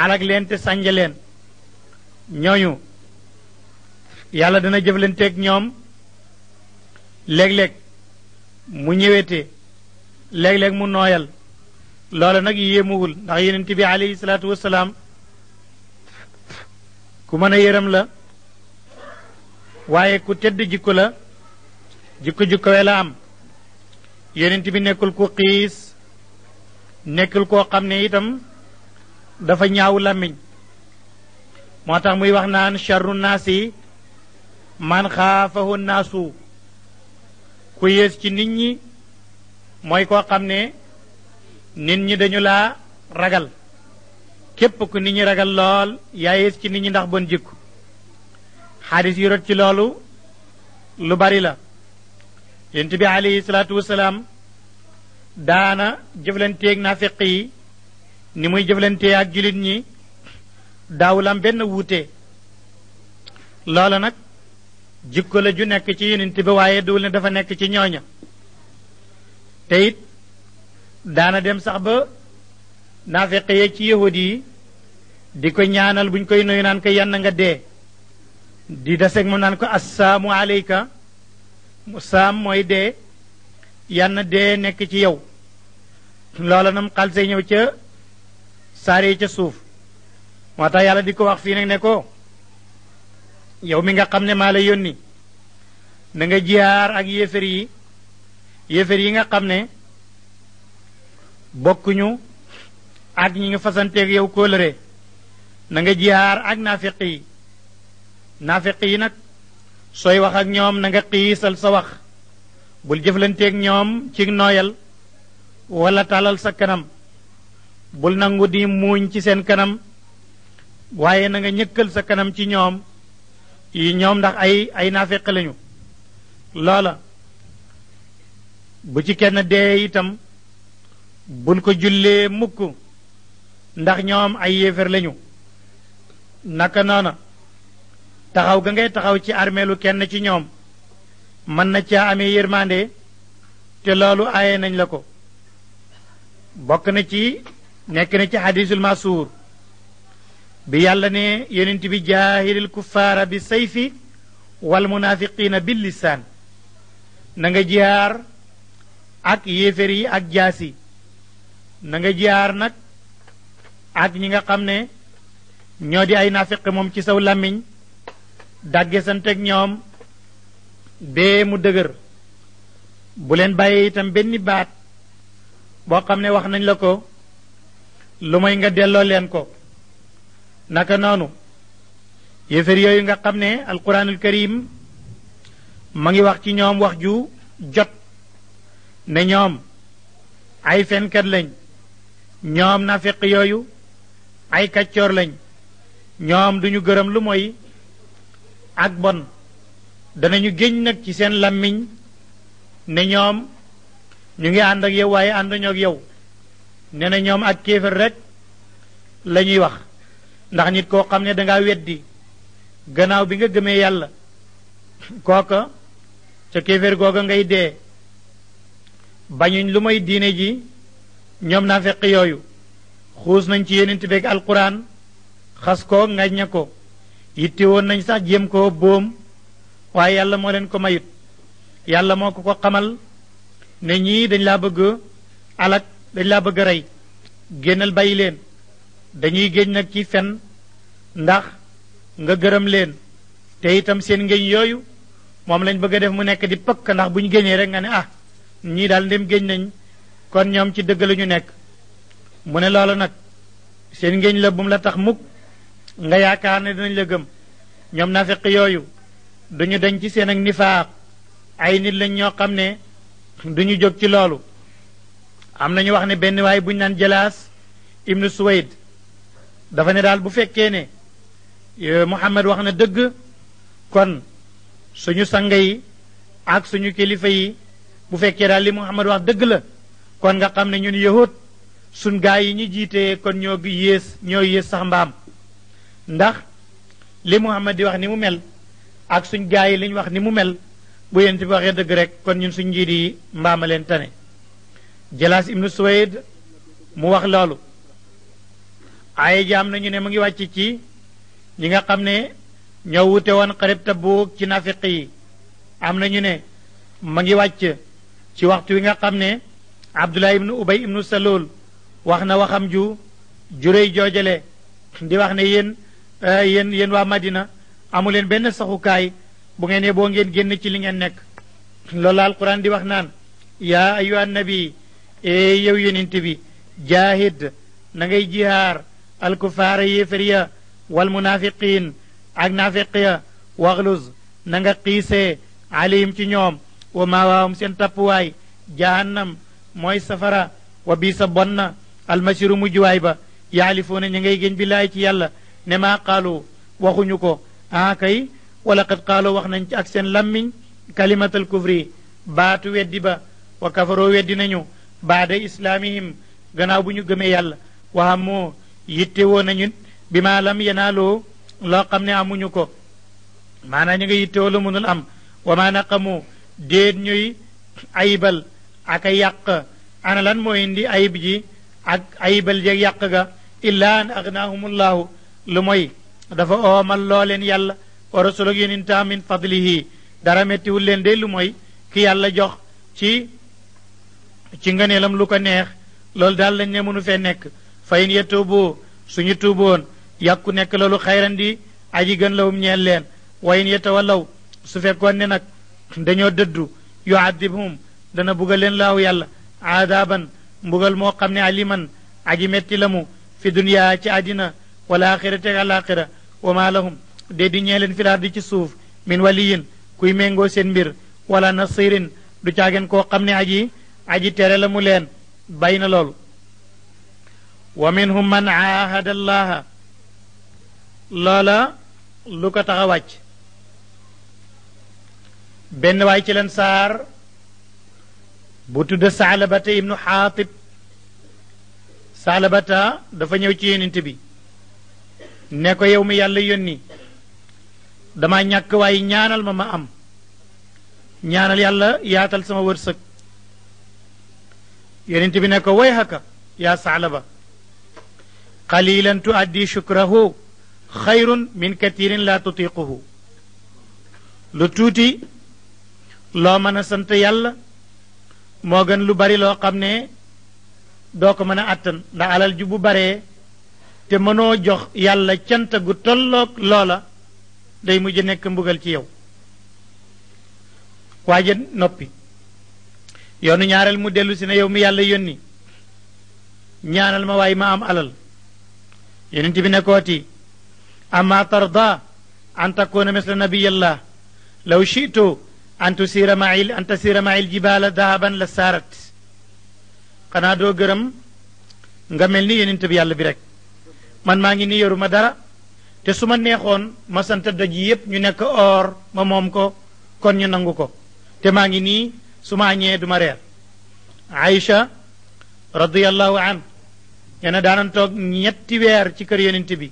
alag leen te sànja leen ñooñu dana jëflanteeg ñoom léeg-léeg mu ñëwete léeg-léeg mu nooyal loola nag yéemuwul ndax yonent bi alayhi salaatu wassalaam ku mën a yërëm la waaye ku tedd jikko la jikko jikkowe la am yonent bi nekkul ku xiis nekkul koo xam ne itam dafa ñaaw làmmiñ moo tax muy wax naan charru naasi man xaafahu naasu ku yées ci nit ñi mooy koo xam ne nit ñi dañu laa ragal képp ku nit ñi ragal lool yaayis ci nit ñi ndax bon jikku xadis yu ci loolu lu bari la yent bi alayhi salaatu wasalaam daana jëflanteeg naafiq yi ni muy jëflantee ak julit ñi daawlam benn wuute loola nag jikko la ju nekk ci yonent bi waaye duwul ne dafa nekk ci ñooña te it daana dem sax ba naafiq yeeg ci yahud yi di ko ñaanal buñ koy nuyu naan ko yann nga dee di deseeg moom naan ko assaamu aleyka mu saam mooy dee yann dee nekk ci yow loola nam xalsee ñëw ca saare ca suuf moo yàlla di ko wax fii nag ne ko yow mi nga xam ne maa la yónni na nga jiyaar ak yéefér yi yéefér yi nga xam ne bokkuñu ak ñi nga fasanteek yow kóolëre na nga jihaar ak naafiq yi naafiq yi nag sooy wax ak ñoom nanga nga xiisal sa wax bul jëflanteeg ñoom ci nooyal walla talal sa kanam bul nangu di muuñ ci seen kanam waaye na nga ñëkkal sa kanam ci ñoom yi ñoom ndax ay ay naafeq lañu loola bu ci kenn dee itam bul ko jullee mukk ndax ñoom ay yéefar lañu naka noona taxaw ga ngay taxaw ci armeelu kenn ci ñoom mën na caa amee yërmande te loolu aaye nañ la ko bokk na ci nekk na ci xadisul masuur bi yàlla ne yonent bi jaahiril kuffaara bi sayfi wal munaafiqiina bil lisaan na nga jihaar ak yéefér yi ak jaasi na nga jihaar nag ak ñi nga xam ne ñoo di ay nafiq moom ci saw làmmiñ dàgge santeeg ñoom bee mu dëgër bu leen bàyyee itam benn baat boo xam ne wax nañ la ko lu may nga delloo leen ko naka noonu yéefar yooyu nga xam ne alquranul karim mu ngi wax ci ñoom wax ju jot ne ñoom ay fenkat lañ ñoom nafiq yooyu ay kaccoor lañ ñoom duñu gërëm lu mooy ak bon danañu géñ nag ci seen làmmiñ ne ñoom ñu ngi ànd ak yow waaye ànduñoo ak yow nee na ñoom ak kéefër rekk la ñuy wax ndax nit koo xam ne dangaa weddi gannaaw bi nga gëmee yàlla kooka ca kéefër googa ngay dee bañuñ lu may diine ji ñoom naa feq yooyu xuus nañ ci yonent beeg alquran xas ko ŋaññe ko yitte woon nañ sax jéem koo boom waaye yàlla moo leen ko mayut yàlla moo ko ko xamal ne ñii dañ laa bëgg alak dañ laa bëgg a rey génnal bàyyi leen dañuy génn nag ci fen ndax nga gërëm leen te itam seen ngéñ yooyu moom lañ bëgg a def mu nekk di pëkk ndax bu ñu génnee rek nga ne ah ñii daal ndem géñ nañ kon ñoom ci dëgg la ñu nekk mu ne loolu nag seen ngéñ la bu la tax mukk nga yaakaar ne dinañ la gëm ñoom nafiq yooyu duñu dañ ci seen ak nifaaq ay nit lañ ñoo xam ne duñu jóg ci loolu am nañu wax ne benn waay buñ naan jalaas ibnu suwayd dafa ne daal bu fekkee ne e, muhammad wax na dëgg kon suñu sang yi ak suñu kilifa yi bu fekkee daal li muhammad wax dëgg la kon nga xam ne ñun yahut suñ gaa yi ñu jiite kon ñoo yées ñoo yées sax mbaam ndax li Muhammad di wax ni mu mel ak suñ gaay yi li wax ni mu mel bu yéen bi waxee dëgg rek kon ñun suñ njiit yi mbaama leen tane Jalaas ibnu Suwayd mu wax loolu ay jaam nañu ne mu ngi wàcc ci ñi nga xam ne ñoo wute woon xarib Tabuk ci nafiq yi am nañu ne ma ngi wàcc ci waxtu wi nga xam ne Abdullah ibnu Ubay ibnu Salul wax na waxam ju juréy joojale di wax ne yéen Eh, yéen yéen waa Madina amu leen benn saxukaay bu ngeen ne boo ngeen génn ci li ngeen nekk loolu la alquran di wax naan yaa ayyuha nabi e yow yonent bi jaahid na ngay jihaar alkufaara yéefar ya wal munaafiqiin ak naafiq ya waxluz na nga xiisee aleyhim ci ñoom wa maawaahum seen tappuwaay jahannam mooy safara wa bii sa bon na almasiru mujjuwaay ba yaalifuuna ña ngay géñ bi ci yàlla ne ma qaalu waxuñu ko ah kay wala qad wax nañ ci ak seen lammiñ kalimatal kufri baatu weddi ba wa kafaroo weddi nañu baada islaamihim gannaaw bu ñu gëmee yàlla wa yitte woo nañu bi maa lam yenaaloo loo xam ne amuñu ko maanaa ñu nga yitte woo la mënul am wa maa naqamu déet ñuy ayibal ak a yàq ana lan moo indi ayib ji ak ayibal jeeg yàq ga illaa an agnaahumullahu lu mooy dafa oomal looleen yàlla wa rasul ak yonentam min fadlihi dara mettiwul leen de lu mooy ki yàlla jox ci ci ngëneelam lu ko neex loolu daal lañ ne mënu fee nekk fayin ya tuubu suñu tuuboon yàkku nekk loolu xayran di aji gën lawum ñeel leen wayin ya tawallaw su fekkoon ne nag dañoo dëddu yuadibhum dana bugal leen laaw yàlla aadaaban mbugal moo xam ne aliman aji metti lamu mu fi duniyaa ci àddina wal axirati ak àlaxira wa maa lahum dee di ñee leen di ci suuf min waliyin kuy méngoo seen mbir wala nasirin du caageen koo xam ne aji aji tere la mu leen bay na loolu wa minhum man aahada loola lu ko tax wàcc benn waay ci leen saar bu tudd saalabata ibnu xaatib saalabata dafa ñëw ci yonent bi ne ko yow mi yàlla yónni dama ñàkk waay ñaanal ma ma am ñaanal yàlla yaatal sama wërsëg yonent bi ne ko way haka yaa saalaba qalilan tuaddi shukrahu xayrun min katirin laa tutiquhu lu tuuti loo mën a sant yàlla moo gën lu bari loo xam ne doo ko mën a àttan ndax alal ju bu te mënoo jox yàlla cant gu tolloog loola day mujj nekk mbugal ci yow waaje noppi yoonu ñaareel mu dellu si ne yow mi yàlla yónni ñaanal ma waaye ma am alal yonent bi ne kooti amma tarda an takuna misla nabiyallah law shitu an tusiira mail an tasiira mail jibaala dahaban la saarat xanaa doo gërëm nga mel ni yonent bi yàlla bi rek man maa ngi ni yoruma dara te suma ma neexoon ma sant doj yépp ñu nekk or ma moom ko kon ñu nangu ko te maa ngi nii su ma du ma reer aïcha radiallahu an yana na daanan toog ñetti weer ci kër yonent bi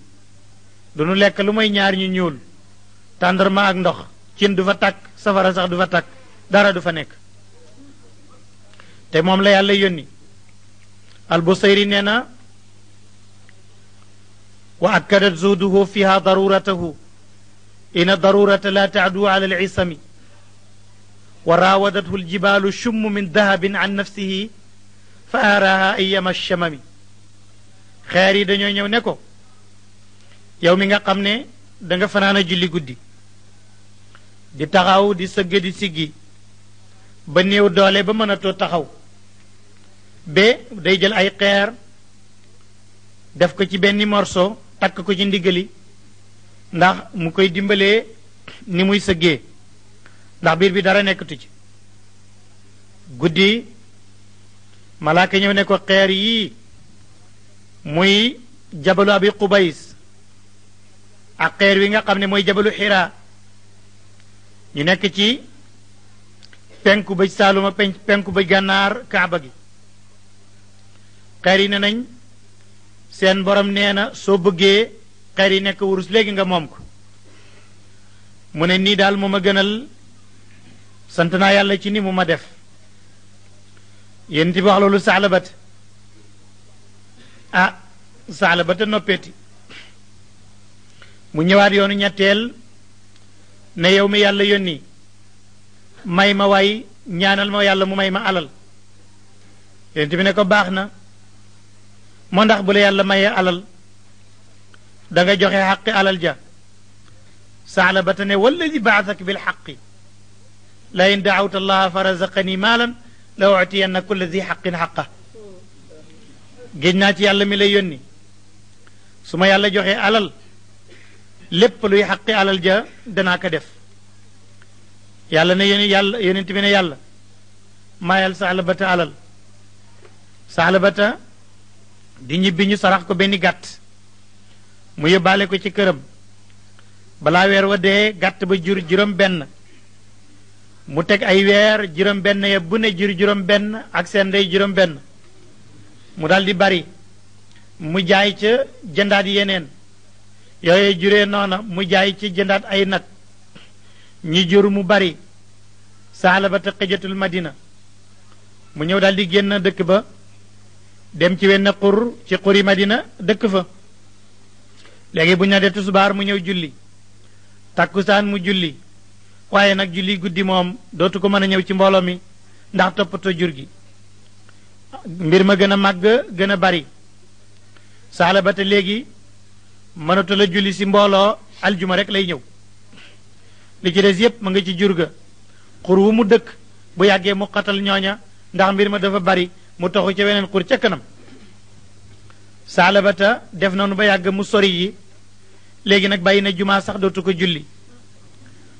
du nu lekk lu may ñaar ñu ñuul tàndarma ak ndox cin du fa tàkk safara sax du fa tàkk dara du fa nekk te moom la yàlla yónni albusayri nee na وأكدت زوده فيها ضرورته إن الضرورة لا تعدو على العصم وراودته الجبال الشم من ذهب عن نفسه فأراها أيما الشمم خيري دنيو نيو نكو يومي نغا قمني دنغا فنانا جلي قدي دي تغاو دي سجي دي سجي بنيو دولي بمناتو تغاو بي دي جل أي قير دفكو بني مرسو takk ko ci ndiggali ndax mu koy dimbalee ni muy sëggee ndax biir bi dara nekkatu ci guddi malaaka ñëw ne ko xeer yii muy jabalu abi qubays ak xeer wi nga xam ne mooy jabalu xiraa ñu nekk ci penku bëj saaluma penku bëj gànnaar kaaba gi xeer yi ne nañ seen borom nee na soo bëggee xer yi nekk wurus léegi nga moom ko mu ne nii daal mu ma gënal sant naa yàlla ci ni mu ma def yéen ti wax loolu saxlabat ah saxlabat a noppeeti mu ñëwaat yoonu ñetteel ne yow mi yàlla yónni may ma waay ñaanal ma yàlla mu may ma alal yéen bi ne ko baax na moo ndax bu la yàlla mayee alal da nga joxe xaqi alal ja saala ba ta ne walladi baatak bilxaqi la in daawta allaha fa razaqani maalan la utiyanna kulla di xaqin xaqa géej naa ci yàlla mi lay yónni su ma yàlla joxe alal lépp luy xaqi alal ja danaa ko def yàlla ne yéen yàlla yonent bi ne yàlla mayal saala bata alal saala bata di ñibbi ñu sarax ko benn gàtt mu yóbbaale ko ci këram bala weer wa dee gàtt ba jur juróom benn mu teg ay weer juróom benn ya bu ne jur juróom benn ak seen ndey juróom benn mu daldi bari mu jaay ca jëndaat yeneen yooye juree noona mu jaay ci jëndaat ay nag ñi jur mu bari saala ba te xëjatul madina mu ñëw daldi génn dëkk ba dem ci wenn xur ci xuri madina dëkk fa léegi bu ñu dee tisbaar mu ñëw julli takkusaan mu julli waaye nag julli guddi moom dootu ko mën a ñëw ci mbooloo mi ndax toppatoo jur gi mbir ma gën a màgg gën a bari saala ba léegi mënatu la julli si mbooloo aljuma rek lay ñëw li ci des yépp mu nga ci jur ga xur wu mu dëkk bu yàggee mu xatal ñooña ndax mbir ma dafa bari mu taxu ca weneen xur ca saalabata def na nu ba yàgg mu sori yi léegi nag bàyyi na jumaa sax dootu ko julli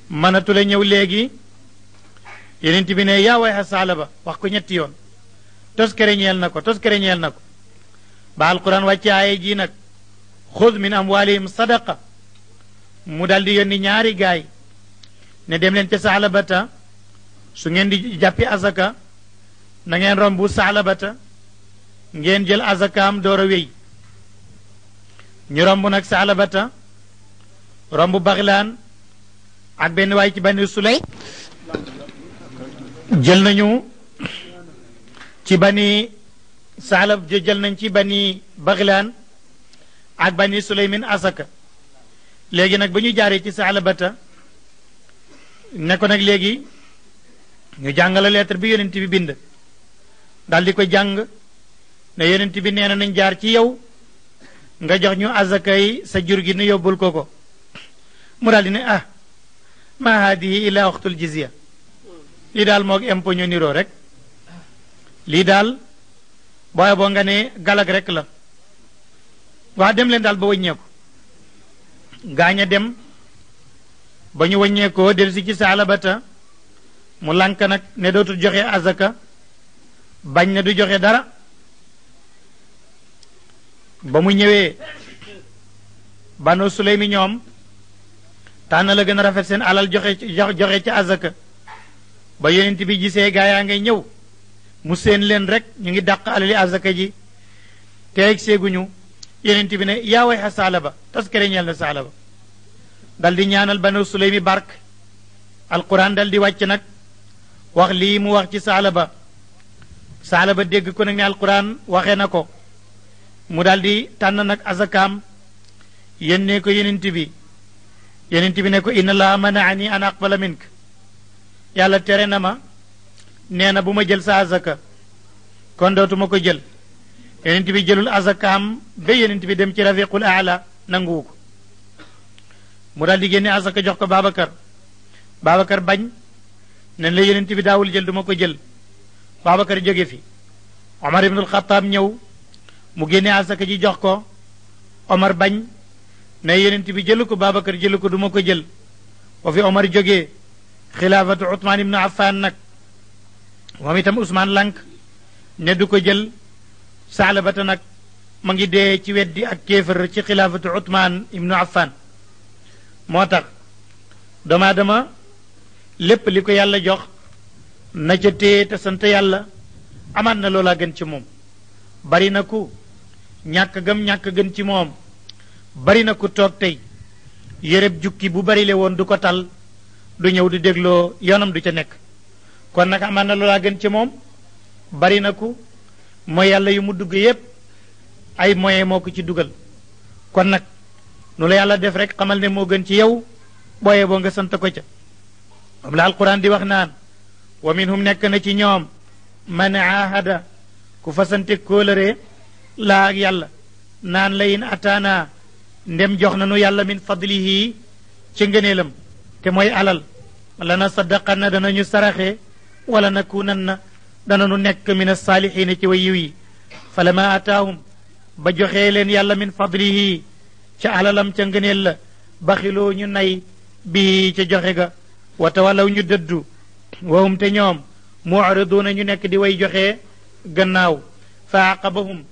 mënatu la ñëw léegi yenent bi ne way wayxa saalaba wax ko ñetti yoon tos kereñeel na ko tos kereñeel na ko ba alquran wàcce aaye ji nag xud min amwalihim sadaqa mu daldi yónni ñaari gaay ne dem leen ca saalabata su ngeen di jàppi asaka na ngeen romb saalabata ngeen jël azakaam door a wéy ñu romb nag saalabata romb baxlaan ak benn waay ci bani suley jël nañu ci bani saalab jël nañ ci bani baxlaan ak bani suleymin asaka léegi nag ba ñu jaaree ci saalabata ne ko nag léegi ñu jàngale lettre bi yonent bi bind daal di ko jàng ne yonent bi nee na nañ jaar ci yow nga jox ñu azakay sa jur gi nu yóbbul ko ko mu daal di ne ah ma haadihi ila waxtul ya lii daal moog impo niroo rek lii daal booye boo nga ne galag rek la waa dem leen daal ba wëññeeku gaañ dem ba ñu wëññeekoo del si ci saalabata mu lànk nag ne dootul joxe azaka bañ na du joxe dara ba mu ñëwee banu suleymi ñoom tànn la gën a rafet seen alal joxe joxe ci azaka ba yonent bi gisee gaa yaa ngay ñëw mu seen leen rek ñu ngi dàq alali azaka ji teeg seeguñu yonent bi ne yaa way xa saala ba taskare ñeel na saala ba dal di ñaanal banu suleymi bark alquran dal di wàcc nag wax lii mu wax ci saala ba saala ba dégg ko nag ne alquran waxee na ko mu daldi tànn nag azakaam yennee ko yenent bi yenent bi ne ko inna laa manaani an aqbala yàlla tere na ma nee na bu ma jël sa azaka kon dootuma ko jël yenent bi jëlul asakaam ba yenent bi dem ci rafiqul aala nanguwu ko mu daldi génne azaka jox ko Babacar Babacar bañ nen la yenent bi daawul jël duma ko jël Babacar jóge fi Omar ibnul Xataab ñëw mu génne asaka ji jox ko Omar bañ ne yonent bi jëlu ko Babacar jëlu ko duma ko jël ba fi Omar jógee xilaafatu Ousmane ibnu Affan nag moom itam Ousmane lànk ne du ko jël saalabata nag ma ngi dee ci weddi ak kéefër ci xilaafatu Ousmane ibnu Affan moo tax doomu aadama lépp li ko yàlla jox na ca téye te sant yàlla amaat na loolaa gën ci moom bari na ku ñàkk gëm ñàkk gën ci moom bari na ku toog tey yëreb jukki bu bari le woon du ko tal du ñëw di dégloo yoonam du ca nekk kon nag amaat na loolaa gën ci moom bari na ku mooy yàlla yu mu dugg yépp ay moyen moo ko ci dugal kon nag nu la yàlla def rek xamal ne moo gën ci yow booyee boo nga sant ko ca moom la alquran di wax naan wa minhum nekk na ci ñoom man aahada ku fasante kóolëree laa ak yàlla naan layin ataana ndem jox nanu yàlla min fadlihi ci ngëneelam te mooy alal lana saddaqan na danañu saraxe wala nakunan na dananu nekk min asaalihina ci way yiw yi fa lama ataahum ba joxee leen yàlla min fadlihi ca alalam ca ngëneel baxiloo ñu nay bi ca joxe ga wa tawallaw ñu dëddu wahum te ñoom mu'riduuna ñu nekk di way joxe gannaaw fa aqabahum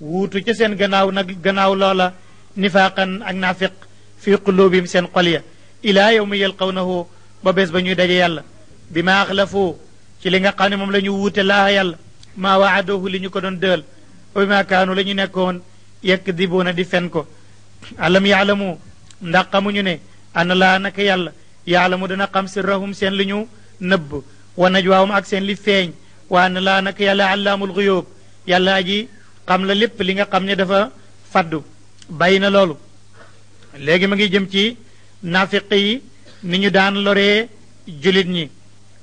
wuutu ca seen gannaaw nag gannaaw loola nifaaqan ak naafiq fi quluubihim seen xol ya ilaa na yalqawnahu ba bés ba ñuy daje yàlla bi ma axlafu ci li nga xam ne moom la ñu wuute laa yàlla maa li ñu ko doon dël ba bi ma kaanu la ñu nekkoon yekk dibuuna di fen ko alam yaalamu ndax xamuñu ne ana laa naka yàlla yaalamu dana xam sirrahum seen li ñu nëbb wa najwaahum ak seen li feeñ waa na laa nag yàlla allaamul xuyóob yàlla aji xam la lépp li nga xam ne dafa faddu bàyyi na loolu léegi ma ngi jëm ci naafiq yi ni ñu daan loree julit ñi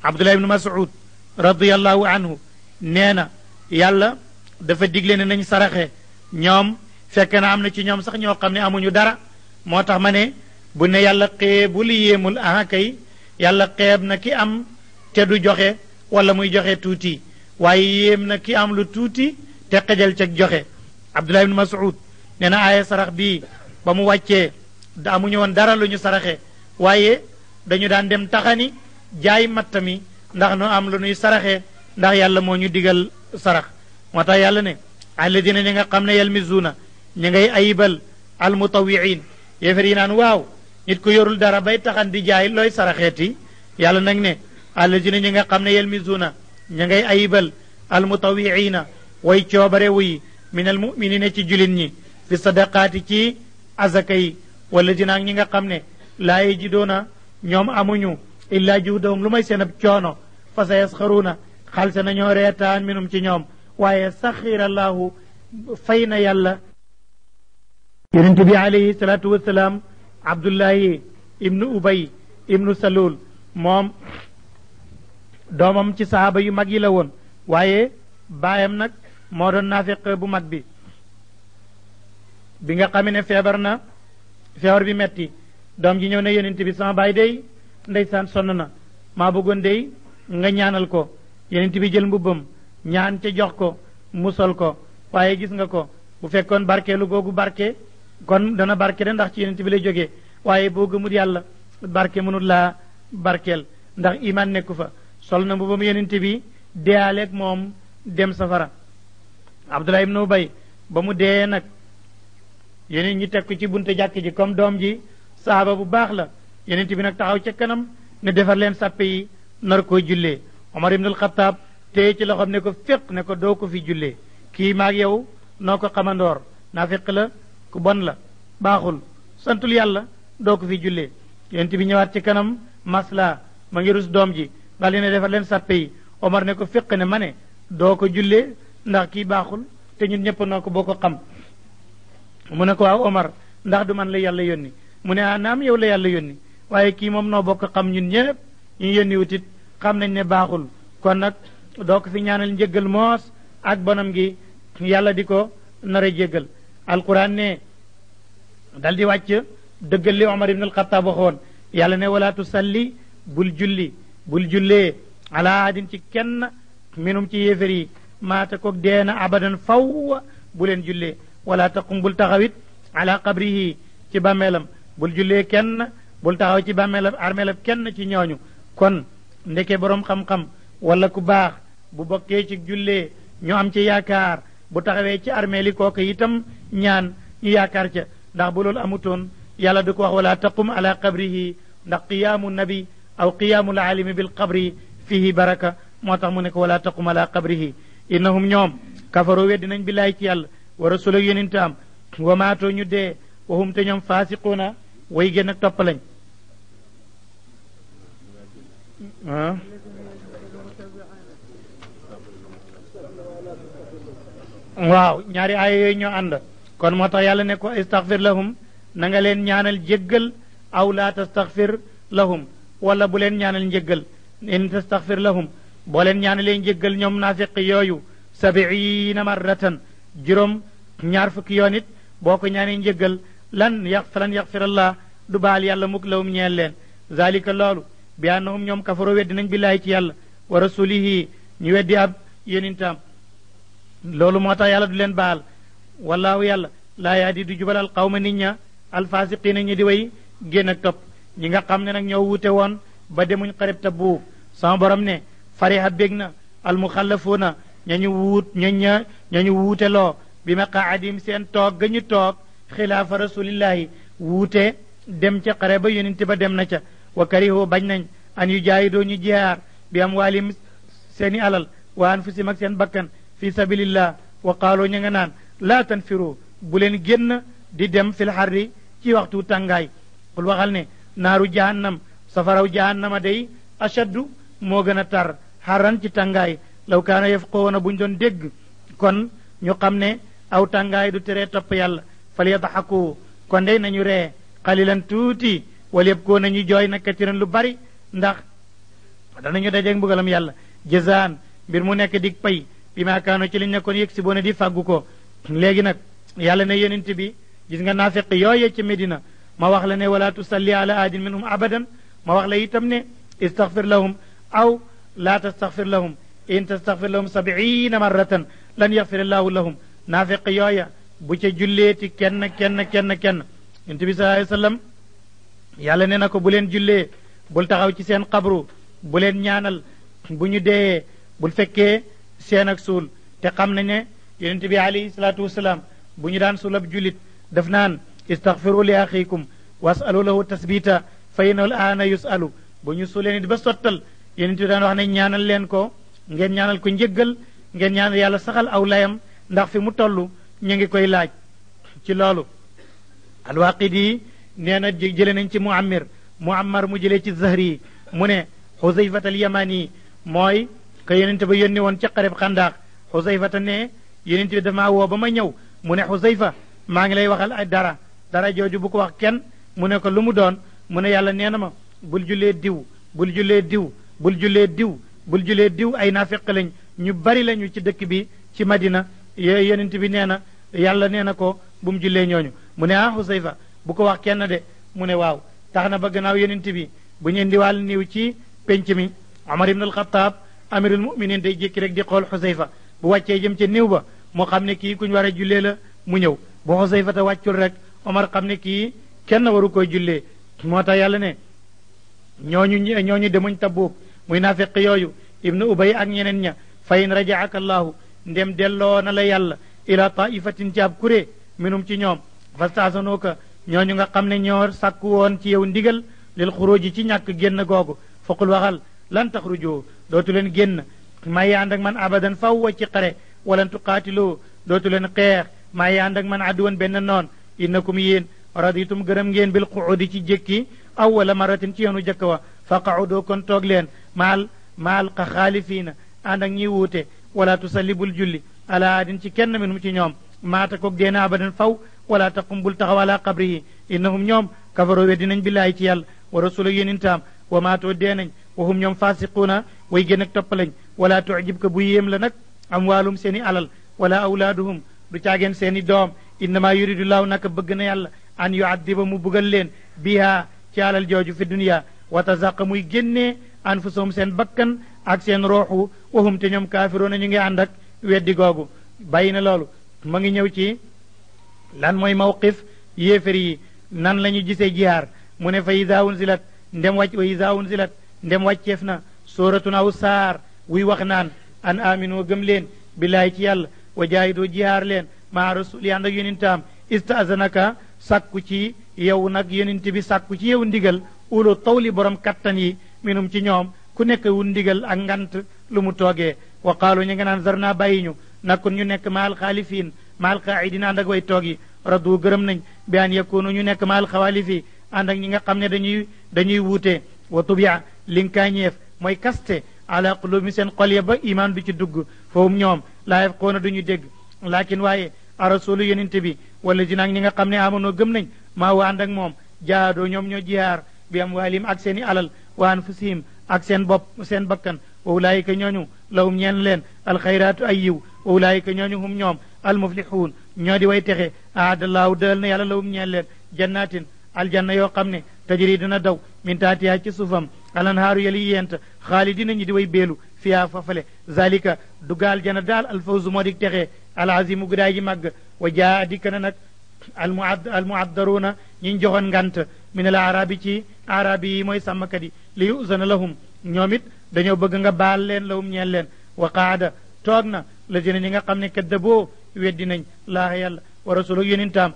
abdullah ibnu mas'ud radiallahu anhu nee na yàlla dafa digle ne nañu saraxe ñoom fekk na am na ci ñoom sax ñoo xam ne amuñu dara moo tax ma ne bu ne yàlla xeebul yéemul aha kay yàlla xeeb na ki am te du joxe wala muy joxe tuuti waaye yéem na ki am lu tuuti te xejal ceg joxe abdullah ibn mas'ud nee na aaya sarax bii ba mu wàccee da amuñu woon dara lu ñu saraxe waaye dañu daan dem taxani jaay matt mi ndax nu am lu nuy saraxe ndax yàlla moo ñu digal sarax moo tax yàlla ne alladina ñi nga xam ne yàlla yalmizuuna ñi ngay ayibal almutawiin yéefar yi naan waaw nit ku yorul dara bay taxan di jaay loy saraxeti yàlla nak ne allazina ñi nga xamne ne yelmisuuna ña ngay ayibal almutawiina way ciobare yi min mu'minina ci julin ñi fi sadaqati ci azaka yi wallazina ñi nga xamne la laa ñom amuñu illa juhdahum lu may seen ab fa sayaskharuna yasxaruuna xalse nañoo retaan minum ci ñom waye saxirallaahu fay yàlla yonent tibbi alayhi salatu wassalam abdullahi ibnu ubay ibnu salul moom doomam ci saaba yu mag yi la woon waaye baayam nag moo doon naafiq bu mag bi bi nga xam ne feebar na feebar bi metti doom ji ñëw na yonent bi sama baay day ndeysaan sonn na maa bëggoon day nga ñaanal ko yonent bi jël mbubbam ñaan ca jox ko mu ko waaye gis nga ko bu fekkoon barkeelu googu barke kon dana barke de ndax ci yonent bi lay jóge waaye boo gëmul yàlla barke mënul laa barkeel ndax iman nekku fa sol na mbubbam yonent bi deyaaleeg moom dem safara abdullah ibn ubay ba mu dee nag yeneen ñi teg ko ci bunte jàkk ji comme doom ji saaba bu baax la yonent bi nag taxaw ca kanam ne defar leen sàppe yi nar koo jullee omar ibnul xataab tey ci loxoom ne ko féq ne ko doo ko fi jullee kii maag yow noo ko xamandoor naa féq la ku bon la baxul santul yalla doo ko fi julle yent bi ñewat ci kanam masla ma ngi rus dom ji daal ne defar leen yi omar ne ko fiq ne mané do ko julle ndax ki baxul te ñun boko xam mu ne ko waaw omar ndax du man la yalla yoni mu ne ah naam yow la yalla yoni waye ki mom no boko xam ñun ñëpp ñu yoni wutit xam nañ ne baxul kon nak do ko fi ñaanal jéggal mos ak bonam gi yalla diko nara jéggal alquran ne dal di wàcc dëggal li omar waxoon yàlla ne wala tusalli bul julli bul jullee ala adin ci kenn minum ci yéefér yi maata koog deena abadan faw bu leen jullee wala taqum bul taxawit ala qabrihi ci bameelam bul jullee kenn bul taxaw ci bàmmeelab armeelab kenn ci ñooñu kon ndeke boroom xam-xam wala ku baax bu bokkee ci jullee ñu am ci yaakaar bu taxawee ci armeel yi kooku itam ñaan ñu yaakaar ca ndax bu loolu amutoon yàlla du ko wax wala taqum ala qabrihi ndax qiyaamu nabi aw qiyaamu alaalimi bil qabri fihi baraka moo tax mu ne ko wala taqum ala qabrihi innahum ñoom kafaroo weddi nañ billaay ci yàlla wa rasul ak yonent am wa maatoo ñu dee wahum te ñoom faasiquuna way génn ak topp lañ waaw ñaari aaya yooyu ñoo ànd kon moo tax yàlla ne ko istaghfir lahum na nga leen ñaanal jéggal aw laa tastaghfir lahum wala bu leen ñaanal njéggal in tastaghfir lahum boo leen ñaanalee njéggal ñoom naafiq yooyu sabiina marratan juróom ñaar fukki yoon it boo ko ñaanee njéggal lan yax falan allah du baal yàlla mukk lawum ñeel leen zalika loolu bi annahum ñoom kafaro weddi nañ billaahi ci yàlla wa rasulihi ñu weddi ab yonintaam loolu moo tax yàlla du leen baal wallaahu yàlla laa yaadi du jubalal xawma nit ña alfaasiqiina ñi di way génn ak topp ñi nga xam ne nag ñoo wuute woon ba demuñ xareb Tabuk sama borom ne fariha bég na almuxallafuuna ñañu wuut ñaña ñañu wuute loo bi ma qaadim seen toog ga ñu toog xilaafa rasulillahi wuute dem ca xare ba yonente ba dem na ca wa karihu bañ nañ an yu doo ñu jihaar bi am waalim seeni alal wa anfusim ak seen bakkan fi sabilillah wa qalu ña nga naan la tanfiru bu len genn di dem fil harri ci waxtu tangay bul waxal ne naru jahannam safaraw jahannama day ashaddu mo gëna tar haran ci tangay law kana buñ doon deg kon ñu xamne aw tangay du tere top yalla fal yadhaku kon day nañu re qalilan tuuti wal yabku koo nañu jooy na katiran lu bari ndax danañu dajeeg mbugalam yalla jazan bir mu nek dik pay bima ma kaanu ci liñ nekkoon yëg boone di fàggu ko léegi nag yàlla ne yonent bi gis nga naafiq yooye ci Medina ma wax la ne wala tusalli ala ahadin minhum abadan ma wax la itam ne istaghfir lahum aw laa tastaghfir lahum in tastaghfir lahum sabiina marratan lan yaghfir allahu lahum naafiq yooya bu ca julleeti kenn kenn kenn kenn yonent bi sallallahu alayhi wasallam yàlla ne na ko bu leen jullee bul taxaw ci seen xabru bu leen ñaanal bu ñu deeyee bul fekkee seen ak suul te xam na ne yonente bi alayhi salaatu wasalaam bu ñu daan suul ab julit daf naan istaxfiru li axikum wasalu lahu tasbita fa inahu al aana yusalu bu ñu suulee nit ba sottal yonente bi daan wax ne ñaanal leen ko ngeen ñaanal ko njëggal ngeen ñaanal yàlla saxal aw layam ndax fi mu toll ñu ngi koy laaj ci loolu alwaqidi yi nee na jële nañ ci muammir muammar mu jëlee ci zahri yi mu ne xuzayfat al yamani mooy ka yonente ba yónni woon ci xareb xandaax xusayfata ne yonente bi damaa woo ba ma ñëw mu ne xusayfa maa ngi lay waxal ay dara dara jooju bu ko wax kenn mu ne ko lu mu doon mu ne yàlla nee na ma bul julee diw bul julee diw bul julee diw bul julee diw ay naafiq lañ ñu bari lañu ci dëkk bi ci madina yonent bi nee na yàlla nee na ko bu mu jullee ñooñu mu ne ah Xusayfa bu ko wax kenn de mu ne waaw tax na ba gannaaw yonent bi bu ñu indiwaal niw ci penc mi Omar ibn amirul muminin day jékki rek di xool xusayfa bu wàccee jëm ca néew ba moo xam ne kii kuñ war a jullee la mu ñëw bu xusayfa te wàccul rek omar xam ne kii kenn waru koy jullee moo tax yàlla ne ñooñu ñooñu demuñ tabuuk muy naafiq yooyu ibnu ubay ak ñeneen ña fa in rajaaka allaahu ndem delloo na la yàlla ila taifatin ci ab kuré minum ci ñoom fastaasanooka ñooñu nga xam ne ñoo sàkku woon ci yow ndigal lil xuruji ci ñàkk génn googu faqul waxal lan taxruju dootu leen génn may ànd ak man abadan fawwa ci xare walan tuqaatiloo dootu leen xeex may ànd ak man adduwan benn noon innakum yéen raditum gërëm ngeen bil quudi ci jëkki awwala maratin ci yoonu jëkk wa fa qaudoo kon toog leen maal maal xa xaalifiina ànd ak ñiy wuute wala tusallibul julli ala adin ci kenn minum ci ñoom maata koog deena abadan faw wala taqum bul taxaw ala qabrihi innahum ñoom kafaroo weddinañ billaahi ci yàlla wa rasula yénintaam wa maatoo dee nañ waxum ñoom faasiquuna way gën ak toppalañ wala tujibka bu yéem la nag amwaalum seen i alal wala awlaaduhum du caageen seen i doom innama yuridullahu naka bëgg na yàlla an yuaddiba mu bugal leen biha ci alal jooju fi duniya wa tazaqa muy génnee anfusahum seen bakkan ak seen rooxu waxum te ñoom kaafiroona ñu ngi ànd ak weddi googu bàyyi na loolu ma ngi ñëw ci lan mooy mawqif yéefér yi nan lañu ñu gisee jihaar mu ne fa si unzilat ndem wàcc wa izaa unzilat ndem wàcceef na sooratun aw saar wuy wax naan an aminoo gëm leen billaay ci yàlla wa jaahidoo jihaar leen maa rasuli ànd ak yonentaam istaazanaka sàkku ci yow nag yonent bi sàkku ci yow ndigal ulo tawli borom kattan yi minum ci ñoom ku nekk wu ndigal ak ngant lu mu toogee wa qaalu ñu nga naan zarna bàyyi ñu nakun ñu nekk maal xaalifiin maal qaaidin ànd ak way toog yi radu gërëm nañ bi an yakunu ñu nekk maal and ak ñi nga xamne dañuy dañuy wuté wa tubia moy kaste ala qulubi sen qaliba ya iman bi ci dugg foofu ñoom ko na duñu dégg waye waaye rasul yonente bi wala jinaak ñi nga xamne amono gëm nañ ma wa and ak mom jaado ñoom ñoo jiar bi am walim ak seni alal wa anfusihim ak sen bop sen bakkan wa ulaayika ñooñu law ñen leen al ay ayyu wa ulaayika ñooñu hum ñoom muflihun ñoo di way texe aadallaahu dël na yàlla leen jannatin aljanna yoo xam ne tajri dina daw min taatiha ci suufam alanhaaru yali yent xaalidina ñi di way beelu fiyaa fafale zalika dugga aljanna daal alfawzu moo di texee alazimu gudaay ji màgg wa jaa dikk nag almuaddaruuna ñiñ joxoon ngant min al arabi ci arabi yi mooy sàmmkat yi li yuzana lahum ñoom it dañoo bëgg nga baal leen lawum ñeel leen wa qaada toog na la dina ñi nga xam ne kaddaboo weddi nañ laaha yàlla wa rasul ak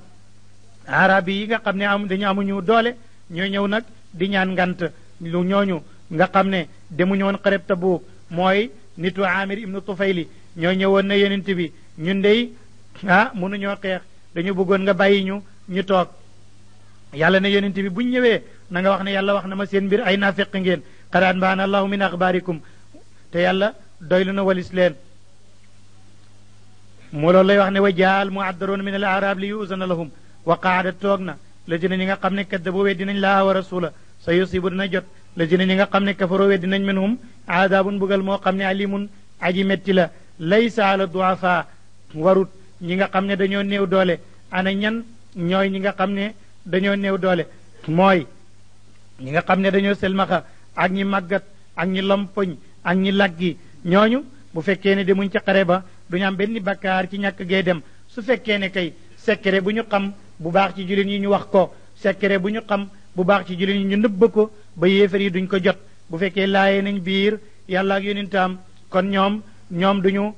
arab yi nga xam ne am dañu amuñu doole ñoo ñëw nag di ñaan ngant lu ñooñu nga xam ne demuñu woon xareb Tabuuk mooy nitu Amir ibnu Tufayli ñoo ñëwoon na yonent bi ñun dey ah mënuñoo xeex dañu bëggoon nga bàyyi ñu ñu toog yàlla ne yonent bi buñ ñëwee nanga wax ne yàlla wax na ma seen mbir ay naafeq ngeen xaraat mbaana allahu min axbaarikum te yàlla doylu na walis leen moo loolu lay wax ne wa jaal mu addaroon min al arab li yuusana lahum waqaada toog na la ñi nga xam ne kaddabu boo nañ laa wa rasula sa yusibu dina jot la jëna ñi nga xam ne kafaroo weddi nañ minhum aadaabun bugal moo xam ne alimun aji metti la saala ala duafa warut ñi nga xam ne dañoo néew doole ana ñan ñooy ñi nga xam ne dañoo néew doole mooy ñi nga xam ne dañoo selmaxa ak ñi màggat ak ñi lompoñ ak ñi laggi ñooñu bu fekkee ne demuñ ca xare ba duñu am benn bakkaar ci ñàkk gee dem su fekkee ne kay secret bu ñu xam bu baax ci jullit ñi ñu wax ko secret bu ñu xam bu baax ci jullit ñi ñu nëbb ko ba yéefar yi duñ ko jot bu fekkee laayee nañ biir yàlla ak yonentaam kon ñoom ñoom duñu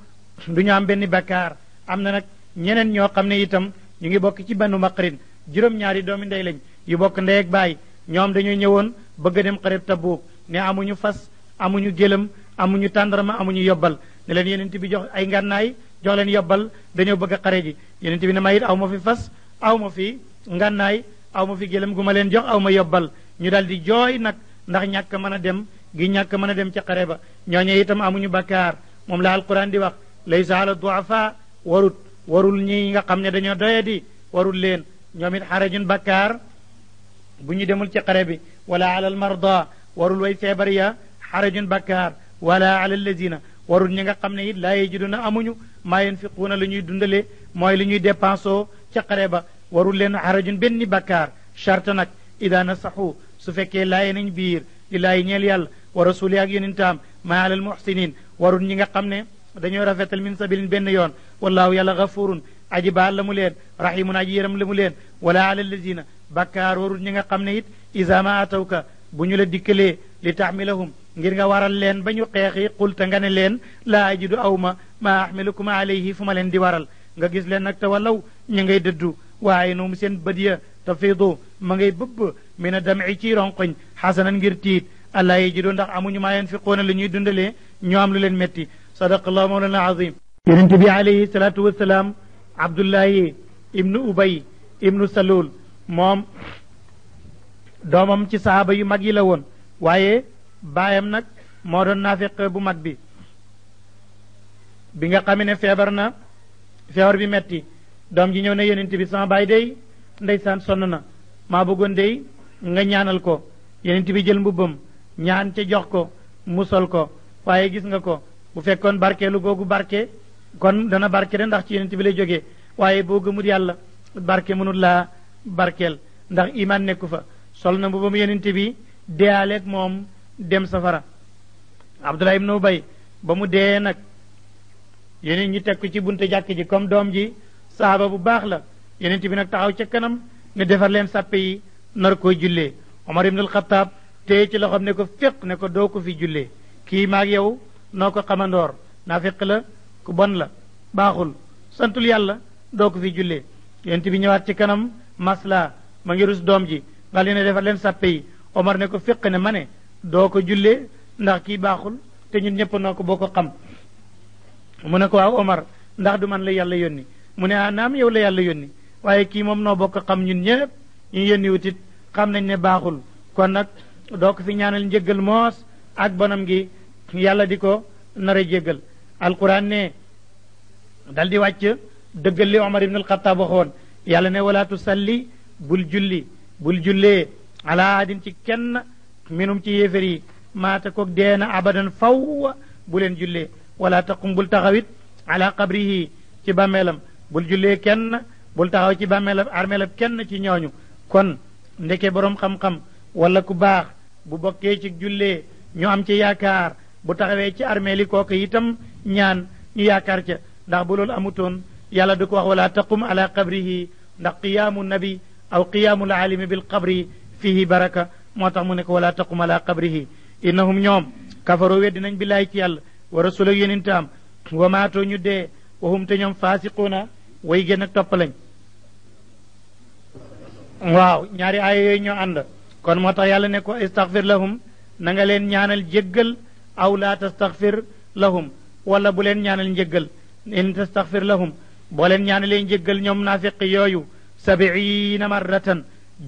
duñu am benn bakkaar am na nag ñeneen ñoo xam ne itam ñu ngi bokk ci banu maqrin juróom-ñaari doomi ndey lañ yu bokk ndey ak baay ñoom dañu ñëwoon bëgg dem xarit tabuuk ne amuñu fas amuñu gélëm amuñu tandrama amuñu yobbal ne leen yenent bi jox ay ngànnaay jox leen yobbal dañoo bëgg xare ji bi ne aw ma fi fas aw ma fi ngànnaay aw ma fi gëlëm gu ma leen jox aw ma yobbal ñu daal di jooy nag ndax ñàkk mën a dem gi ñàkk mën a dem ca xare ba ñooñe itam amuñu bakkaar moom la alquran di wax laysa ala duafa warut warul ñi nga xam ne dañoo doyadi warul leen ñoom it xarajun bakkaar bu ñu demul ci xare bi wala ala almarda warul way feebar ya xarajun bakkaar wala ala alladina warul ñi nga xam ne it laa yajiduna amuñu maa yunfiquuna la ñuy dundalee mooy li ñuy dépensoo ca xare ba warul leen harajun benn bakkaar charte nag ida nasaxu su fekkee laaye nañ biir di laay ñeel yàlla wa rasuli ak yonentaam maa alal muxsinin warul ñi nga xam ne dañoo rafetal min sabilin benn yoon wallahu yàlla gafurun aji baal la mu leen rahimun aji yéram la mu leen wala ala lazina bakkaar warul ñi nga xam ne it isa ma atawka bu ñu la dikkalee li taxmilahum ngir nga waral leen ba ñu xeexi xulta nga ne leen laa ajidu aw ma maa ahmilukum alayhi fu ma leen di waral nga gis leen nag tawalaw wallaw ngay dëddu waaye noom seen bët ya ma ngay bëbb mi dami ci ronkoñ xasanan ngir tiit allah yajidu ndax amuñu maa yanfiquuna li ñuy dundalee ñu am lu leen metti sadaqallahu mawlana azim yonente bi alayhi salatu wasalaam abdullahi ibnu ubay ibnu salul moom doomam ci sahaaba yu mag yi la woon waaye baayam nag moo doon naafiq bu mag bi bi nga xam ne feebar na feebar bi metti doom ji ñëw na yonent bi sama baay day ndeysaan sonn na maa bëggoon day nga ñaanal ko yonent bi jël mbubbam ñaan ca jox ko mu sol ko waaye gis nga ko bu fekkoon barkeelu googu barke kon dana barke de ndax ci yonent bi lay jógee waaye boo gëmul yàlla barke mënul laa barkeel ndax iman nekku fa sol na mbubbam yonent bi deyaaleeg moom dem safara abdullah ibnu ubay ba mu dee nag yeneen ñi teg ko ci bunte jàkk ji comme doom ji saaba bu baax la yeneen bi nag taxaw ca kanam ne defar leen sàppe yi nar koo jullee omar ibnul xataab te ci loxoom ne ko féq ne ko doo ko fi jullee kii maak yow noo ko xamandoor naa la ku bon la baaxul santul yàlla doo ko fi jullee yeneen bi ñëwaat ci kanam masla ma ngi doom ji daal di ne defar leen sàppe yi omar ne ko féq ne ma ne doo ko jullee ndax kii baaxul te ñun ñëpp noo ko boo ko xam mu ne ko waaw Omar ndax du man la yàlla yónni mu ne ah naam yow la yàlla yónni waaye kii moom noo bokk xam ñun ñëpp ñu yónni wutit xam nañ ne baaxul kon nag doo ko fi ñaanal njëggal moos ak bonam gi yàlla di ko nara jéggal alquran ne dal di wàcc dëggal li Omar ibn alxataab waxoon yàlla ne wala tusalli bul julli bul jullee ala aadin ci kenn minum ci yéefér yi maata koog deena abadan faw bu leen jullee wala taqum bul taxawit ala qabrihi ci bàmmeelam bul jullee kenn bul taxaw ci bàmmeelab armeelab kenn ci ñooñu kon ndeke boroom xam-xam wala ku baax bu bokkee ci jullee ñu am ci yaakaar bu taxawee ci armeeli kooku itam ñaan ñu yaakaar ca ndax bu loolu amutoon yàlla du ko wax wala taqum ala qabrihi ndax qiyaamu nabi aw qiyaamu alaalimi bil qabri fihi baraka moo tax mu ne ko wala taqum ala qabrihi innahum ñoom kafaroo weddi nañ billaay ci yàlla wa rasul ak am wa maatoo ñu dee waxum te ñoom faasiquuna way gën ak topp lañ waaw ñaari aaya yooyu ñoo ànd kon moo tax yàlla ne ko istaghfir la na nga leen ñaanal jéggal aw laa tastaghfir lahum wala bu leen ñaanal njéggal in la lahum boo leen ñaanalee njéggal ñoom naafiq yooyu sabiina marratan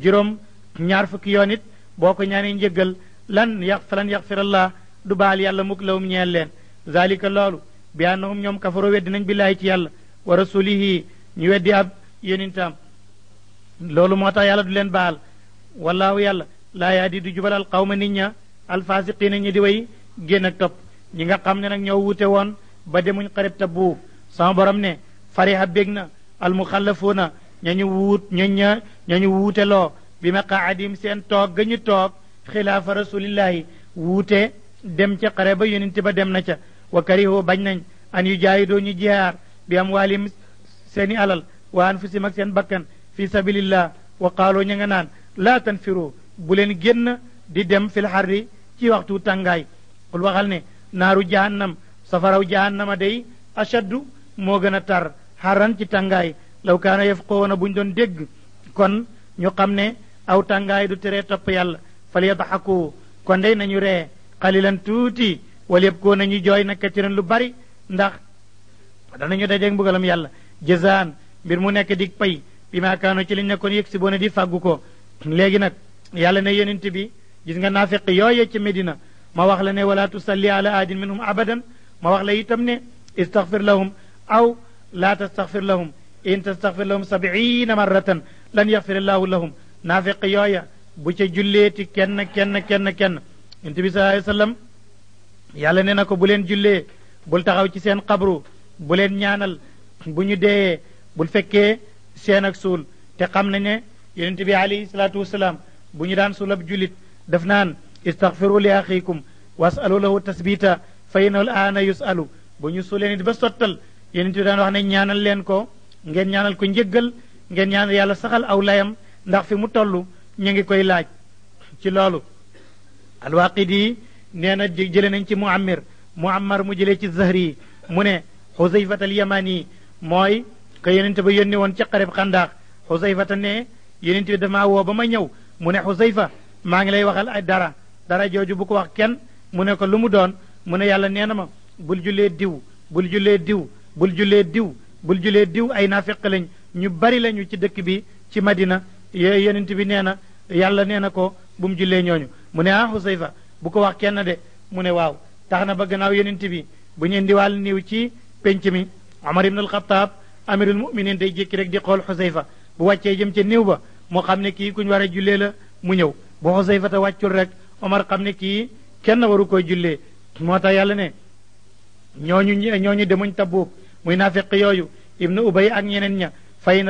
juróom ñaar fukki yoon it boo ko ñaanee njëggal lan yax falan yaxfirallah du baal yàlla mukk lawum ñeel leen zalika loolu bi annahum ñoom kafaro weddi nañ billaahi ci yàlla wa rasulihi ñu weddi ab yonentam loolu moo tax yàlla du leen baal wallaahu yàlla laaya di du jubal al qawma nit ña alfaasiqiina ñi di way génn ak topp ñi nga xam ne nag ñoo wuute woon ba demuñ xarib tabbu sama borom ne fariha bég na almuxallafuuna ñañu wuut ñañ ña ñañu wuuteloo bi maqaadim seen tok ga tok toog xilaafa rasulillahi wuute dem ca xare ba yonent ba dem na ca wa karihu bañ nañ an yu ñu jihaar bi am waalim seeni alal wa anfusim ak seen bakkan fi sabilillah wa qaaloo ña nga naan laa tanfiru bu leen génn di dem fil xarri ci waxtu tàngaay xul waxal ne naaru jahannam safaraw jahannama day ashaddu moo gën tar xaran ci tàngaay law kaana yafqoona buñ doon dégg kon ñu xam aw tàngaay du tere topp yàlla fal yadxaku kon day nañu ree xalilan tuuti wala yëpp koo nañu jooy nag katiran lu bari ndax danañu dajeeg mbugalam yàlla jazaan mbir mu nekk di pay bi ma kaanu ci liñ nekkoon yëg si boone di fàggu ko léegi nag yàlla ne yonent bi gis nga naafiq yooye ci Medina ma wax la ne wala tusalli ala ahadin minhum abadan ma wax la itam ne istaghfir lahum aw la tastaghfir lahum in tastaghfir lahum sabiina maratan lan yaghfir allahu lahum naafiq yooya bu ca julleeti kenn kenn kenn kenn yonent bi sallallahu alayhi wasallam yàlla nee na ko bu leen jullee bul taxaw ci seen xabru bu leen ñaanal bu ñu deeyee bul fekkee seen ak suul te xam nañ ne yonent bi alayhi salaatu wasalaam bu ñu daan suul ab jullit daf naan istaghfiru li axiikum wasalu lahu tasbita fa inahu aana yusalu bu ñu suulee nit ba sottal yonent bi daan wax ne ñaanal leen ko ngeen ñaanal ko njëggal ngeen ñaanal yàlla saxal aw layam ndax fi mu toll ñu ngi koy laaj ci loolu alwaaqidi nee na jële nañ ci muammir muammar mu jëlee ci yi mu ne xusayfat alyamani mooy que yonente ba yónni woon ci xareb xandaax xusayfata ne yonente bi damaa woo ba ma ñëw mu ne xusayfa maa ngi lay waxal ay dara dara jooju bu ko wax kenn mu ne ko lu mu doon mu ne yàlla nee na ma bul jullee diw bul jullee diw bul jullee diw bul jullee diw ay naafeq lañ ñu bari lañu ci dëkk bi ci madina yee yonent bi nee na yàlla nee na ko bu mu jullee ñooñu mu ne ah Xusayfa bu ko wax kenn de mu ne waaw tax na ba gannaaw yonent bi bu ñu indiwaal niw ci penc mi Omar ibn al-Khattab amirul muminin day jékki rek di xool Xusayfa bu wàccee jëm ca niw ba moo xam ne kii ku ñu war a jullee la mu ñëw bu Xusayfa te wàccul rek Omar xam ne kii kenn waru koy jullee moo tax yàlla ne ñooñu ñooñu demuñ Tabuk muy naafeq yooyu ibnu ubay ak ñeneen ña fa in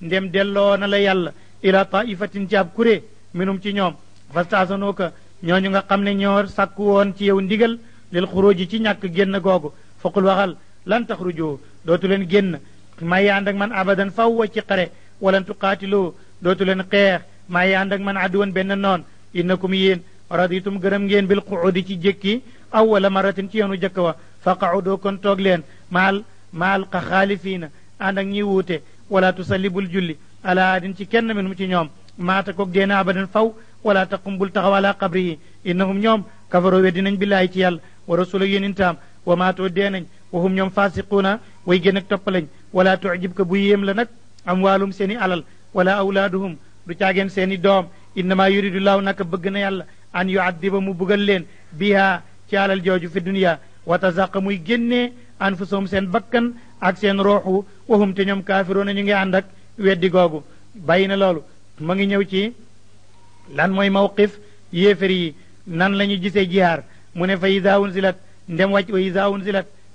ndem delloo na la yàlla ila taifatin ci ab kuré minum ci ñoom fastaasanooka ñooñu nga xam ne ñoo sàkku woon ci yow ndigal lil xuruji ci ñàkk génn googu faqul waxal lan taxruju dootu leen génn maa yi ak man abadan fawwa ci xare walan tuqaatiloo dootu leen xeex maa yi ànd ak man adduwan benn noon innakum yéen raditum gërëm ngeen bil quudi ci jëkki awwala maratin ci yoonu jëkk wa fa qaudoo kon toog leen maal maal xa xaalifiina ànd ak ñi wuute ولا تسلبوا الجل على عاد كن منهم تي نيوم ما تكوك دينا ابدا فاو ولا تقوم بالتغوى على قبره انهم نيوم كفروا بدين بالله تيال ورسول ينتام وما تودين وهم نيوم فاسقون ويجنك توبلين ولا تعجبك بويهم لنك اموالهم سيني علل ولا اولادهم رتاجن سيني دوم انما يريد الله انك بغنا يالا ان يعذب مبغلين بها تيال الجوج في الدنيا وتزاقم ويجني انفسهم سين بكن ak seen rooxu waxum te ñoom kaafiroona ñu ngi ànd ak weddi googu bàyyi na loolu ma ngi ñëw ci lan mooy mawqif yéeféri yi nan la ñu gisee jihaar mu ne fa ida unzilat ndem wàcc wa ida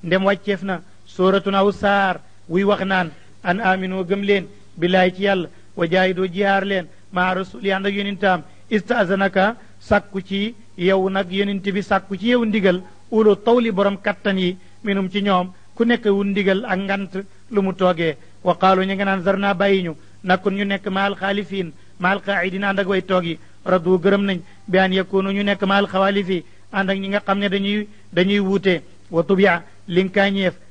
ndem wàcceef na sóoratun aw saar wuy wax naan an aminu gëm leen billaay ci yàlla wa jaahidoo jihaar leen maa rasuli ànd ak yonentaam istaazanaka sakku ci yow nag yonent bi sàkku ci yew ndigal ulu tawli borom kattan yi minum ci ñoom ku nekk wu ndigal ak ngant lu mu toogee wa qaalu ñu nga naan zarna bàyyi ñu nakun ñu nekk maal xaalifiin maal qaaidin ànd ak way toog yi radu gërëm nañ bi an yakunu ñu nekk maal ànd ak ñi nga xam dañuy dañuy wuute wa tubia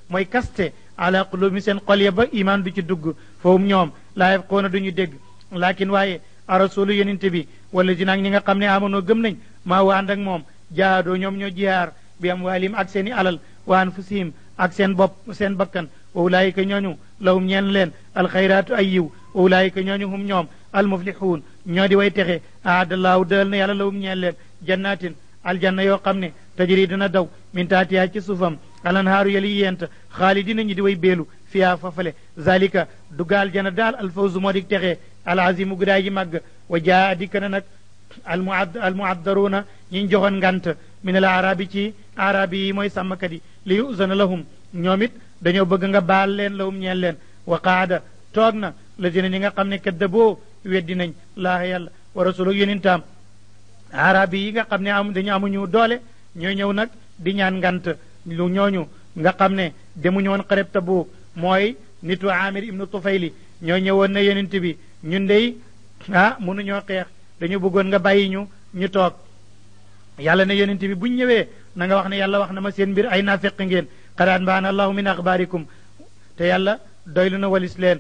mooy kaste ala qulubi seen xol ya iman du ci dugg foofu ñoom laa deg, duñu dégg laakin waaye rasulu yenente bi wala dinaag ñi nga xam ne amonoo gëm nañ maa wa ànd ak moom jaado ñoom ñoo bi am waalim ak seeni alal wa anfusihim ak seen bopp seen bakkan ulaayika ñooñu lahum ñen leen alxayraatu ay yiw ulaayika ñooñu hum ñoom muflihun ñoo di way texe adallahu dël na yàlla lahum ñen leen jannatin al janna yo xamne tajri dina daw min taatiyaa ci al anharu yali yent khalidina ñi di way beelu fiyaa fafale zalika dugal janna dal al moo di texe alazimu gudaay ji mag wa jaa dikkana al muaddaruna ñi joxon ngant min al arabi ci aarabi yi mooy sàmmkat yi li yuzana lahum ñoom it dañoo bëgg nga baal leen lahum ñeel leen wa qaada toog na la dina ñi nga xam ne kaddaboo weddi nañ laaha yàlla wa rasul ak yonentaam aarabi yi nga xam ne am dañu amuñu doole ñoo ñëw nag di ñaan ngant lu ñooñu nga xam ne demuñu woon xareb Tabuuk mooy nitu Amir ibnu Tufayli ñoo ñëwoon na yonent bi ñun dey ah mënuñoo xeex dañu bëggoon nga bàyyi ñu ñu toog yàlla ne yonent bi buñ ñëwee na nga wax ne yàlla wax na ma seen mbir ay na naafeq ngeen xaraat mbaana allahu min axbaarikum te yàlla doylu na walis leen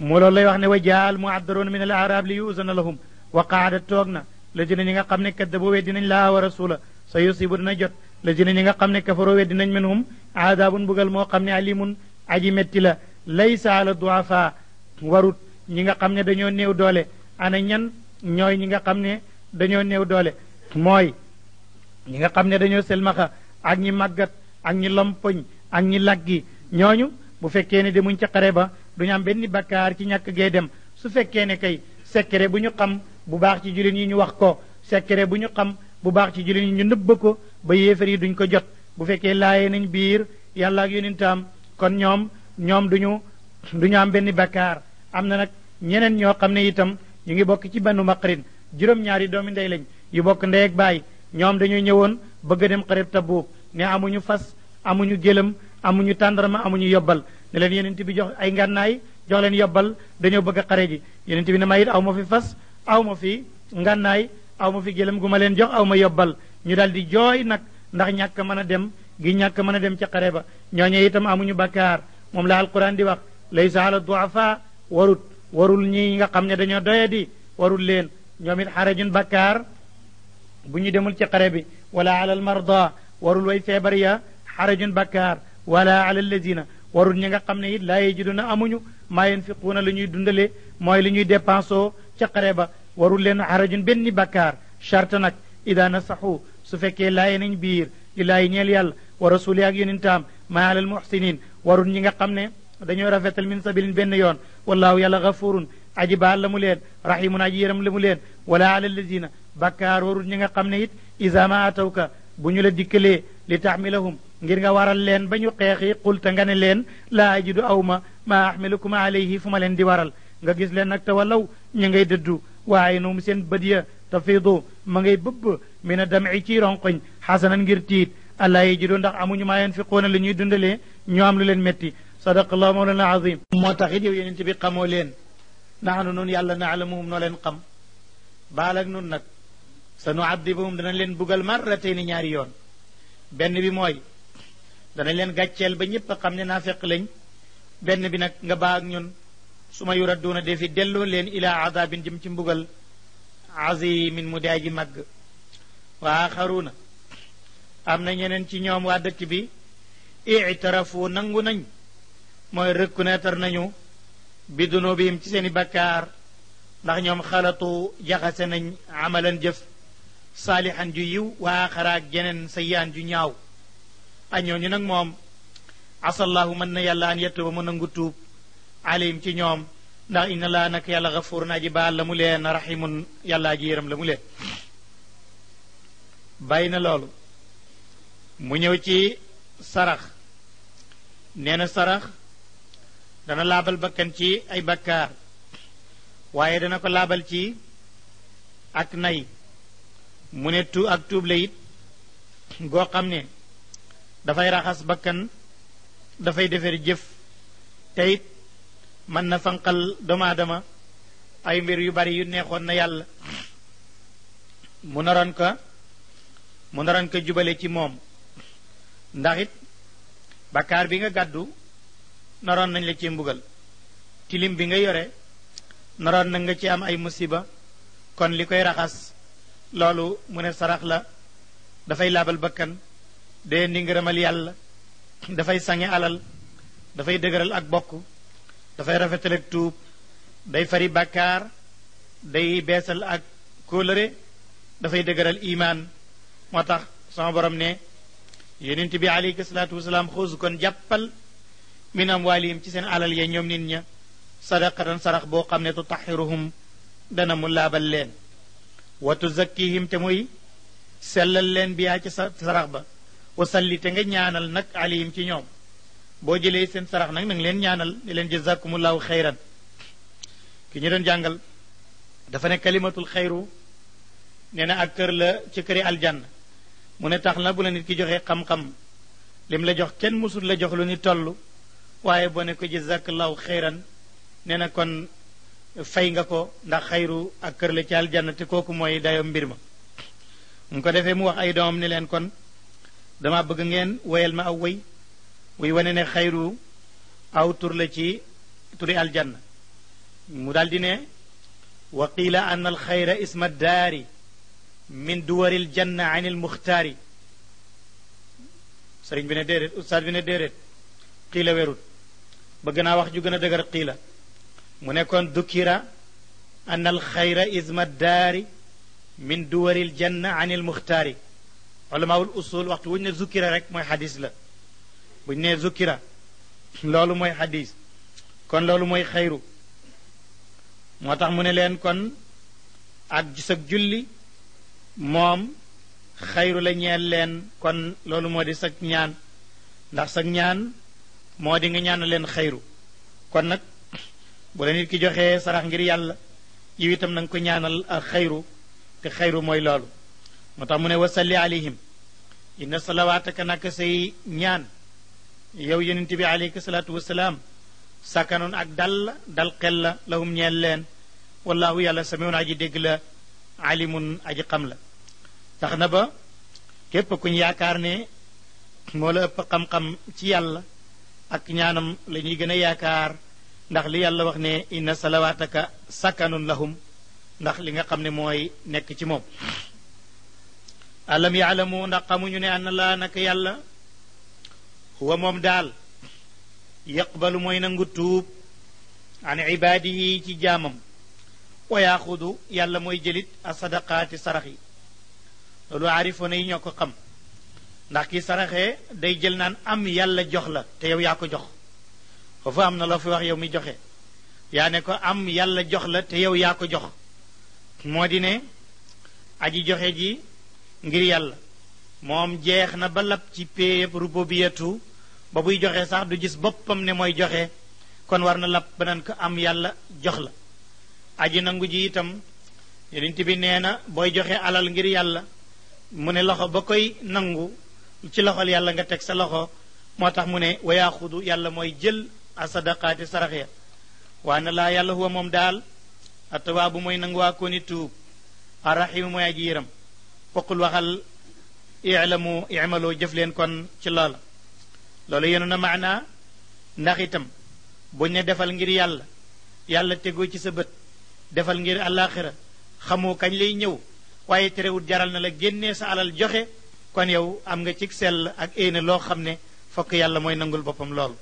moo loolu lay wax ne wa jaal muaddaroon min al arab li yuusana lahum wa qaada toog na la dina ñi nga xam ne kaddabu weddi nañ laa wa rasula sa yusibu dina jot la dina ñi nga xam ne kafaro weddi nañ min hum aadaabun bugal moo xam ne alimun aji metti la lay laysa ala duafa warut ñi nga xam ne dañoo néew doole ñan ñooy ñi nga xam ne dañoo néew doole mooy ñi nga xam ne dañoo selmaxa ak ñi màggat ak ñi lompoñ ak ñi laggi ñooñu bu fekkee ne demuñ ca xare ba duñu am benn bakkaar ci ñàkk gee dem su fekkee ne kay secret bu ñu xam bu baax ci jullit yi ñu wax ko secret bu ñu xam bu baax ci jullit yi ñu nëbb ko ba yéefar yi duñ ko jot bu fekkee laayee nañ biir yàlla ak yonentam kon ñoom ñoom duñu duñu am benn bakkaar am na nag ñeneen ñoo xam ne itam ñu ngi bokk ci banu maqrin juróom ñaari doomi ndey lañ yu bokk ndey ak baay ñoom dañuy ñëwoon bëgg a dem ne amuñu fas amuñu gélëm amuñu tàndarma amuñu yobbal ne leen yenent bi jox ay ngànnaay jox leen yobbal dañoo bëgg a xare ji yenent bi ne ma it aw ma fi fas aw ma fi ngànnaay aw ma fi gélëm gu leen jox aw yobbal ñu daal di jooy nag ndax ñàkk mën dem gi ñàkk mën dem ci xare ba ñooñe itam amuñu bakkaar moom la alquran di wax laysa ala duafa warut warul ñi nga xam ne doyadi warul leen ñoom it xarajun bakkaar bu ñu demul ci xare bi wala ala almarda warul way feebar ya xarajun bakkaar wala ala alladina warul ñi nga xam ne it laa yejiduna amuñu maa yunfiquuna la ñuy dundale mooy li ñuy dépensoo ca xare ba warul leen xarajun benn bakkaar charte nag ida nasaxu su fekkee laaye nañ biir lillaahi ñeel yàlla wa rasuli ak yonentaam maa alal muxsinin warul ñi nga xam ne dañoo rafetal min sabilin benn yoon wallahu yàlla gafurun aji baal la mu leen rahimun aji yërëm la mu leen wala ala lazina bakkaar warul ñi nga xam ne it isa ma atawka bu ñu la dikkalee li taxmilahum ngir nga waral leen ba ñu xeexi xulta nga ne leen laa ajidu aw ma maa ahmilukum alayhi fu ma leen di waral nga gis leen nag te walaw ngay dëddu waaye noom seen bët ya tafiidu ma ngay bëbb mi dami ci ronkoñ xasanan ngir tiit allah yajidu ndax amuñu maa yanfiquuna li ñuy dundalee ñoo am lu leen metti sadaqallahu mawlana azim moo tax it yow yeneen ci bi na nun yàlla naalamuhum noo leen xam baal ak nun nag sa nu addibuhum danañ leen bugal marratayni ñaari yoon benn bi mooy danañ leen gàcceel ba ñépp xam ne naa feq lañ benn bi nag nga baa ak ñun su ma yuradduuna defi delloo leen ilaa adaabin jëm ci mbugal azimin mu daay ji màgg waa xaruuna am na ñeneen ci ñoom waa dëkk bi itarafu nangu nañ mooy reconnaître nañu bi dunuubihim ci seeni bakkaar ndax ñoom xalatu jaxase nañ amalan jëf saalihan ju yiw waa xaraak jeneen sayyaan ju ñaaw ak ñooñu nag moom asallaahu mën na yàlla an yettu ba mën a ngu tuub alayhim ci ñoom ndax inna laa nag yàlla xafuur naa ji baal la mu leen raximun yàllaa ji yërëm la mu leen bàyyi na loolu mu ñëw ci sarax nee na sarax dana laabal bakkan ci ay bakkaar waaye dana ko laabal ci ak nay mu ne tu ak tuub la goo xam ne dafay raxas bakkan dafay defar jëf te mën na fanqal doomu ay mbir yu bari yu neexoon na yàlla mu naroon ko mu naroon ko jubale ci moom ndax it bakkaar bi nga gàddu naroon nañ la ci mbugal tilim bi nga yore naroon na nga ci am ay musiba kon li koy raxas loolu mu ne sarax la dafay laabal bakkan day indi ngërëmal yàlla dafay sange alal dafay dëgëral ak bokk dafay rafetal ak tuub day fari bàkkaar day beesal ak kóolëre dafay dëgëral imaan moo tax sama borom ne yonent bi aleyhi salaatu wasalaam xoosu kon jàppal من أموالهم تسين على اليوم نينيا صدقة صرق بو قمنا تطحرهم دنا ملابا لين وتزكيهم تموي سلل لين بيها تسرق با وصلي تنغي نيانل نك عليهم تنيوم بو جلي سين صرق نك نن لين نيانل لين جزاكم الله خيرا كي نيران جانغل دفن كلمة الخير نينا أكر لا تكري الجنة من تخلنا بولا نتكي جوغي قم قم لم لا جوغ كن مصر لا جوغ لوني تولو waaye boo ne ko jazakallahu xayran nee na kon fay nga ko ndax xayru ak kër la ci aljanna te kooku mooy dayo mbir ma mu ko defee mu wax ay doomam ni leen kon dama bëgg ngeen woyal ma aw way wuy wane ne xayru aw tur la ci turi aljanna mu daldi ne wa qila an al alxayra isma daari min duwari aljanna an al almuxtaari sëriñ bi ne déedéet ustaad bi ne déedéet xiila werut bëgg naa wax ju gën a dëgër xiila mu nekkoon dukkira an alxayra isma daari min duwari ljanna an ilmuxtaari ulamaul usul waxtu wuñu ne zukkira rek mooy xadis la buñu ne zukkira loolu mooy xadis kon loolu mooy xayru moo tax mu ne leen kon ak sag julli moom xayru la ñeel leen kon loolu moo di sag ñaan ndax sag ñaan moo di nga ñaanal leen xayru kon nag boo la nit ki joxee sarax ngir yàlla yiw itam na nga ko ñaanal ak xayru te xayru mooy loolu moo tax mu ne wasalli alayhim inna salawaataka naka say ñaan yow yonent bi aleyka salaatu wasalaam sakkanoon ak dal dal xel la lahum ñeel leen wallahu yàlla samiun aji dégg la alimun aji xam la tax na ba képp kuñ yaakaar ne moo la ëpp xam-xam ci yàlla ak ñaanam lañuy ñuy gën a yaakaar ndax li yàlla wax ne inna salawaataka sakanun lahum ndax li nga xam ne mooy nekk ci moom alam yaalamu ndax xamuñu ne anna laa naka yàlla huwa moom daal yaqbalu mooy nangu tuub an ibaadihi ci jaamam wa yaaxudu yàlla mooy jëlit a sadaqaati sarax yi loolu aarifoona yi ñoo ko xam ndax ki saraxee day jël naan am yàlla jox la te yow yaa ko jox foofu am na loo fi wax yow mi joxe yaa ne ko am yàlla jox la te yow yaa ko jox moo di ne aji joxe ji ngir yàlla moom jeex na ba lab ci péeyab rububiyatu ba buy joxe sax du gis boppam ne mooy joxe kon war na lab ba naan ko am yàlla jox la aji nangu ji itam yonent bi nee na booy joxe alal ngir yàlla mu ne loxo ba koy nangu ci loxol yàlla nga teg sa loxo moo tax mu ne wa yàlla mooy jël asadaqaati sarax ya waa na laa yàlla huwa moom daal atawaabu mooy nangu waa kooni tuub arrahimu mooy aji yëram foqul waxal ilamu imalu jëf leen kon ci loola loolu yenu na ndax itam buñ ne defal ngir yàlla yàlla tegoo ci sa bët defal ngir àllaaxira xamoo kañ lay ñëw waaye terewut jaral na la génnee sa alal joxe kon yow am nga ci sell ak éene loo xam ne fokk yàlla mooy nangul boppam loolu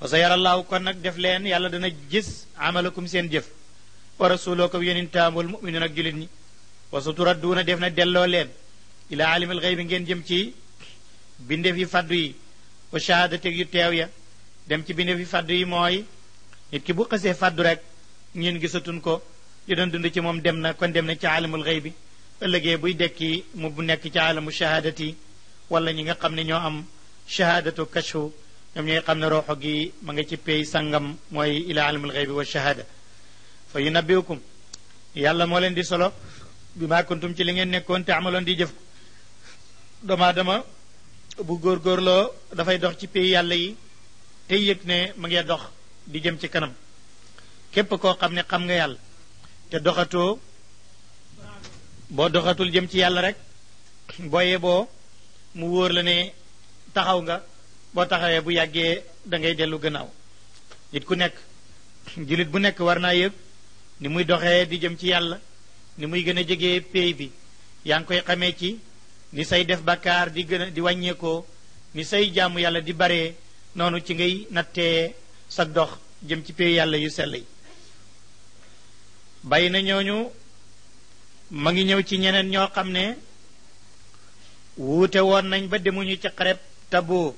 wa sa yarallaahu kon nag def leen yàlla dana gis amalakum seen jëf wa rasuloo ko yeneen taamul mu'minin ak jullit ñi wa su turadduuna def na delloo leen ilaa alimil xëy bi ngeen jëm ci bindeef yi faddu yi wa shahadateeg ya dem ci bindeef yi faddu yi mooy nit ki bu xasee faddu rek ngeen gisatun ko li doon dund ci moom dem na kon dem na ci alimul xëy bi ëllëgee buy dekki mu bu nekk ci alamu shahaadati wala ñi nga xam ne ñoo am shahaadatu kashu ñoom ñooy xam ne roxo gi ma nga ci pay sangam mooy ila alamul xeybi wa shahaada yu yunabbiukum yàlla moo leen di solo bi maa kuntum ci li ngeen nekkoon te amaloon di jëf ko doomu bu góor góorloo dafay dox ci pay yàlla yi te yëg ne ma dox di jëm ci kanam képp koo xam ne xam nga yàlla te doxatoo boo doxatul jëm ci yàlla rek booyee boo mu wóor la ne taxaw nga boo taxawee bu yàggee dangay dellu gannaaw nit ku nekk jullit bu nekk war naa yëg ni muy doxe di jëm ci yàlla ni muy gën a jege pay bi yaa ngi koy xamee ci ni say def bakkaar di gën a di wàññeekoo ni say jàmm yàlla di baree noonu ci ngay nattee sa dox jëm ci pay yàlla yu sell yi bàyyi na ñooñu ma ngi ñëw ci ñeneen ñoo xam ne wuute woon nañ ba demuñu ci xareb Tabuk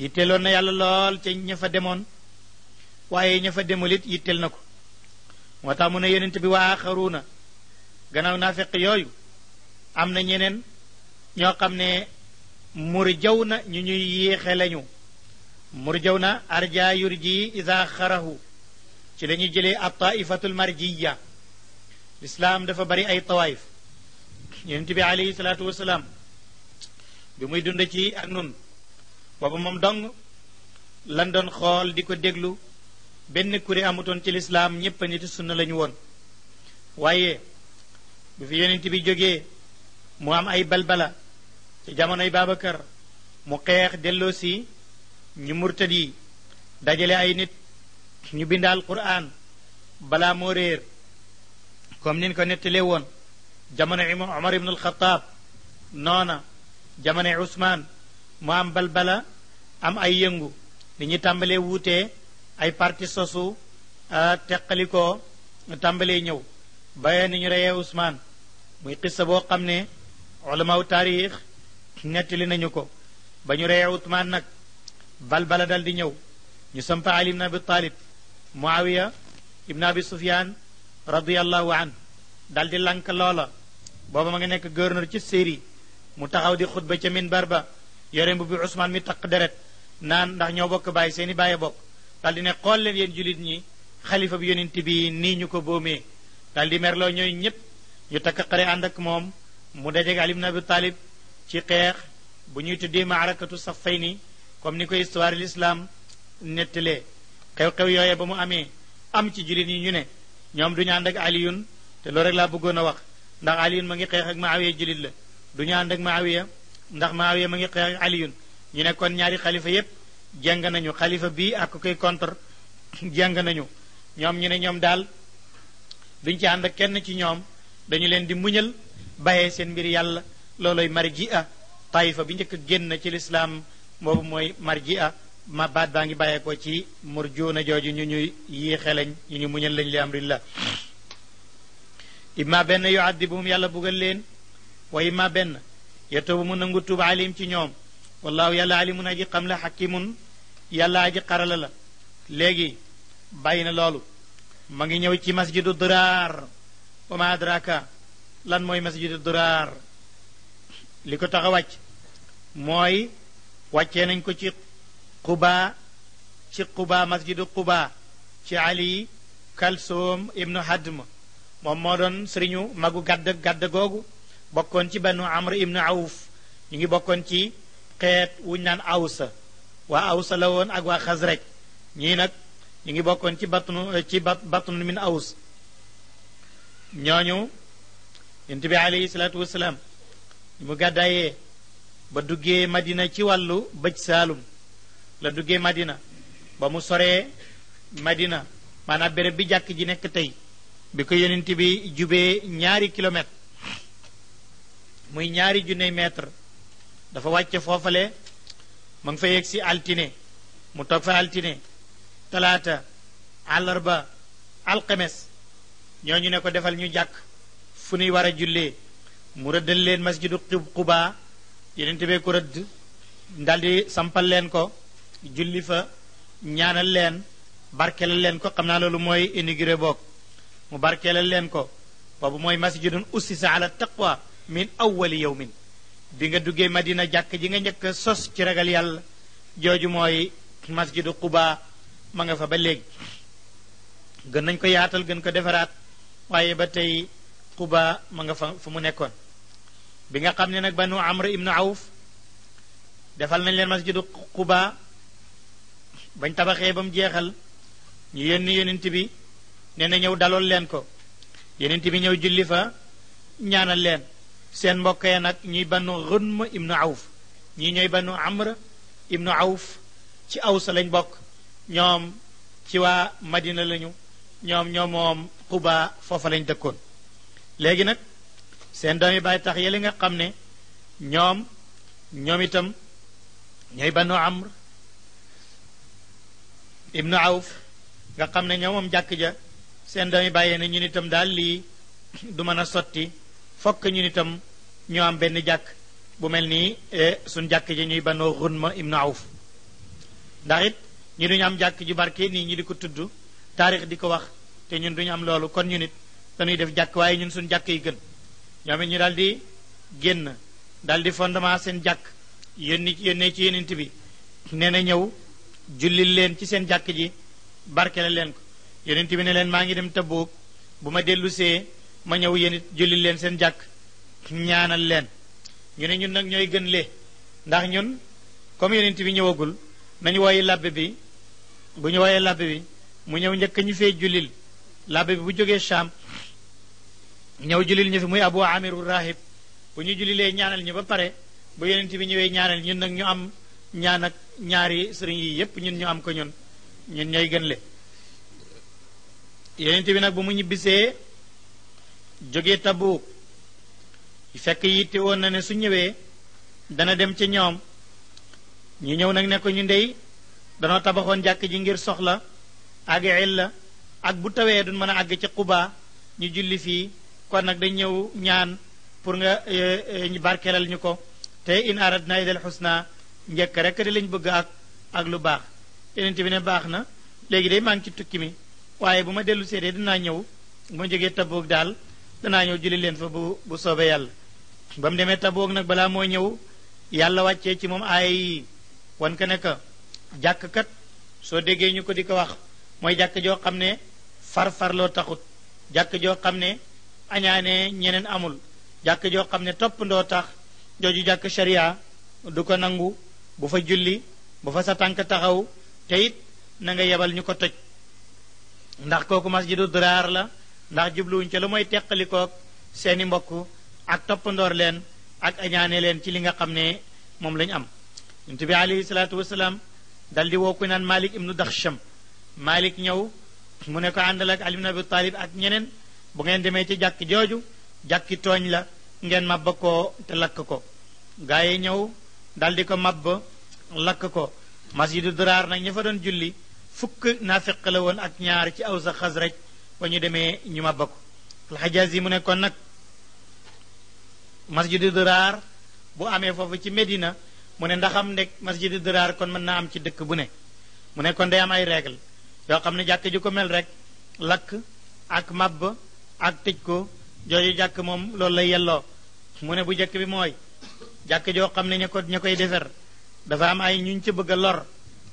yitteeloon na yàlla lool ca ña demoon waaye ña fa demulit yitteel na ko moo tax mu ne yonent bi waa xaruuna gannaaw naafeq yooyu am na ñeneen ñoo xam ne jaw na ñu ñuy yéexe lañu jaw na arja yurji isa xarahu ci la ñuy jëlee ab taifatul marjiya l'islam dafa bari ay tawaayif yonent bi Ali salatu wassalam bi muy dund ci ak nun bobu mom dong lan don xol diko deglu benn kuri amuton ci l'islam ñepp a ci sunna lañu won waye bi bu fi yonent bi joge mu am ay balbala ci ay babakar mu xex delo si ñu murtadi dajale ay nit ñu bindal qur'an bala mo reer comme nin ko nettalee woon jamono Omar ibn al-Khattab noona jamono Ousmane mu am balbala am ay yëngu li ñu tàmbalee wuutee ay parti sosu teqalikoo tàmbalee ñëw ba ni ñu reyee Ousmane muy xissa boo xam ne ulamaaw taarix nettali nañu ko ba ñu reyee Ousmane nag balbala dal di ñëw ñu sampa Ali ibn Abi Talib Muawiya ibn Abi Sufyaan radiallahu an dal di lank loola booba ma ngi nekk gouverneur ci Syrie mu taxaw di xutba ca minbar ba yore mbubb bi Ousmane mi takk deret naan ndax ñoo bokk bàyyi seeni bàyyi bokk dal di ne xool leen yéen jullit ñi xalifa bi yonent bi ni ñu ko boomee dal di merloo ñooy ñëpp ñu takk xare ànd ak moom mu dajeeg Ali ibn Abi Talib ci xeex bu ñuy tuddee maarakatu Saffayni comme ni ko histoire l'islam nettalee xew-xew yooye ba mu amee am ci jullit ñi ñu ne ñoom du ñu ànd ak aliyun te loolu rek laa bëggoon a wax ndax aliyun ma ngi xeex ak maawiya jullit la du ñu ànd ak maawiya ndax maawiya ma ngi xeex ak aliyun ñu ne kon ñaari xalifa yépp jàng nañu xalifa bii ak koy contre jàng nañu ñoom ñu ne ñoom daal duñ ci ànd kenn ci ñoom dañu leen di muñal bàyyee seen mbir yàlla looloy ji a taifa bi njëkk génn ci lislaam boobu mooy marji a ma baat baa ngi bàyyeekoo ci murjuuna jooju ñu ñuy yéexe lañ ñu ñu muñal lañ li amrillah imma benn yuaddibuhum yàlla bugal leen wa imma benn yetoobu mu nangu tuub alim ci ñoom wallaahu yàlla alimun aji xam la xakimun yàlla aji xarala la léegi bàyyi na loolu ma ngi ñëw ci masjidu duraar wa ma adraka lan mooy masjidu duraar li ko tax wàcc mooy wàccee nañ ko ci qubaa ci qubaa masjidu qubaa ci ali kalsoom ibnu hadm moom moo doon sëriñu magu gàdd gàdd googu bokkoon ci banu amr ibnu awuf ñu ngi bokkoon ci xeet wuñ naan awsa waa awsa la woon ak waa xasraj ñii nag ñu ngi bokkoon ci batnu ci batnu min aws ñooñu yonent bi alayhi salaatu wasalaam ñu mu gàddaayee ba duggee madina ci wàllu bëj saalum la duggé madina ba mu soré madina mana bere bi jakk ji nek tay bi ko yonent bi jubé ñaari kilomètre muy ñaari junney mètre dafa waccé fofalé mang fa altine mu fa altine talata, alarba, alxemes ñoñu ne ko defal ñu jakk fu ñuy wara a mu reddel leen masjidu quba yenente bi ko sampal leen ko julli fa ñaanal leen barkeelal leen ko xam naa loolu mooy inauguré boog mu barkeelal leen ko boobu mooy masjidun ussisa ala taqwa min awwali yawmin bi nga duggee madina jàkk ji nga njëkk sos ci ragal yàlla jooju mooy masjidu quba ma nga fa ba léegi gën nañ ko yaatal gën ko defaraat waaye ba tey quba ma nga fa fu mu nekkoon bi nga xam ne banu amr ibnu awf defal nañ leen masjidu quba bañ tabaxee ba mu jeexal ñu yónni yonent bi nee na ñëw dalool leen ko yonent bi ñëw julli fa ñaanal leen seen mbokk ya nag ñuy banu Gunm ibnu Awf ñii ñooy banu Amr ibnu Awf ci Aws lañ bokk ñoom ci waa Madina lañu ñoom ñoo moom Quba foofa lañ dëkkoon léegi nag seen doomi baay tax yële nga xam ne ñoom ñoom itam ñooy banu Amr ibnu awf nga xam ne ñoom jàkk ja seen doomi bàyyee na ñun itam daal lii du mën a sotti fokk ñun itam ñoo am benn jàkk bu mel nii e, suñ jàkk ja ñuy banoo xunma ibnu awf ndax it ñi duñu am jàkk ju barke nii ñi di ko tudd taarix di ko wax te ñun duñu am loolu kon ñu it dañuy def jàkk waaye ñun suñ jàkk yi gën ñoom it ñu daal di génn daal di fondement seen jàkk yónni yónnee ci yónent bi nee ñëw jullil leen ci seen jàkk ji barkele leen ko yonent bi ne leen maa ngi dem Tabuk bu ma dellusee ma ñëw yéen it jullil leen seen jàkk ñaanal leen ñu ne ñun nag ñooy gën le ndax ñun comme yonent bi ñëwagul nañu wooyi labbe bi bu ñu wooyee labbe bi mu ñëw njëkk ñu fee jullil labbe bi bu jógee Sham ñëw jullil ñu fi muy abu amiru rahib bu ñu jullilee ñaanal ñu ba pare bu yonent bi ñëwee ñaanal ñun nag ñu am ñaan ak ñaari sëriñ yi yépp ñun ñu am ko ñun ñun ñooy gën le yonent bi nag bu mu ñibbisee jóge Tabuuk fekk yitte woon na ne su ñëwee dana dem ci ñoom ñu ñëw nag ne ko ñu ndey danoo tabaxoon jàkk ji ngir soxla ak la ak bu tawee duñ mën a àgg ca Quba ñu julli fii kon nag dañ ñëw ñaan pour nga eh, eh, barkeelal ñu ko te in aradna idal xusna njëkk rek di lañ bëgg ak ak lu baax yeneen bi ne baax na léegi day maa ci tukki mi waaye bu ma dellu seede dinaa ñëw bu ma jógee taboog daal danaa ñëw julli leen fa bu bu soobee yàlla ba mu demee taboog nag balaa mooy ñëw yàlla wàccee ci moom aaya yi wan ko ne jàkk kat soo déggee ñu ko di ko wax mooy jàkk joo xam ne farfarloo taxut jàkk joo xam ne añaane ñeneen amul jàkk joo xam ne toppandoo tax jooju jàkk sharia du ko nangu bu fa julli bu fa sa tànk taxaw te it na nga yebal ñu ko toj ndax kooku masjidu duraar la ndax jubluwuñ ca lu mooy teqalikoog seeni mbokk ak toppandoor leen ak ajaane leen ci li nga xam ne moom lañu am yonent bi alayhi salaatu wasalaam dal di woo ku naan malik ibnu daxsham malik ñëw mu ne ko àndal ak ali ibn abi ak ñeneen bu ngeen demee ci jàkk jooju jàkki tooñ la ngeen mabba ko te lakk ko gaa yi ñëw dal di ko màbb lakk ko masjidu duraar nag ña fa doon julli fukk naafiq la woon ak ñaar ci aws ak xasraj ba ñu demee ñu màbb ko alxajaas yi mu ne kon nag masjidu duraar bu amee foofu ci Medina mu ne ndaxam nekk masjidu duraar kon mën naa am ci dëkk bu ne mu ne kon day am ay règle yoo xam ne jàkk ju ko mel rek lakk ak màbb ak tëj ko jooju jàkk moom loolu lay yelloo mu ne bu jëkk bi mooy jàkk joo xam ne ña ko ña koy defar dafa am ay ñuñ ci bëgg a lor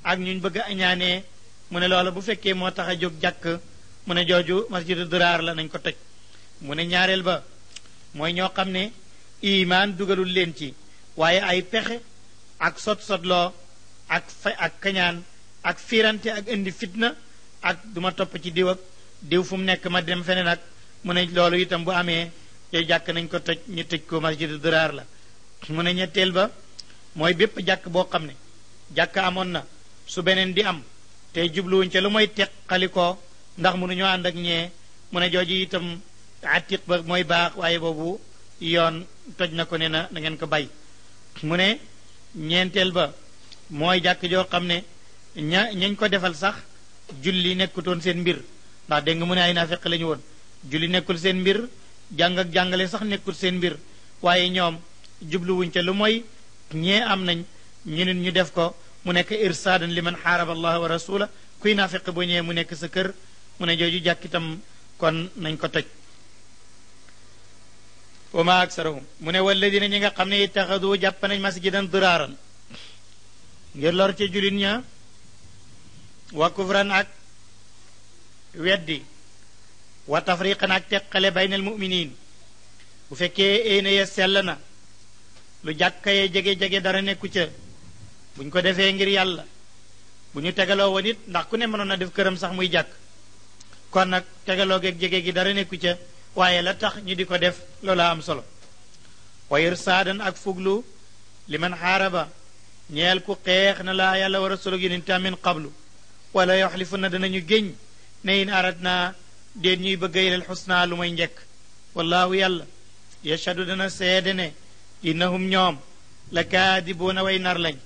ak ñuñ bëgg a mu ne loola bu fekkee moo tax a jóg jàkk mu ne jooju masjidu duraar la nañ ko toj mu ne ba mooy ñoo xam ne dugalul leen ci waaye ay pexe ak sot sotloo ak fa ak kañaan ak firante ak indi fitna ak duma topp ci diw ak diw fu mu nekk ma dem feneen ak mu ne loolu itam bu amee yooyu jàkk nañ ko toj ñu tëj ko masjidu duraar la mu ne ñetteel ba mooy bépp jàkk boo xam ne jàkk amoon na su beneen di am tey jubluwuñ ca lu mooy teqalikoo ndax mënuñoo ànd ak ñee mu ne itam atiq ba mooy baax waaye boobu yoon toj na ko ne na na ngeen ko bay mu ne ñeenteel ba mooy jàkk joo xam ne ña ñañ ko defal sax julli nekkutoon seen mbir ndax dégg mu ne ay nafiq lañu woon julli nekkul seen mbir jàng ak jàngale sax nekkul seen mbir waaye ñoom jubluwuñ ca lu mooy ñee am nañ ñu ñeneen ñu def ko mu nekk irsaadan man xaaraba allah wa rasula kuy naafiq bu ñëwee mu nekk sa kër mu ne jooju jàkkitam kon nañ ko toj wa ma aksarahum mu ne walladina ñi nga xam ne ittaxadu jàpp nañ masjidan diraaran ngir lor ci jullit ña wa kufran ak weddi wa tafriqan ak teqale baynal muminin bu fekkee éene ya sell na lu jàkkaye jege-jege dara nekku ca bu ñu ko defee ngir yàlla bu ñu tegaloo woon it ndax ku ne mënoon a def këram sax muy jàkk kon nag tegaloo geeg jege gi dara nekku ca waaye la tax ñu di ko def loola am solo wayir saadan ak fuglu li man xaaraba ñeel ku xeex na laa yàlla wa rasulug yonentam min qablu wala yoxlifu na ñu géñ ne in arat naa déen ñuy bëgga yilal xusnaa lu may njëkk wallahu yàlla yashhadu dana seede ne innahum ñoom la kaadibuuna way nar lañ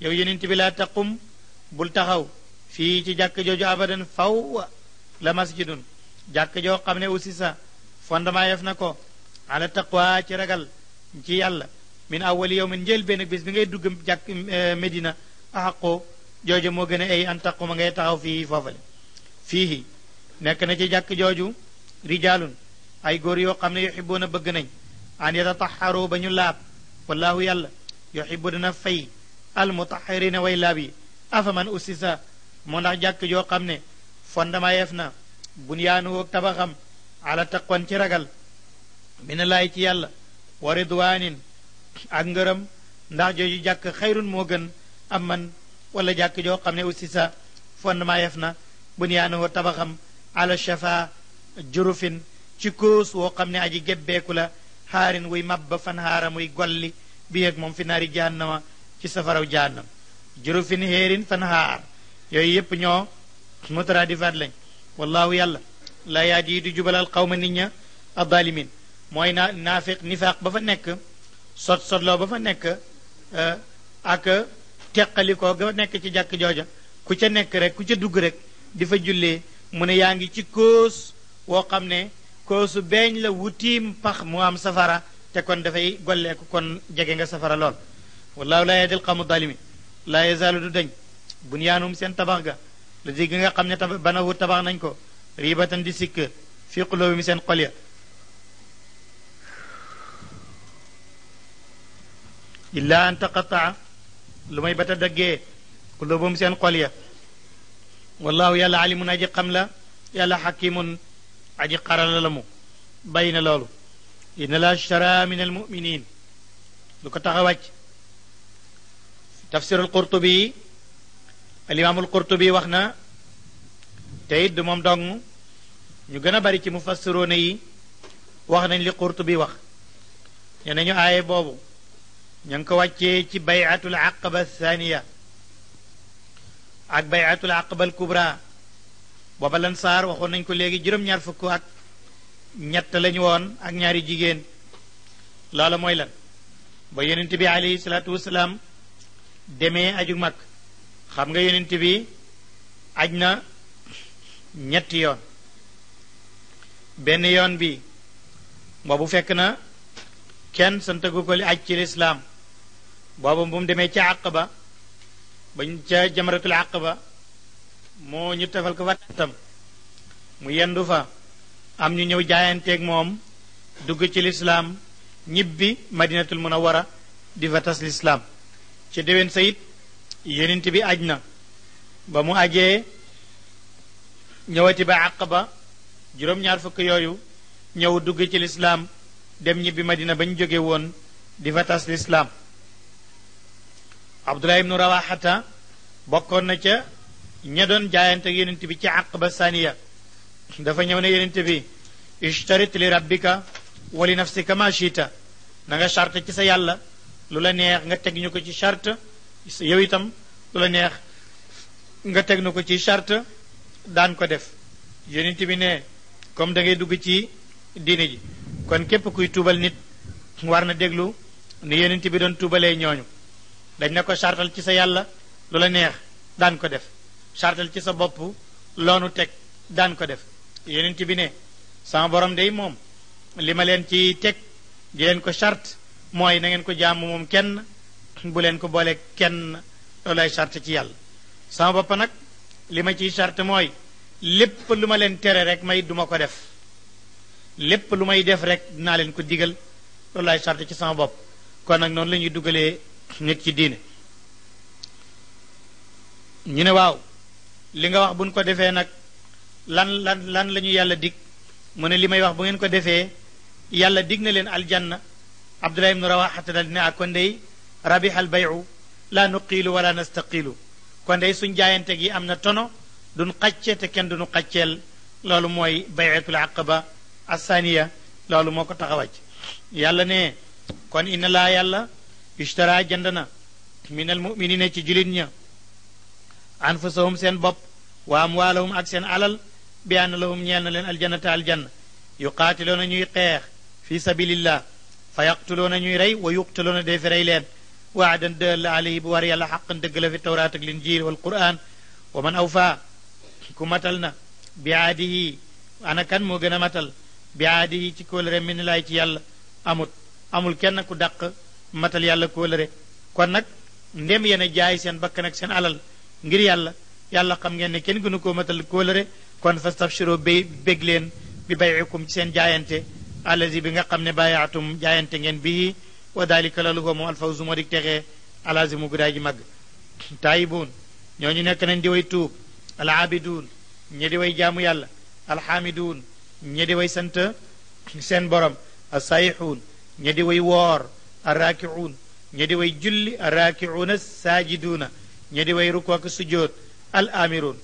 yow yonent bi laa taqum bul taxaw fii ci jàkk jooju abadan faw la masjidun jàkk joo xam ne aussi sa fondement yef na ko ala taqwa ci ragal ci yàlla min awali yow min njël benn bis bi ngay dugg jàkk eh, médina a jooju moo gën a ay an taquma ngay taxaw fii foofale fii nekk na ci jàkk jooju rijaalun ay góor yoo xam ne yuxibuuna bëgg nañ an yatataharu ba ñu laab wallahu yàlla yuhibbu dina fay almutahirina way laab yi afa man ussisa moo ndax jàkk joo xam ne fondement yeef na bunyaanuhu tabaxam ala taqwan ci ragal mina laay ci yàlla wa ridwanin ak ngërëm ndax jooju jàkk xayrun moo gën am man wala jàkk joo xam ne ussisa fondement yeef na bunyaanuhu tabaxam ala shafa jurufin ci koos woo xam ne aji gebbeeku la xaarin wuy mabba fan haara muy golli bi ak moom fi naari jahannama ci safaraw jahannam juru fin héerin fan haar yooyu yépp ñoo mutaraadifaat lañ wallaahu yàlla la yaaj di jubalal xawma nit ña addalimin mooy naa naafiq ba fa nekk sot sotloo ba nekk eh, ak teqalikoo ga nekk ci jàkk jooja ku ca nekk rek ku ca dugg rek di fa jullee mu yaa ngi ci kóos woo xam ne koo su beeñ la wutiim pax mu am safara te kon dafay golleeku kon jege nga safara lool wallaahu laa yahdil qawmu zaalimi laa yazaalu du dañ bunyaanum seen tabax ga la dégg nga xam ne tabax banahu tabax nañ ko riibatan di sikk fi quluubihim seen xol ya illaa an taqataa lu may bata daggee quluubum seen xol ya wallaahu yàlla alimun aji xam la yàlla xakimun aji xarala la mu bay na loolu inna la ashtara min almuminin lu ko tax a wàcc tafsir alqurtubi alimaam alqurtubi wax na te du moom dong ñu gën a bari ci mufassiroona yi wax nañ li qurtubi wax ne nañu aaye boobu ña ko wàccee ci bayatul aqaba thaniya ak bayatul aqaba al kubra booba lan waxoon nañ ko léegi juróom-ñaar fukk ak ñett lañu woon ak ñaari jigéen loola mooy lan ba yonent bi alayhi salaatu wasalaam demee aju mag xam nga yeneent bi aj na ñetti yoon benn yoon bi boobu fekk na kenn santagu ko li aj ci lislaam boobu bu mu demee ca àq ba bañ ca jamaratul àq ba moo ñu tefal ko wattam mu yendu fa am ñu ñëw jaayanteeg moom dugg ci lislaam ñibbi madinatul munawara di fa tas lislaam ci déwén sa it yenent bi aj na ba mu ajee ñëwati ba àqaba juróom-ñaar fukk yooyu ñëw dugg ci lislaam dem ñibbi madina ba ñu jóge woon di fa tas lislaam abdullah ibnu rawaxata bokkoon na ca ña doon jaayante ak yonent bi ci ba saniya dafa ñëw na yonent bi ishtarit li rabbika wa li nafsika ma chita na ci sa yàlla lu la neex nga teg ñu ko ci charte yow itam la neex nga teg ñu ko ci charte daan ko def yonent bi ne comme da ngay dugg ci diine ji kon képp kuy tuubal nit war na déglu ni yonent bi doon tuubalee ñooñu dañ na ko chartal ci sa yàlla lu la neex daan ko def sartal ci sa bopp loonu teg daan ko def yeneen bi ne sama borom day moom li ma leen ci teg di leen ko charte mooy nangeen ko jàmm moom kenn bu leen ko boole kenn lay charte ci yàlla sama bopp nag li ma ciy charte mooy lépp lu ma leen tere rek may duma ko def lépp lu may def rek dinaa leen ko digal lay charte ci sama bopp kon nag noonu lañuy ñuy dugalee nit ci diine ñu ne waaw li nga wax bu buñ ko defee nag lan lan lan la ñu yàlla dig mu ne li may wax bu ngeen ko defee yàlla digg na leen aljanna abdullah ibnu rawaxata dal dina ak ah, kon dey rabiha al bayu laa nuqiilu wala nastaqiilu kon dey suñ jaayante gi am na tono duñ xàccee kenn dunu xàcceel loolu mooy bayatul aqaba assaniya loolu moo ko taxawàcc yàlla ne kon inna laa yàlla ishtara jënd na minal muminina ci julit ña anfusahum sen bop wa amwaalahum ak sen alal bi an lahum len al leen al janna yuqatiluna ñuy xex fi sabilillah fayaqtuluna ñuy ray wa yuqtaloona dee fi rey leen waadan dëll alayhi bi war yàlla xaqan deug la fi tawrat ak linjil wal qur'an wa man awfa ku matalna bi adihi ana kan mo gëna matal bi adihi ci ko kóolëre min lay ci yàlla amut amul kenn ku dàq matal yàlla ko kóolëre kon nak ndem yena jaay sen bakkan ak sen alal ngir yàlla yàlla xam ngeen ne kenn gënu koo matal kóolëre kon fastabshiro bay bég leen bi bayikum ci seen jaayante allazi bi nga xam ne bayaatum jaayante ngeen bii wa dalika loolu ko moom alfawzu moo di texee alazimu gudaay ji màgg taayibuun ñooñu nekk nañ di way tuub alaabiduun ñe di way jaamu yàlla alxaamiduun ñe di way sant seen borom asayixuun ñe di way woor arraakiuun ñe di way julli arraakiuuna saajiduuna ñadi way ruku ak sujjóot al amirun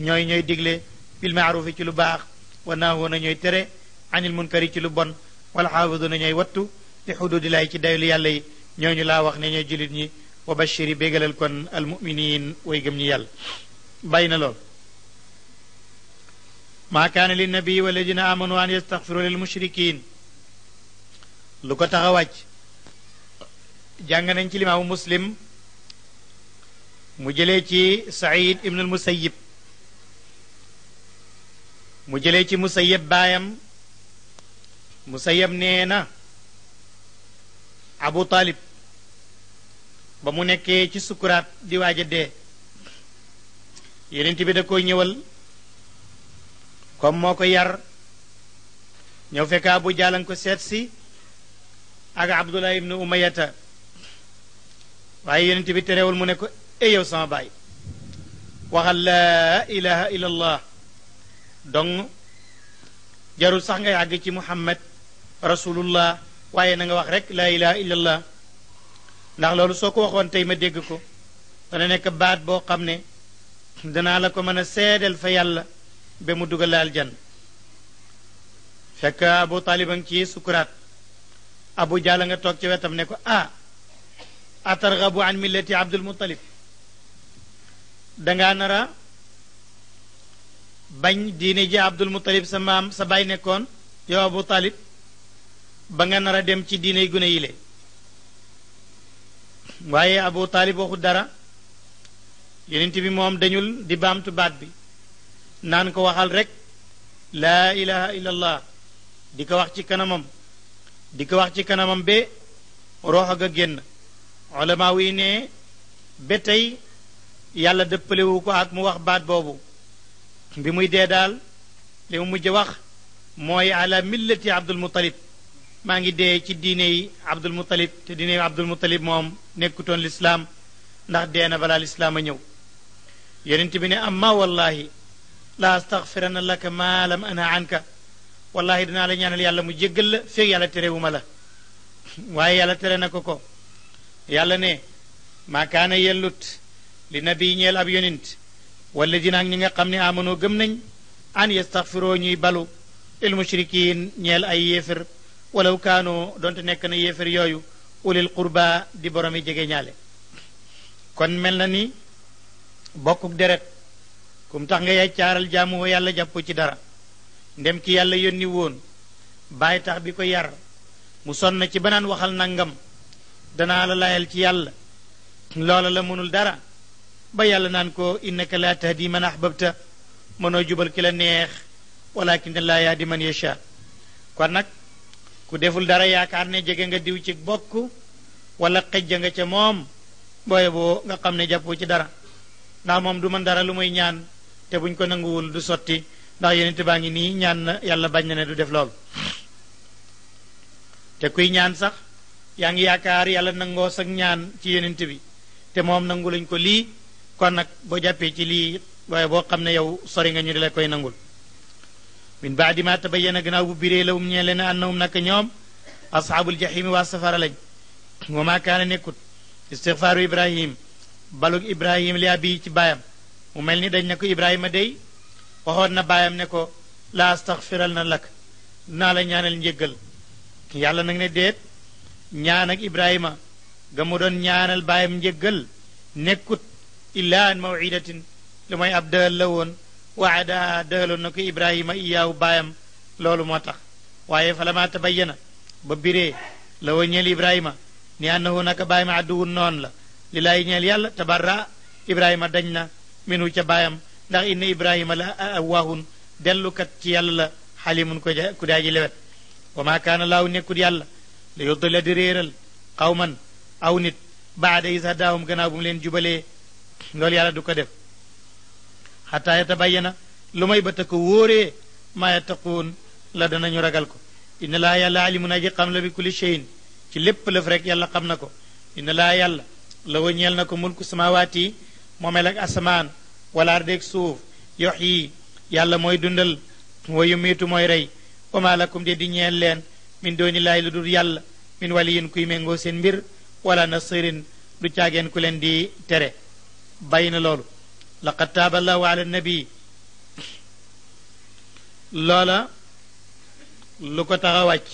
ñoy ñoy digle bil ma'ruf ci lu baax wa naahuuna ñoy tere anil munkari ci lu bon wal xaafiduuna ñoy wattu li xududilaay ci daylu yàlla yi ñu la wax ne ñoy julit ñi wa bashiri bégalal kon al muminin way gëm ñi yàlla bàyyi lol ma kana lin li wal ladina amanu an yastaghfiru lil mushrikin lu ko tax jàng nañ ci limam muslim mu jëlee ci Saïd ibn al Musayyib mu jële ci Musayyib baayam Musayyib nee na Abu taalib ba mu nekkee ci sukkuraat di waaj a dee yenent bi da koy ñëwal comme moo ko yar ñëw fekk bu Jahlan ko seet si ak Abdullah ibn Umayata waaye yenent bi terewul mu ne ko Eyo eh, ya sama Wahala waxal laa ilaha illallah dong jarul ya sax ngay ci muhammad rasulullah waaye na nga wax rek laa ilaha illallah ndax loolu soo ko waxoon tey ma dégg ko dana nekk baat boo xam ne danaa la ko mën fa mu fekk abu taliban ci sukuraat abu nga ci wetam ne ko ah atargabu an millati abdul muttalib dangaa nara bañ diine ja abdul muttalib sa maam sa baay nekkoon yow abu talib ba nga nara dem ci diiney gune yile waaye abu talib waxu dara yonent bi moom dañul di baamtu baat bi naan ko waxal rekk laa ilaha illallah di ko wax ci kanamam di ko wax ci kanamam ba roox ga génn olamaa wuy ne ba tey yàlla dëppalewu ko at mu wax baat boobu bi muy dee daal li mu mujj wax mooy ala millati abdul muttalib maa ngi dee ci diine yi abdul muttalib te diine yi abdul muttalib moom nekkutoon lislaam ndax dee na balaa lislaam a ñëw yonent bi ne amma wallahi la astaxfirana laka ma ana anka wallahi dinaa la ñaanal yàlla mu jéggal la feeg yàlla terewuma la waaye yàlla tere na ko ko yàlla ne maa kaana yellut li bii ñeel ab yonent walladina ak ñi nga xam ne amanoo gëm nañ an yastaxfiroo ñuy balu lil mushrikiin ñeel ay yéefér walaw kaanoo donte nekk na yéefér yooyu ulil qurba di boromi jege ñaale kon mel na ni bokkuk deret kum tax nga yaccaaral jaamu wa yàlla jàpp ci dara ndem ki yàlla yónni woon bàyyi tax bi ko yar mu sonn ci banaan waxal nangam danaa la layal ci yàlla loola la mënul dara ba yàlla naan ko innaka la tahdi man ahbabta mënoo jubal ki la neex walakin la yahdi man yasha kon nag ku deful dara yaakaar ne jege nga diw ci bokk wala xëjja nga ca moom booye boo nga xam ne jàppoo ci dara ndax moom du man dara lu muy ñaan te buñ ko nanguwul du sotti ndax nyan baa ngi nii ñaan na yàlla bañ na ne du def te kuy ñaan sax yaa ngi yaakaar yàlla nangoo ñaan ci bi te moom ko lii kon nag boo jàppee ci lii waaye boo xam ne yow sori nga ñu koy nangul min baadi ma tabayyana gannaaw bu biree la um ñee leen annahum naka ñoom asxaabul jaxiimi waa safara lañ wa maa kaana nekkut istixfaaru ibrahim balug ibrahim li ci baayam mu mel ni dañ ne ko ibrahima day waxoon na baayam ne ko la astaxfiral na lak naa la ñaanal njéggal yàlla nag ne déet ñaan ak ibrahima doon ñaanal baayam njéggal nekkut illa an mawidatin lu may ab dëël la woon waada dëëloon na ibrahima iyaaw bayam loolu moo tax waaye falama tabayyana ba biree la wa ibrahima ni annahu naka baayam adduwun noon la li laay ñeel yàlla tabarra ibrahima dañ na minu ca baayam ndax inna ibrahima la awwaahun dellukat ci yàlla la xalimun ko ku daaji lewet wa maa kaana laaw nekkut yàlla li yudila di réeral aw nit baada is hadaahum gannaaw bu mu loolu yàlla du ko def xataa yatabayyana lu may ba ko ko wóoree ta yattaquun la danañu ragal ko inna laa yàlla alimun aji xam la bi kulli cheyin ci lépp lëf rek yàlla xam na ko inna laa yàlla la wa ñeel na ko mulku samawaat yi moomeel ak asamaan wala ardeeg suuf yox yi yàlla mooy dundal wa mooy rey wa maa lakum de di ñeel leen min dooni laay lu dul yàlla min waliyin kuy méngoo seen mbir wala nasirin du caageen ku leen di tere bàyyi na loolu laqad taaba allahu ala nabii loola lu ko tax wàcc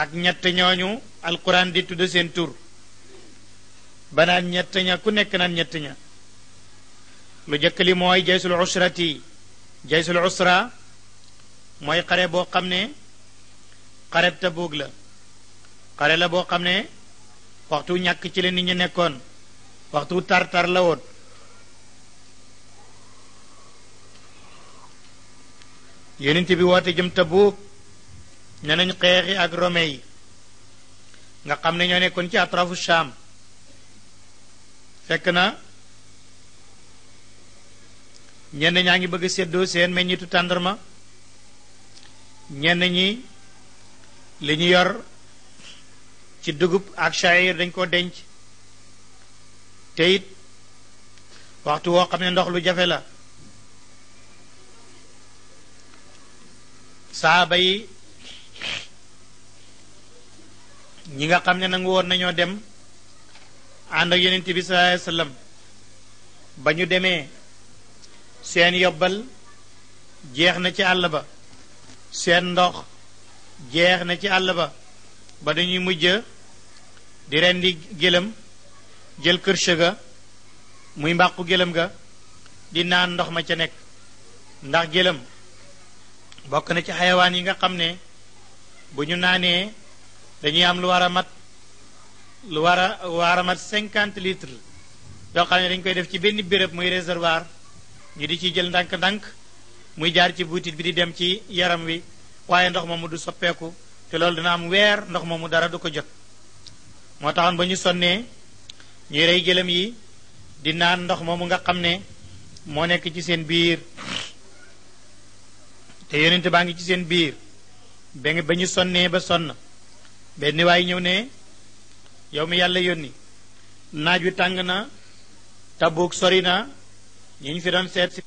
ak ñett ñooñu alquran di tudd seen tur ba ñett ña ku nekk naan ñett ña lu jëkk li mooy jaysul usrati jaysul usra mooy xare boo xam ne xareb Tabuuk la xare la boo xam ne waxtu ñàkk ci la ñu nekkoon waxtu tar-tar la woon bi woote jëm Tabuuk ne nañ xeexi ak rome yi nga xam ne ñoo nekkoon ci atrafu Sham fekk na ñenn ñaa ngi bëgg séddoo seen meññitu tàndarma ñenn ñi li ñu yor ci dugub ak shayir dañ koo denc teyit waktu waxtu wo xamne ndox lu jafé la sahaba yi ñi nga xamne woon nañu dem and ak yenen tibi sallallahu alayhi wasallam bañu démé seen yobbal jeex na ci Allah ba seen ndox jeex na ci Allah ba ba dañuy mujj di rendi jël kërsha ga muy mbàqu ga di naan ndox ma ca nekk ndax gëlëm bokk na ci xayawaan yi nga xam ne bu ñu naanee dañuy am lu war a mat lu war a war a mat cinquante litres yoo xam ne dañ koy def ci benn béréb muy réservoir ñu di ci jël ndànk-ndànk muy jaar ci buutit bi di dem ci yaram wi waaye ndox moomu du soppeeku te loolu dina am weer ndox moomu dara du ko jot moo taxoon ba ñu sonnee ñuy rey gëlëm yi di naan ndox moomu nga xam ne moo nekk ci seen biir te yonent baa ngi ci seen biir ba ba sonnee ba sonn benn waay ñëw ne yow mi yàlla yónni naaj wi tàng na tabuuk sori na ñi ñu fi doon seet si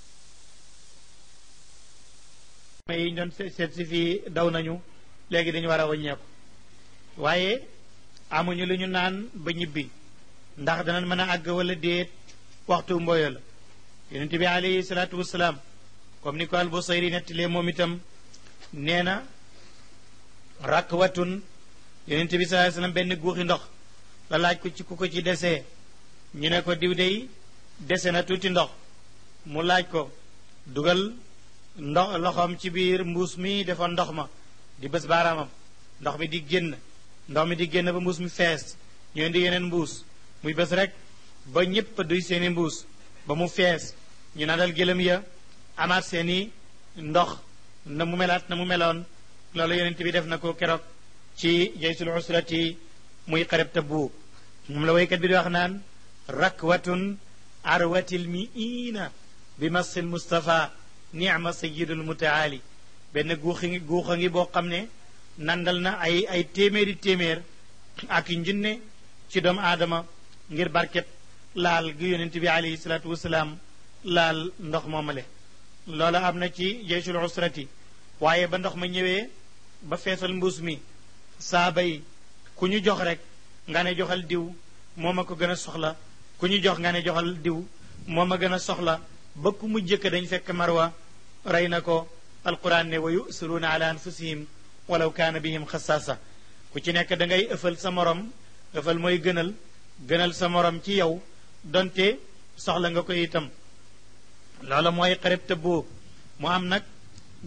yi doon seet si fii daw nañu léegi dañu war a waññeeku waaye amuñu lu ñu naan ba ñibbi ndax danañ mën a àgg wala déet waxtu mbooyo la yonente bi alayhi salaatu wasalaam comme ni ko albusayri nettalee moom itam nee na rakwatun yonente bi sallallahu alayhi benn guuxi ndox la laaj ko ci ku ko ci desee ñu ne ko diw dey dese na tuuti ndox mu laaj ko dugal ndox loxoom ci biir mbuus mi defoon ndox ma di bés baaraamam ndox mi di génn ndox mi di génn ba mbuus mi fees ñu di yeneen mbuus muy bés rekk ba ñépp duy seeni mbuus ba mu fees ñu naadal gëlëm ya amaat seeni ndox na mu melaat na mu meloon loolu yonent bi def na ko keroog ci jaysul usrati muy xareb Tabuk moom la waykat bi di wax naan rakwatun arwatil miina bi massil mustafa niama sayidul mutaali benn guuxi guuxa ngi boo xam ne nandal na ay ay téeméeri téeméer ak njinne ci doomu aadama ngir barket laal gu yonent bi alayhi salatu wassalam laal ndox momale loola amna ci jeysul usrati waye ba ndox ma ñewé ba fessel mbuus mi sa bay ku ñu jox rek nga ne joxal diw moma ko gëna soxla ku ñu jox nga ne joxal diw moma gëna soxla ba ku mu jëk dañ fekk marwa raynako alquran ne wayu suruna ala anfusihim walaw kaana bihim xasaasa ku ci nekk da ngay ëfal sa morom ëfal mooy gënal gënal sa morom ci yow donte soxla nga ko itam loola mooy xareb Tabuk mu am nag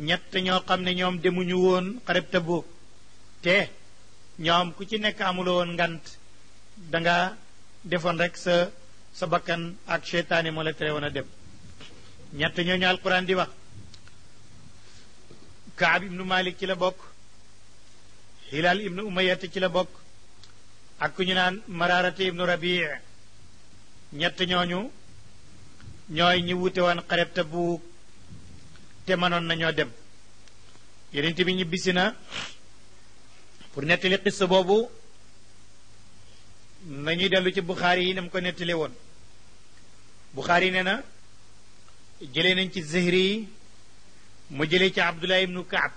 ñett ñoo xam ne ñoom demuñu woon xareb Tabuk te ñoom ku ci nekk amula woon ngant danga defoon rek sa sa bakkan ak seytaane moo la tere woon a dem ñett ñooñu alquran di wax Kaab ibnu Malik ci la bokk Hilal ibnu Umayat ci la bokk ak ku ñu naan maraarati ibnu rabii ñett ñooñu ñooy ñi wute woon xareb Tabuuk te mënoon nañoo dem yenent bi ñibbisi na pour nettali xissa boobu ñuy dellu ci Buxaari yi nam ko nettali woon Buxaari ne na jëlee nañ ci Zahri yi mu jëlee ci Abdullahi ibnu Kaab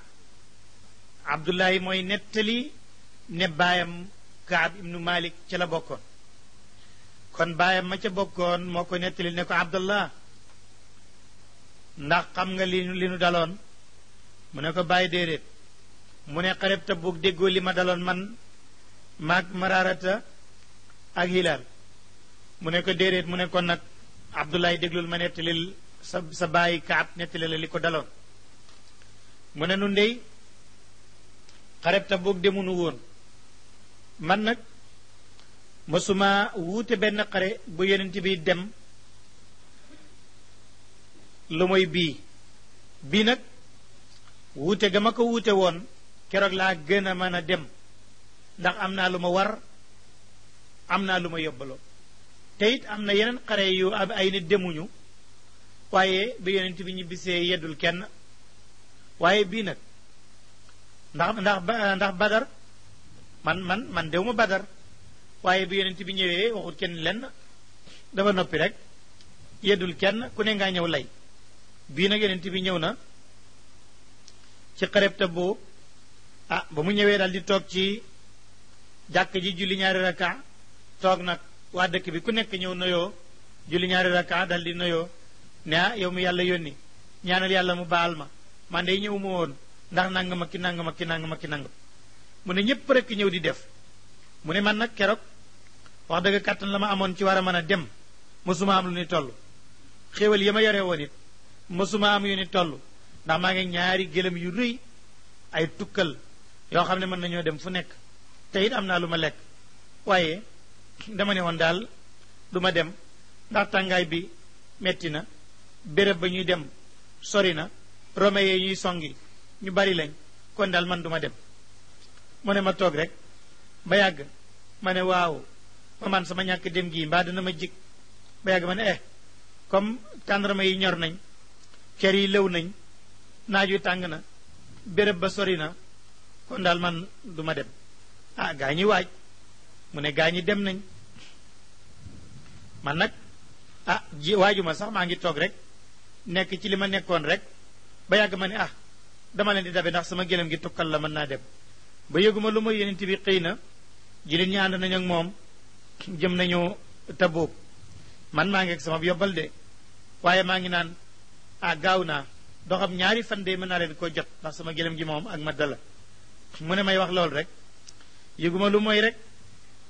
Abdullahi mooy nettali ne baayam kaab ibnu malik ca la bokkoon kon baayam ma ca bokkoon moo ko nettali ne ko abdallah ndax xam nga li li nu daloon mu ne ko bàyyi déedéet mu ne xareb boog déggoo li ma daloon man maag maraarata ak hilaal mu ne ko déedéet mu ne ko nag abdullahi déglul ma nettalil sa sa bàyyi kaab nettali la li ko daloon mu ne nu ndey xareb Tabuk demunu woon man nag mësuma wuute benn xare bu yonent bi dem lu mooy bii bii nag wuute ga ma ko wuute woon keroog laa gën a mën a dem ndax am naa lu ma war am naa lu ma yobbaloo te am na yeneen xare yu ay nit demuñu waaye bi yonent bi ñibbisee yeddul kenn waaye bii nag ndax ndax ndax Badar man man man dew ma badar waaye bi yonent bi ñëwee waxut kenn lenn dafa noppi rek yeddul kenn ku ne ngaa ñëw lay bii nag yonent bi ñëw na ci xareb Tabuk ah ba mu ñëwee dal di toog ci jàkk ji julli ñaari raka toog nag waa dëkk bi ku nekk ñëw noyoo julli ñaari raka daal di noyoo ne ah yow mu yàlla yónni ñaanal yàlla mu baal ma man de ñëw ma woon ndax nangam ak ki nangam ak ki nangam ak ki nangam mu ne ñëpp rek ñëw di def mu ne man nag keroog wax dëgg kàttan la ma amoon ci war mën a dem mosuma am lu ne toll xéwal yi ma yore woon it mosuma am yu ni toll ndax maa ngi ñaari gëlëm yu ruy ay tukkal yoo xam ne mën nañoo dem fu nekk te it am naa lu ma lekk waaye dama ne woon daal duma dem ndax tàngaay bi metti na béréb ba ñuy dem sori na rome yee ñuy songi ñu bari lañ kon daal man duma dem mu ne ma toog rek ba yàgg ma ne waaw ma man sama ñàkk dem gii mbaa dana ma jig ba yàgg ma ne eh comme tàndarma yi ñor nañ ker yi lëw nañ naaj wi tàng na béréb ba sori na kon daal man du ma dem ah gaa ñi waaj mu ne gaa ñi dem nañ man nag ah ji waajuma sax maa ngi toog rek nekk ci li ma nekkoon rek ba yàgg ma ne ah dama leen di dabe ndax sama gëlëm gi tukkal la mën naa dem ba yëguma lu ma yonent bi xëy na jullit ñi ànd nañu ak moom jëm nañu Tabuk man maa ngi ak sama yobbal de waaye maa ngi naan ah gaaw naa doxam ñaari fan de mën naa leen koo jot ndax sama gëlëm gi moom ak ma mu ne may wax loolu rek yëguma lu moy rek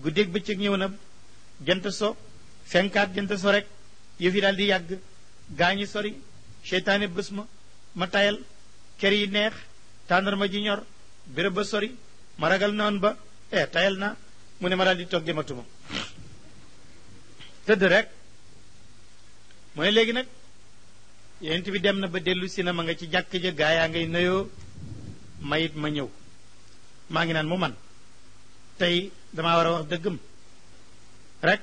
guddeeg bëccëg ñëw na jant so fenkaat jant so rek yëf yi daal di yàgg gaañi sori seytaane bés ma ma tayal kër yi neex tàndarma ji ñor bërëb ba sori ma ragal noonu ba eh tayal na mu ne ma daal di toog dematuma tëdd rek mooy léegi nag yonent bi dem na ba dellusi si na ma nga ci jàkk ja yaa ngay nuyoo mayit ma ñëw maa ngi naan mu man tey dama war a wax dëggam rek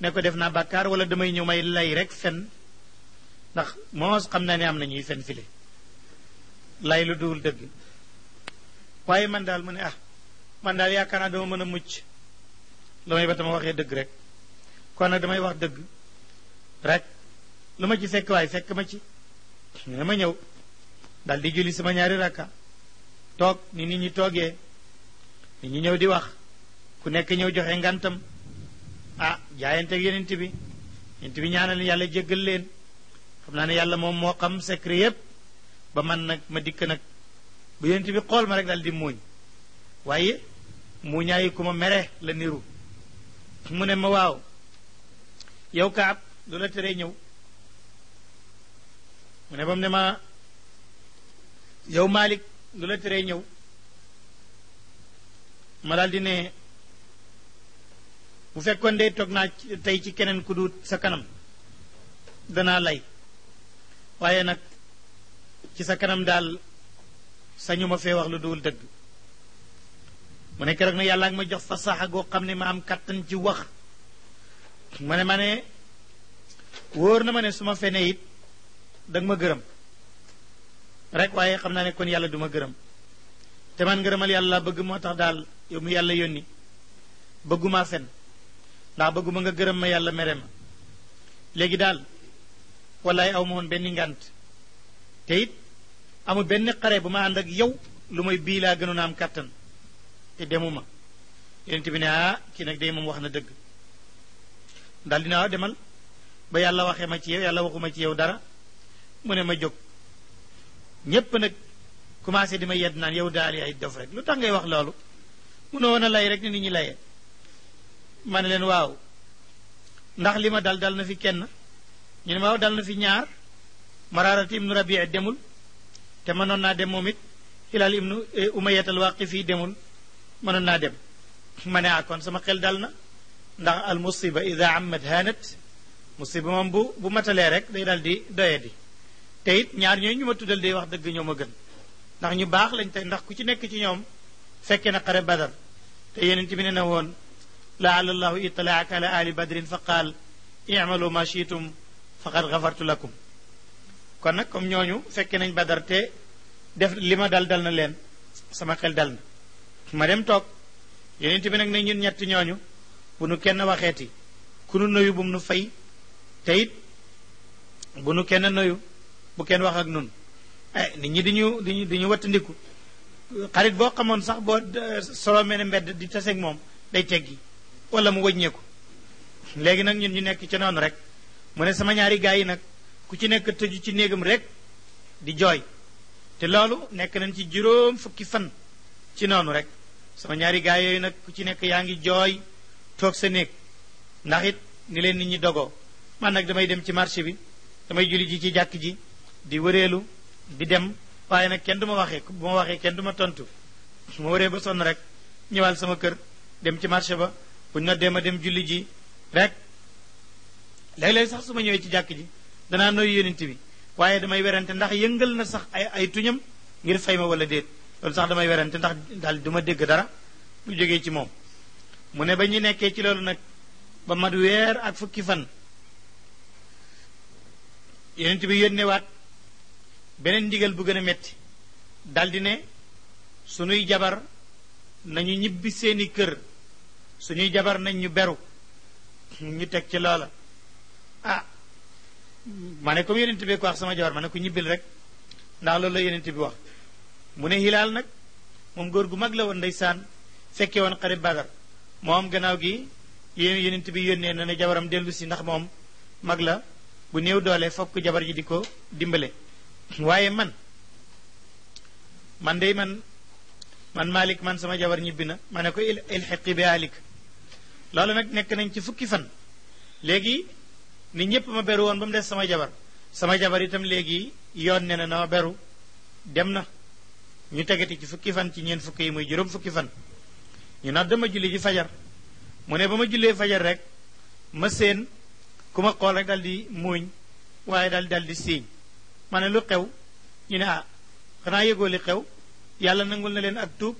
ne ko def naa bàkkaar wala damay ñëw may lay rek fen ndax moos xam naa ni am na ñuy fen file lay lu duwul dëgg waaye man daal mu ne ah man daal yaakaar naa dama mën a mucc lu may ba tama waxee dëgg rek kon nag damay wax dëgg rek lu ma ci sekk waaye sekk ma ci dama ñëw daal di julli sama ñaari rakka toog nit ñi toogee nit ñi ñëw di wax ku nekk ñëw joxe ngantam ah jaayante ak yenent bi yenent bi ñaanal yàlla jéggal leen xam naa ne yàlla moom moo xam secret yépp ba man nag ma dikk nag bu yonent bi xool ma rek daal di muuñ waaye muuñaayi ku ma mere la niru mu ne ma waaw yow kaab lu la teree ñëw mu ne ma yow Malik lu la ñëw ma ne bu fekkoon de toog naa tey ci keneen ku duut sa kanam danaa lay waaye nag ci sa kanam daal sañuma ma wax lu dul deug mu nek rek na yalla ak ma jox fasaha go xamne ne ma am katan ci wax mané mané woor na ma suma fe ma dag ma gëreem rek waye xamna ne kon yalla du ma te man gëreemal yalla bëgg mo tax dal yow mu yalla yoni bëgguma fen ndax bëgguma nga gëreem ma yalla mere ma dal wallahi aw ma woon ben ngànt amul benn xare bu ma ànd ak yow lu may bii laa gënoon a am kàttan te demuma yonent bi ne ah kii nag day moom wax na dëgg daal dinaa ah, demal ba yàlla waxee ma ci yow yàlla waxuma ci yow dara mu ne ma jóg ñépp nag commencé di ma yedd naan yow daal ay dof rek lu tax ngay wax loolu munoo woon a lay rek ni nit ñi layee ma ne leen waaw ndax li ma dal dal na fi kenn ñu ne ma waaw dal na fi ñaar ma maraarati ibnu rabii demul te mënoon naa dem moom it Hilaal ibnu Umayyat al-Waqifi demul mënoon naa dem ma ne ah kon sama xel dal na ndax al musiba ida ammat hanat musiba moom bu bu matalee rek day daal di doye di te it ñaar ñooy ñu ma tuddal day wax dëgg ñoom a gën ndax ñu baax lañ tey ndax ku ci nekk ci ñoom fekke na xare badar te yenent bi ne na woon laala llahu italaaka ala ali badrin fa qaal imalu ma shiitum faqad gafartu lakum kon nak comme ñooñu fekke nañ badar te def lima dal dal na leen sama xel dal na ma dem tok yeenent bi nak na ñun ñett ñooñu bu nu kenn waxeti ku nu nuyu bu mu nu fay te bu nu kenn nuyu bu kenn wax ak nun eh ni ñi diñu diñu diñu watandiku xarit bo xamoon sax bo solo mel mbedd di tassek mom, day teggi wala mu wëññeeku legi nak ñun ñu nekk ci non rek mune sama ñaari gaay nak. ku ci nekk tëju ci néegam rek di jooy te loolu nekk nañ ci juróom fukki fan ci noonu rek sama ñaari gaa yooyu nag ku ci nekk yaa ngi jooy toog sa néeg ndax it ni leen nit ñi dogoo man nag damay dem ci marché bi damay julli ji ci jàkk ji di wëreelu di dem waaye nag kenn duma ma waxee bu ma waxee kenn du ma tontu su ma wëree ba sonn rek ñëwal sama kër dem ci marché ba buñ noddee ma dem julli ji rek léeg-léeg sax su ma ñëwee ci jàkk ji danaa nooy yonent bi waaye damay werante ndax yëngal na sax ay ay tuñam ngir fay ma wala déet loolu sax damay werante ndax daal duma dégg dara lu jógee ci moom mu ne ba ñu nekkee ci loolu nag ba mat weer ak fukki fan yonent bi yónnewaat beneen ndigal bu gën a metti daldi ne suñuy jabar nañu ñibbi seeni kër suñuy jabar nañ ñu beru ñu teg ci loola ah ma ne comme yonent bi ko wax sama jabar mane ne ko ñibbil rek ndax loolu la yonent bi wax mu ne hilaal nag moom góor gu mag la woon ndeysaan fekkee woon xare Badar moom gannaaw gi yéen yonent bi yónnee na ne jabaram dellu si ndax moom mag la bu néew doole fokk jabar ji di ko dimbale waaye man man day man man Malick man sama jabar ñibbi na ma ne ko ilxiqi bi alik loolu nag nekk nañ ci fukki fan léegi ni ñepp ma beru won bam dess des sama jabar sama jabar itam léegi yoon neena na beru demna, na ñu tegati ci fukki fan ci ñeen fukki muy juroom fukki fan ñu na dama julli ci fajar mu ne bama julle fajar rek ma seen kuma xol rek dal di waye dal daldi di mané lu xew ñu ne ah xanaa yëgoo li xew yalla nangul na len ak tuub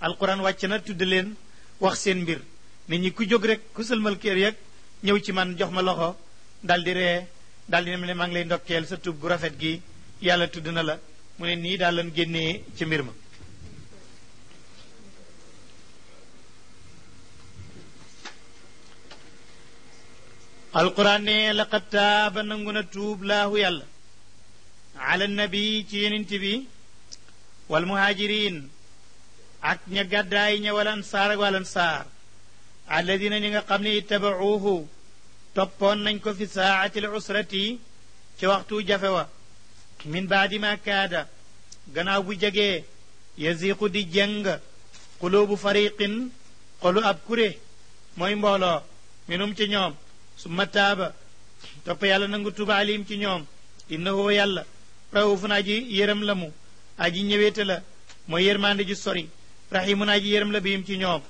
alquran wacc na tudd len wax seen mbir nit ñi ku jog rek ku selmal keer yak ñew ci man jox ma loxo daldi di ree dal di ne maa ngi lay ndokkeel sa tub gu rafet gi yàlla tudd na la mu ne nii daal lan génnee ci mbir ma alquran ne laqad taaba nangu na tuub laahu yàlla ala nabi ci yenint bi wal muhaajiriin ak ña gàddaay ña wal ansaar ak wal ansaar alladina ñi nga xam ne ittabauuhu toppoon nañ ko fi saatil usrati ci waxtu jafe wa min baadi kaada gannaaw bu jege yasiqu di jëng xuluubu fariqin xolu ab kuré mooy mbooloo minum ci ñoom su mataaba topp yàlla nangu tuba alim ci ñoom innahu yàlla raufun aji yërëm la mu aji ñëweete la mooy yërmande ji sori rahimun aji yërëm la biim ci ñoom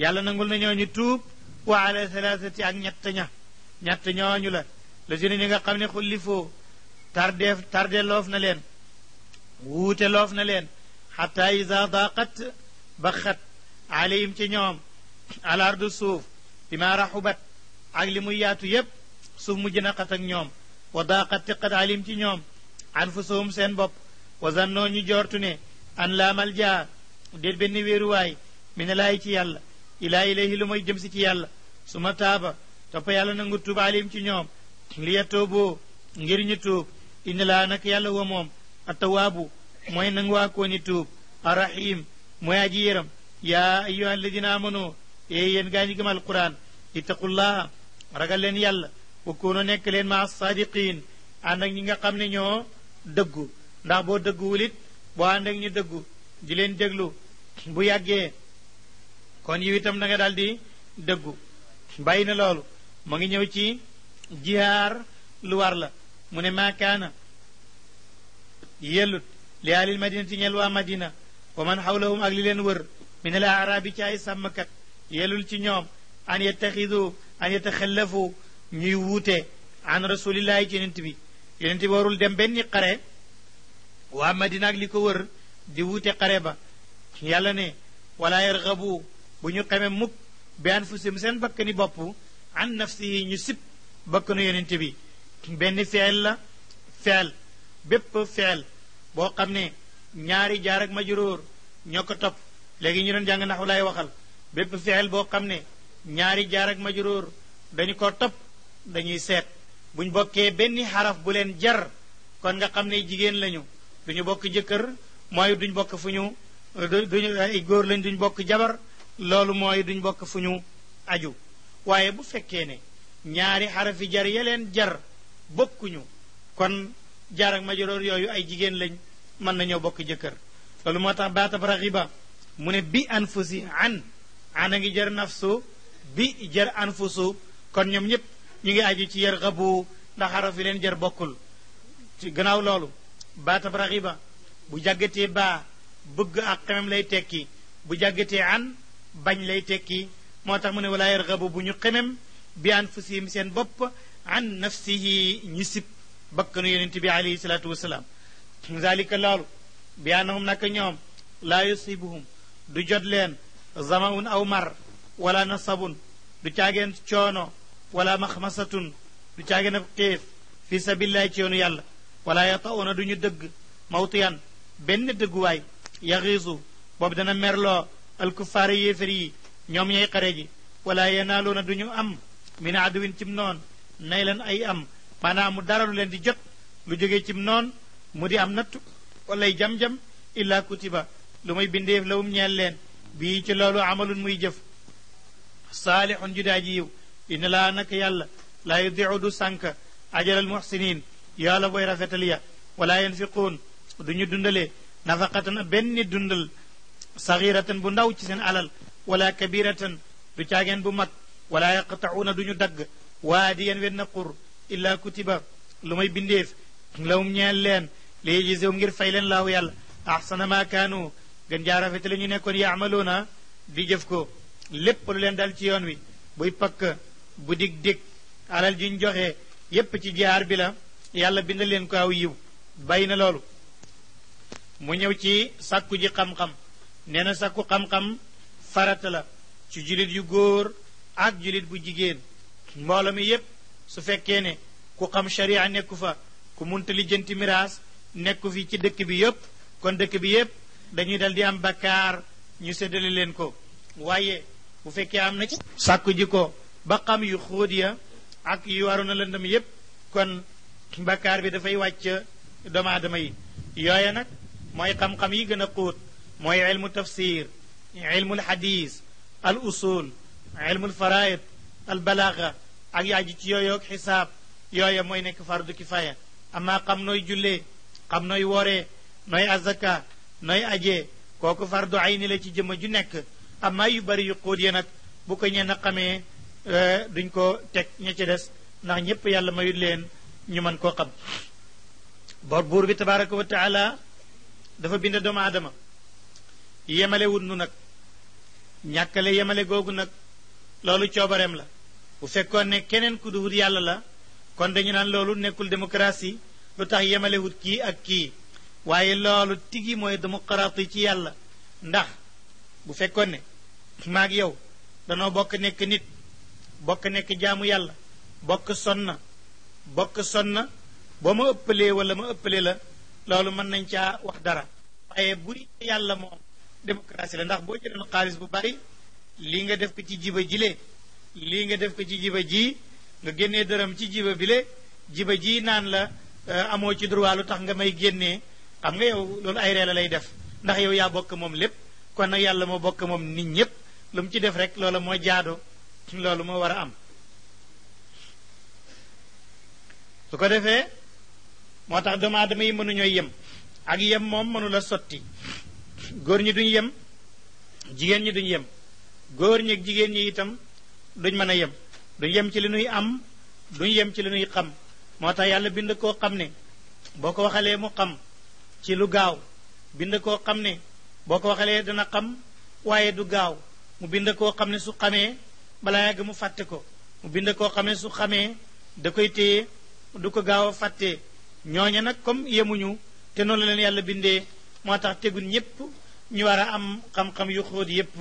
yàlla nangul na ñoo ñu tuub wa ala ak ñett ña ñett ñooñu la la si ñi nga xam ne xullifoo tardeef tarde loof na leen wuute loof na leen xata ida daqat ba xat ci ñoom alardu suuf bima raxubat ak li muy yaatu yépp suuf mujj na xat ñoom wa daqat tiqat aleyhim ci ñoom an anfusuhum seen bopp wa zannoo ñu joortu ne an laa malja déet benn wéeruwaay min laay ci yàlla ilaa ilayhi lu mooy jëm si ci yàlla suma taaba topp yàlla nangu tubaalim ci ñoom li ya ngir ñu tuub indi laa nag yàlla wa moom attawaabu mooy nanguwaa koo ni tuub arrahim mooy aji yéram yaa ayyuha alladina amano yéey yéen gaa ñi gëm alquran ittaqullaha ragal leen yàlla wa koonoo nekk leen maa saadiqin ànd ak ñi nga xam ne ñoo dëggu ndax boo dëgguwul it boo ànd ak ñu dëggu di leen déglu bu yàggee kon yow itam na nga daal di dëggu bàyyi na loolu mu ngi ñëw ci jihaar lu war la mu ne maakaana yellut li ahlil madinati ñeel waa madina wa man xawlahum ak li leen wër min al aarabi ci ay sàmmkat yellul ci ñoom an yettaxidu an yettaxallafu ñuy wuute an rasulillahi ci yonent bi yonent bi warul dem benn xare waa madina ak li ko wër di wuute xare ba yàlla ne wala yargabu bu ñu xeme mukk bi anfusihim seen bakkani an nafsihi ñu sib bakkanu yonent bi benn feel la feel bépp feel boo xam ne ñaari jaar ak majruur ñoo ko topp léegi ñu doon jàng naxu laay waxal bépp feel boo xam ne ñaari jaar ak majruur dañu ko topp dañuy seet buñ bokkee benn xaraf bu leen jar kon nga xam ne jigéen lañu duñu bokk jëkkër mooy duñ bokk fu ñu duñu góor lañ duñ bokk jabar loolu mooy duñ bokk fu ñu aju waaye bu fekkee ne ñaari xarafi jar ya leen jar bokkuñu kon jaar ak majaroor yooyu ay jigéen lañ mën nañoo bokk jëkkër loolu moo tax baatab raxiba mu ne bi anfusi an an a ngi jar nafsu bi jar anfusu kon ñoom ñëpp ñu ngi aju ci yar xabu ndax xaraf yi leen jar bokkul ci gannaaw loolu baatab raxiba bu jàggatee baa bëgg ak xemem lay tekki bu jàggatee an bañ lay tekki motax tax mu ne wala yarghabu bu ñu xemem bi anfusihim sen bop an nafsihi ñi sib bakkanu yonent bi alayhi salatu wassalam zalika loolu bi anhum nak ñom la yusibuhum du jot len zamaun aw mar wala nasabun du tiagen coono wala makhmasatun du tiagen ab fi sabilillahi ci yoonu yàlla wala yatawna duñu deug mawtiyan ben deug way yaghizu bob dana merlo al yéefar yefri ñoom ñay xare ji wala yanaaluuna du ñu am min aduwin cim noon nay leen ay am maanaam mu dara lu leen di jot lu jógee cim noon mu di am nattu walay jam-jam illaa kutiba lu may bindeef lawum ñeel leen bii ci loolu amalun muy jëf saalihun judaa ji yiw inna laa nak yàlla laa yudiu du sànk ajalal muxsinin yàlla booy rafetal walaa wala yanfiquun du ñu dundalee nafaqatan benn dundal saxiratan bu ndaw ci seen alal wala kabiratan du caageen bu mag wala yaqta'uuna duñu dagg waadiyan wenn qur illa kutiba lu may bindeef lawum ñeel leen li yajzihum ngir fay leen law yàlla ahsana ma kaanu gën jaarafe te la ñu nekkoon yaamaluuna di jëf ko lépp lu leen dal ci yoon wi buy pakk bu dig dig alal juñ joxe yépp ci jaar bi la yàlla bind leen ko aw yiw bàyyi na loolu mu ñëw ci sàkku ji xam-xam nee sàkku xam-xam farata la ci jullit yu góor ak jullit bu jigéen mbooloo mi yépp su fekkee ne ku xam sharia nekku fa ku munta lijjanti miraas nekku fi ci dëkk bi yépp kon dëkk bi yépp dañuy dal di am bakkaar ñu séddale leen ko waaye bu fekkee am na ci sàkku ko ba xam yu xóot ya ak yu waroon a lëndam yépp kon bakkaar bi dafay wàcc doomu aadama yi yooya nag mooy xam-xam yi gën a xóot mooy ilmu tafsir ilmul xadis al usul ilmul faraid al ak yaa ci yooyoog xisaab yooya mooy nekk fardu kifaaya amaa xam nooy jullee xam nooy wooree nooy azaka nooy ajee kooku fardu ayni la ci jëmm ju nekk amaa yu bari yu xóot ya bu ko ñenn xamee euh, duñ ko teg ña ci des ndax ñépp yàlla mayut leen ñu mën koo xam bor buur bi tabaraka wa dafa bind doomu aadama yemalewut nu nag ñàkkale yemale googu nag loolu coobareem la bu fekkoon ne keneen ku duwut yàlla la kon dañu naan loolu nekkul démocratie lu tax yemalewut kii ak kii waaye loolu tigi mooy démocratie ci yàlla ndax bu fekkoon ne maag yow danoo bokk nekk nit bokk nekk jaamu yàlla bokk na bokk na boo ma ëppalee wala ma ëppalee la loolu mën nañ caa wax dara waaye buri yàlla moom démocratie la ndax boo jëloon xaalis bu bari lii nga def ko ci jiba jile lii nga def ko ci jiba ji nga génnee dërëm ci jiba bi le jiba ji naan la euh, amoo ci droit lu tax nga may génnee xam nga yow loolu ay ree la lay def ndax yow yaa bokk moom lépp kon nag yàlla moo bokk moom nit ñépp lu ci def rek loola moo jaado loolu moo war a am su ko defee moo tax doomu dama yi mënuñoo yem ak yem moom mënu la sotti góor ñi duñ yem jigéen ñi duñ yem góor ñi jigéen ñi itam duñ mën a yem duñ yem ci li nuy am duñ yem ci li nuy xam moo tax yàlla bind koo xam ne boo ko waxalee mu xam ci lu gaaw bind koo xam ne boo ko waxalee dana xam waaye du gaaw mu bind koo xam ne su xamee balaa yàgg mu fàtte ko mu bind koo xam ne su xamee da koy téye du ko gaaw a fàttee ñooña nag comme yemuñu te noonu la leen yàlla bindee moo tax tegun ñëpp ñu war a am xam-xam yu xóot yëpp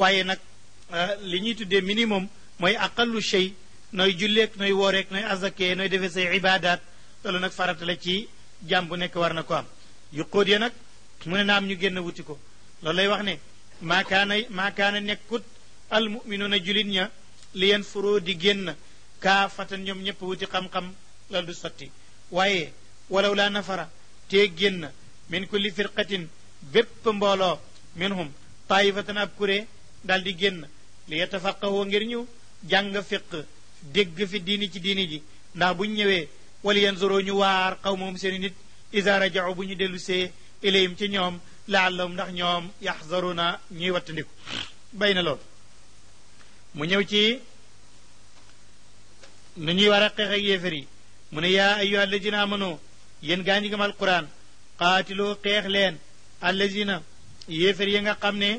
waaye nag euh, li ñuy tuddee minimum mooy aqallu shay nooy julleek nooy wooreek nooy azakee nooy defee say ibaadaat loolu nag farata la ci jàmm bu nekk war na ko am yu xóot ya nag mu ne am ñu génn wuti ko loolu lay wax ne maakaana maakaana nekkut almuminuuna julit ña li yeen di génn kaa fatan ñoom ñëpp wuti xam-xam loolu du sotti waaye walaw laa nafara tee génn min kulli firqatin bépp mbooloo minhum taayifatan ab kuré daal di génn li xaw ngir ñu jàng fiq dégg fi diini ci diini ji ndax buñ ñëwee wala yanzuroo ñu waar xaw moom seeni nit isa rajau bu ñu dellusee see ci ñoom laallahum ndax ñoom yaxzaruna ñuy wattandiku bay na loolu mu ñëw ci nu ñuy war a xeex ak yi mu ne yaa ayyuha alladina amanu yéen gaa ñi gëm alquran qaatiloo xeex leen allazina yéefér yi nga xam ne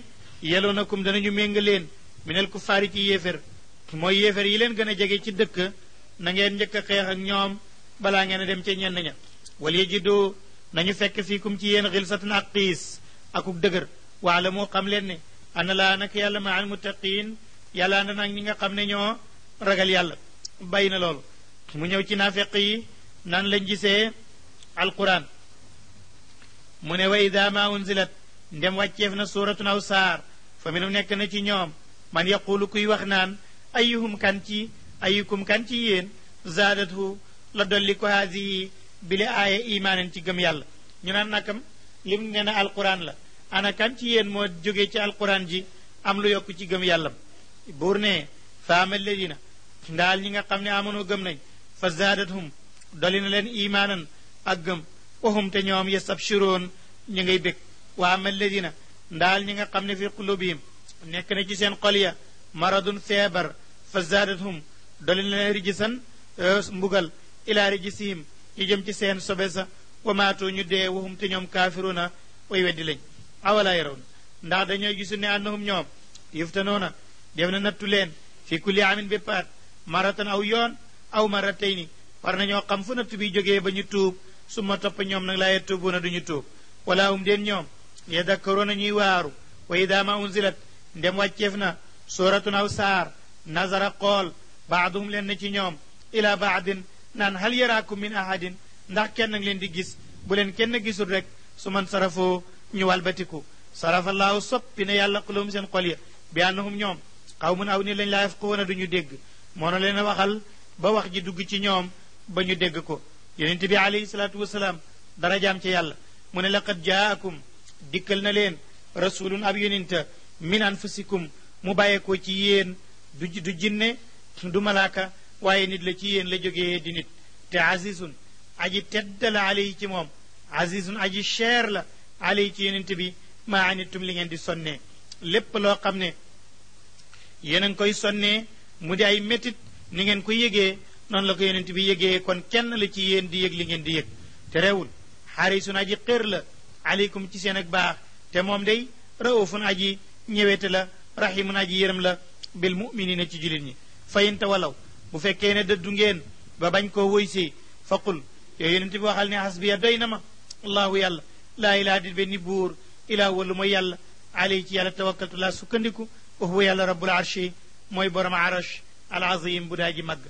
yelonakum danañu ménga leen minel kuffaari ci yéefér mooy yéefér yi leen gën a jege ci dëkk na ngeen njëkk a xeex ak ñoom balaa ngeen a dem ca ñenn ña wala yajidoo nañu fekk fiikum ci yéen xilsatan ak xiis akuk dëgër waala moo xam leen ne ana laa nag yàlla ma al muttaqiin yàlla ànd nag ñi nga xam ne ñoo ragal yàlla bàyyi na loolu mu ñëw ci naafeq yi nan lañ gisee alquran mu ne wa ida ma unzilat ndem wàcceef na suuratun aw saar fa minum nekk na ci ñoom man yaquulu kuy wax naan ayuhum kan ci ayukum kan ci yéen zaadatu la dolli ko haadihi bile aaya imaanan ci gëm yàlla ñu naan nakam lim ne na alquran la ana kan ci yéen moo jógee ci alquran ji am lu yokk ci gëm yàllam buur ne faama ledina ndaal ñi nga xam ne amono gëm nañ fa zaadathum doli na leen imaanan ak gëm وهم تنيوم يستبشرون نيغي بك واما الذين دال نيغا خامني في قلوبهم نيك نجي سين قليا مرض فيبر فزادتهم دولين لا رجسن مبغل الى رجسهم يجم سي سين سوبسا وما تو ني دي وهم تنيوم كافرون وي ودي لين اولا يرون دا دانيو غيسو ني انهم نيوم يفتنونا ديفنا نتولين في كل عام بيبار مرتن او يون او مرتين بارنا نيو خام فنا توبي جوغي با ني توب su ma topp ñoom nag laa yettubuuna duñu tuub wala um deen ñoom yedakkaroona ñuy waaru wa ida ma unzilat ndem wàcceef na sooratun aw saar nazara xool baaduhum leen na ci ñoom ila baadin naan hal yaraakum min ahadin ndax kenn ngi leen di gis bu leen kenn gisul rekk su man sarafoo ñu walbatiku sarafallaahu soppi na yàlla xulahum seen xol ya bi annahum ñoom xawmun aw ni lañ laa yafqahuuna duñu dégg moo na leen a waxal ba wax ji dugg ci ñoom ba ñu dégg ko yonent bi alayhi salaatu wasalaam darajaam ci yàlla mu ne laqad jaakum dikkal na leen rasulun ab yonenta min anfusikum mu bàyyeekoo ci yéen du du jinne du malaaka waaye nit la ci yéen la jógee di nit te azizun aji tedd la alayhi ci moom azizun aji cher la alayhi ci yonent bi maa anittum li ngeen di sonnee lépp loo xam ne yéen a ngi koy sonnee mu di ay métit ni ngeen ko yégee non la ko yonent bi yegge kon kenn la ci yéen di yëg li ngeen di yëg te rewul xarisun aji qir la alaykum ci seen ak baax te mom day rawfun aji ñëwete la rahimun aji yeram la bil muminina ci julit ñi fayinta walaw bu fekke ne dëddu ngeen ba bañ ko woyse faqul ya yonent bi waxal ni hasbiya daynama allah yàlla la ilaha illa benn bur ila walu mooy yàlla alay ci yàlla tawakkaltu la sukkandiku wa huwa yàlla rabbul arshi moy borom arash al azim budaji magga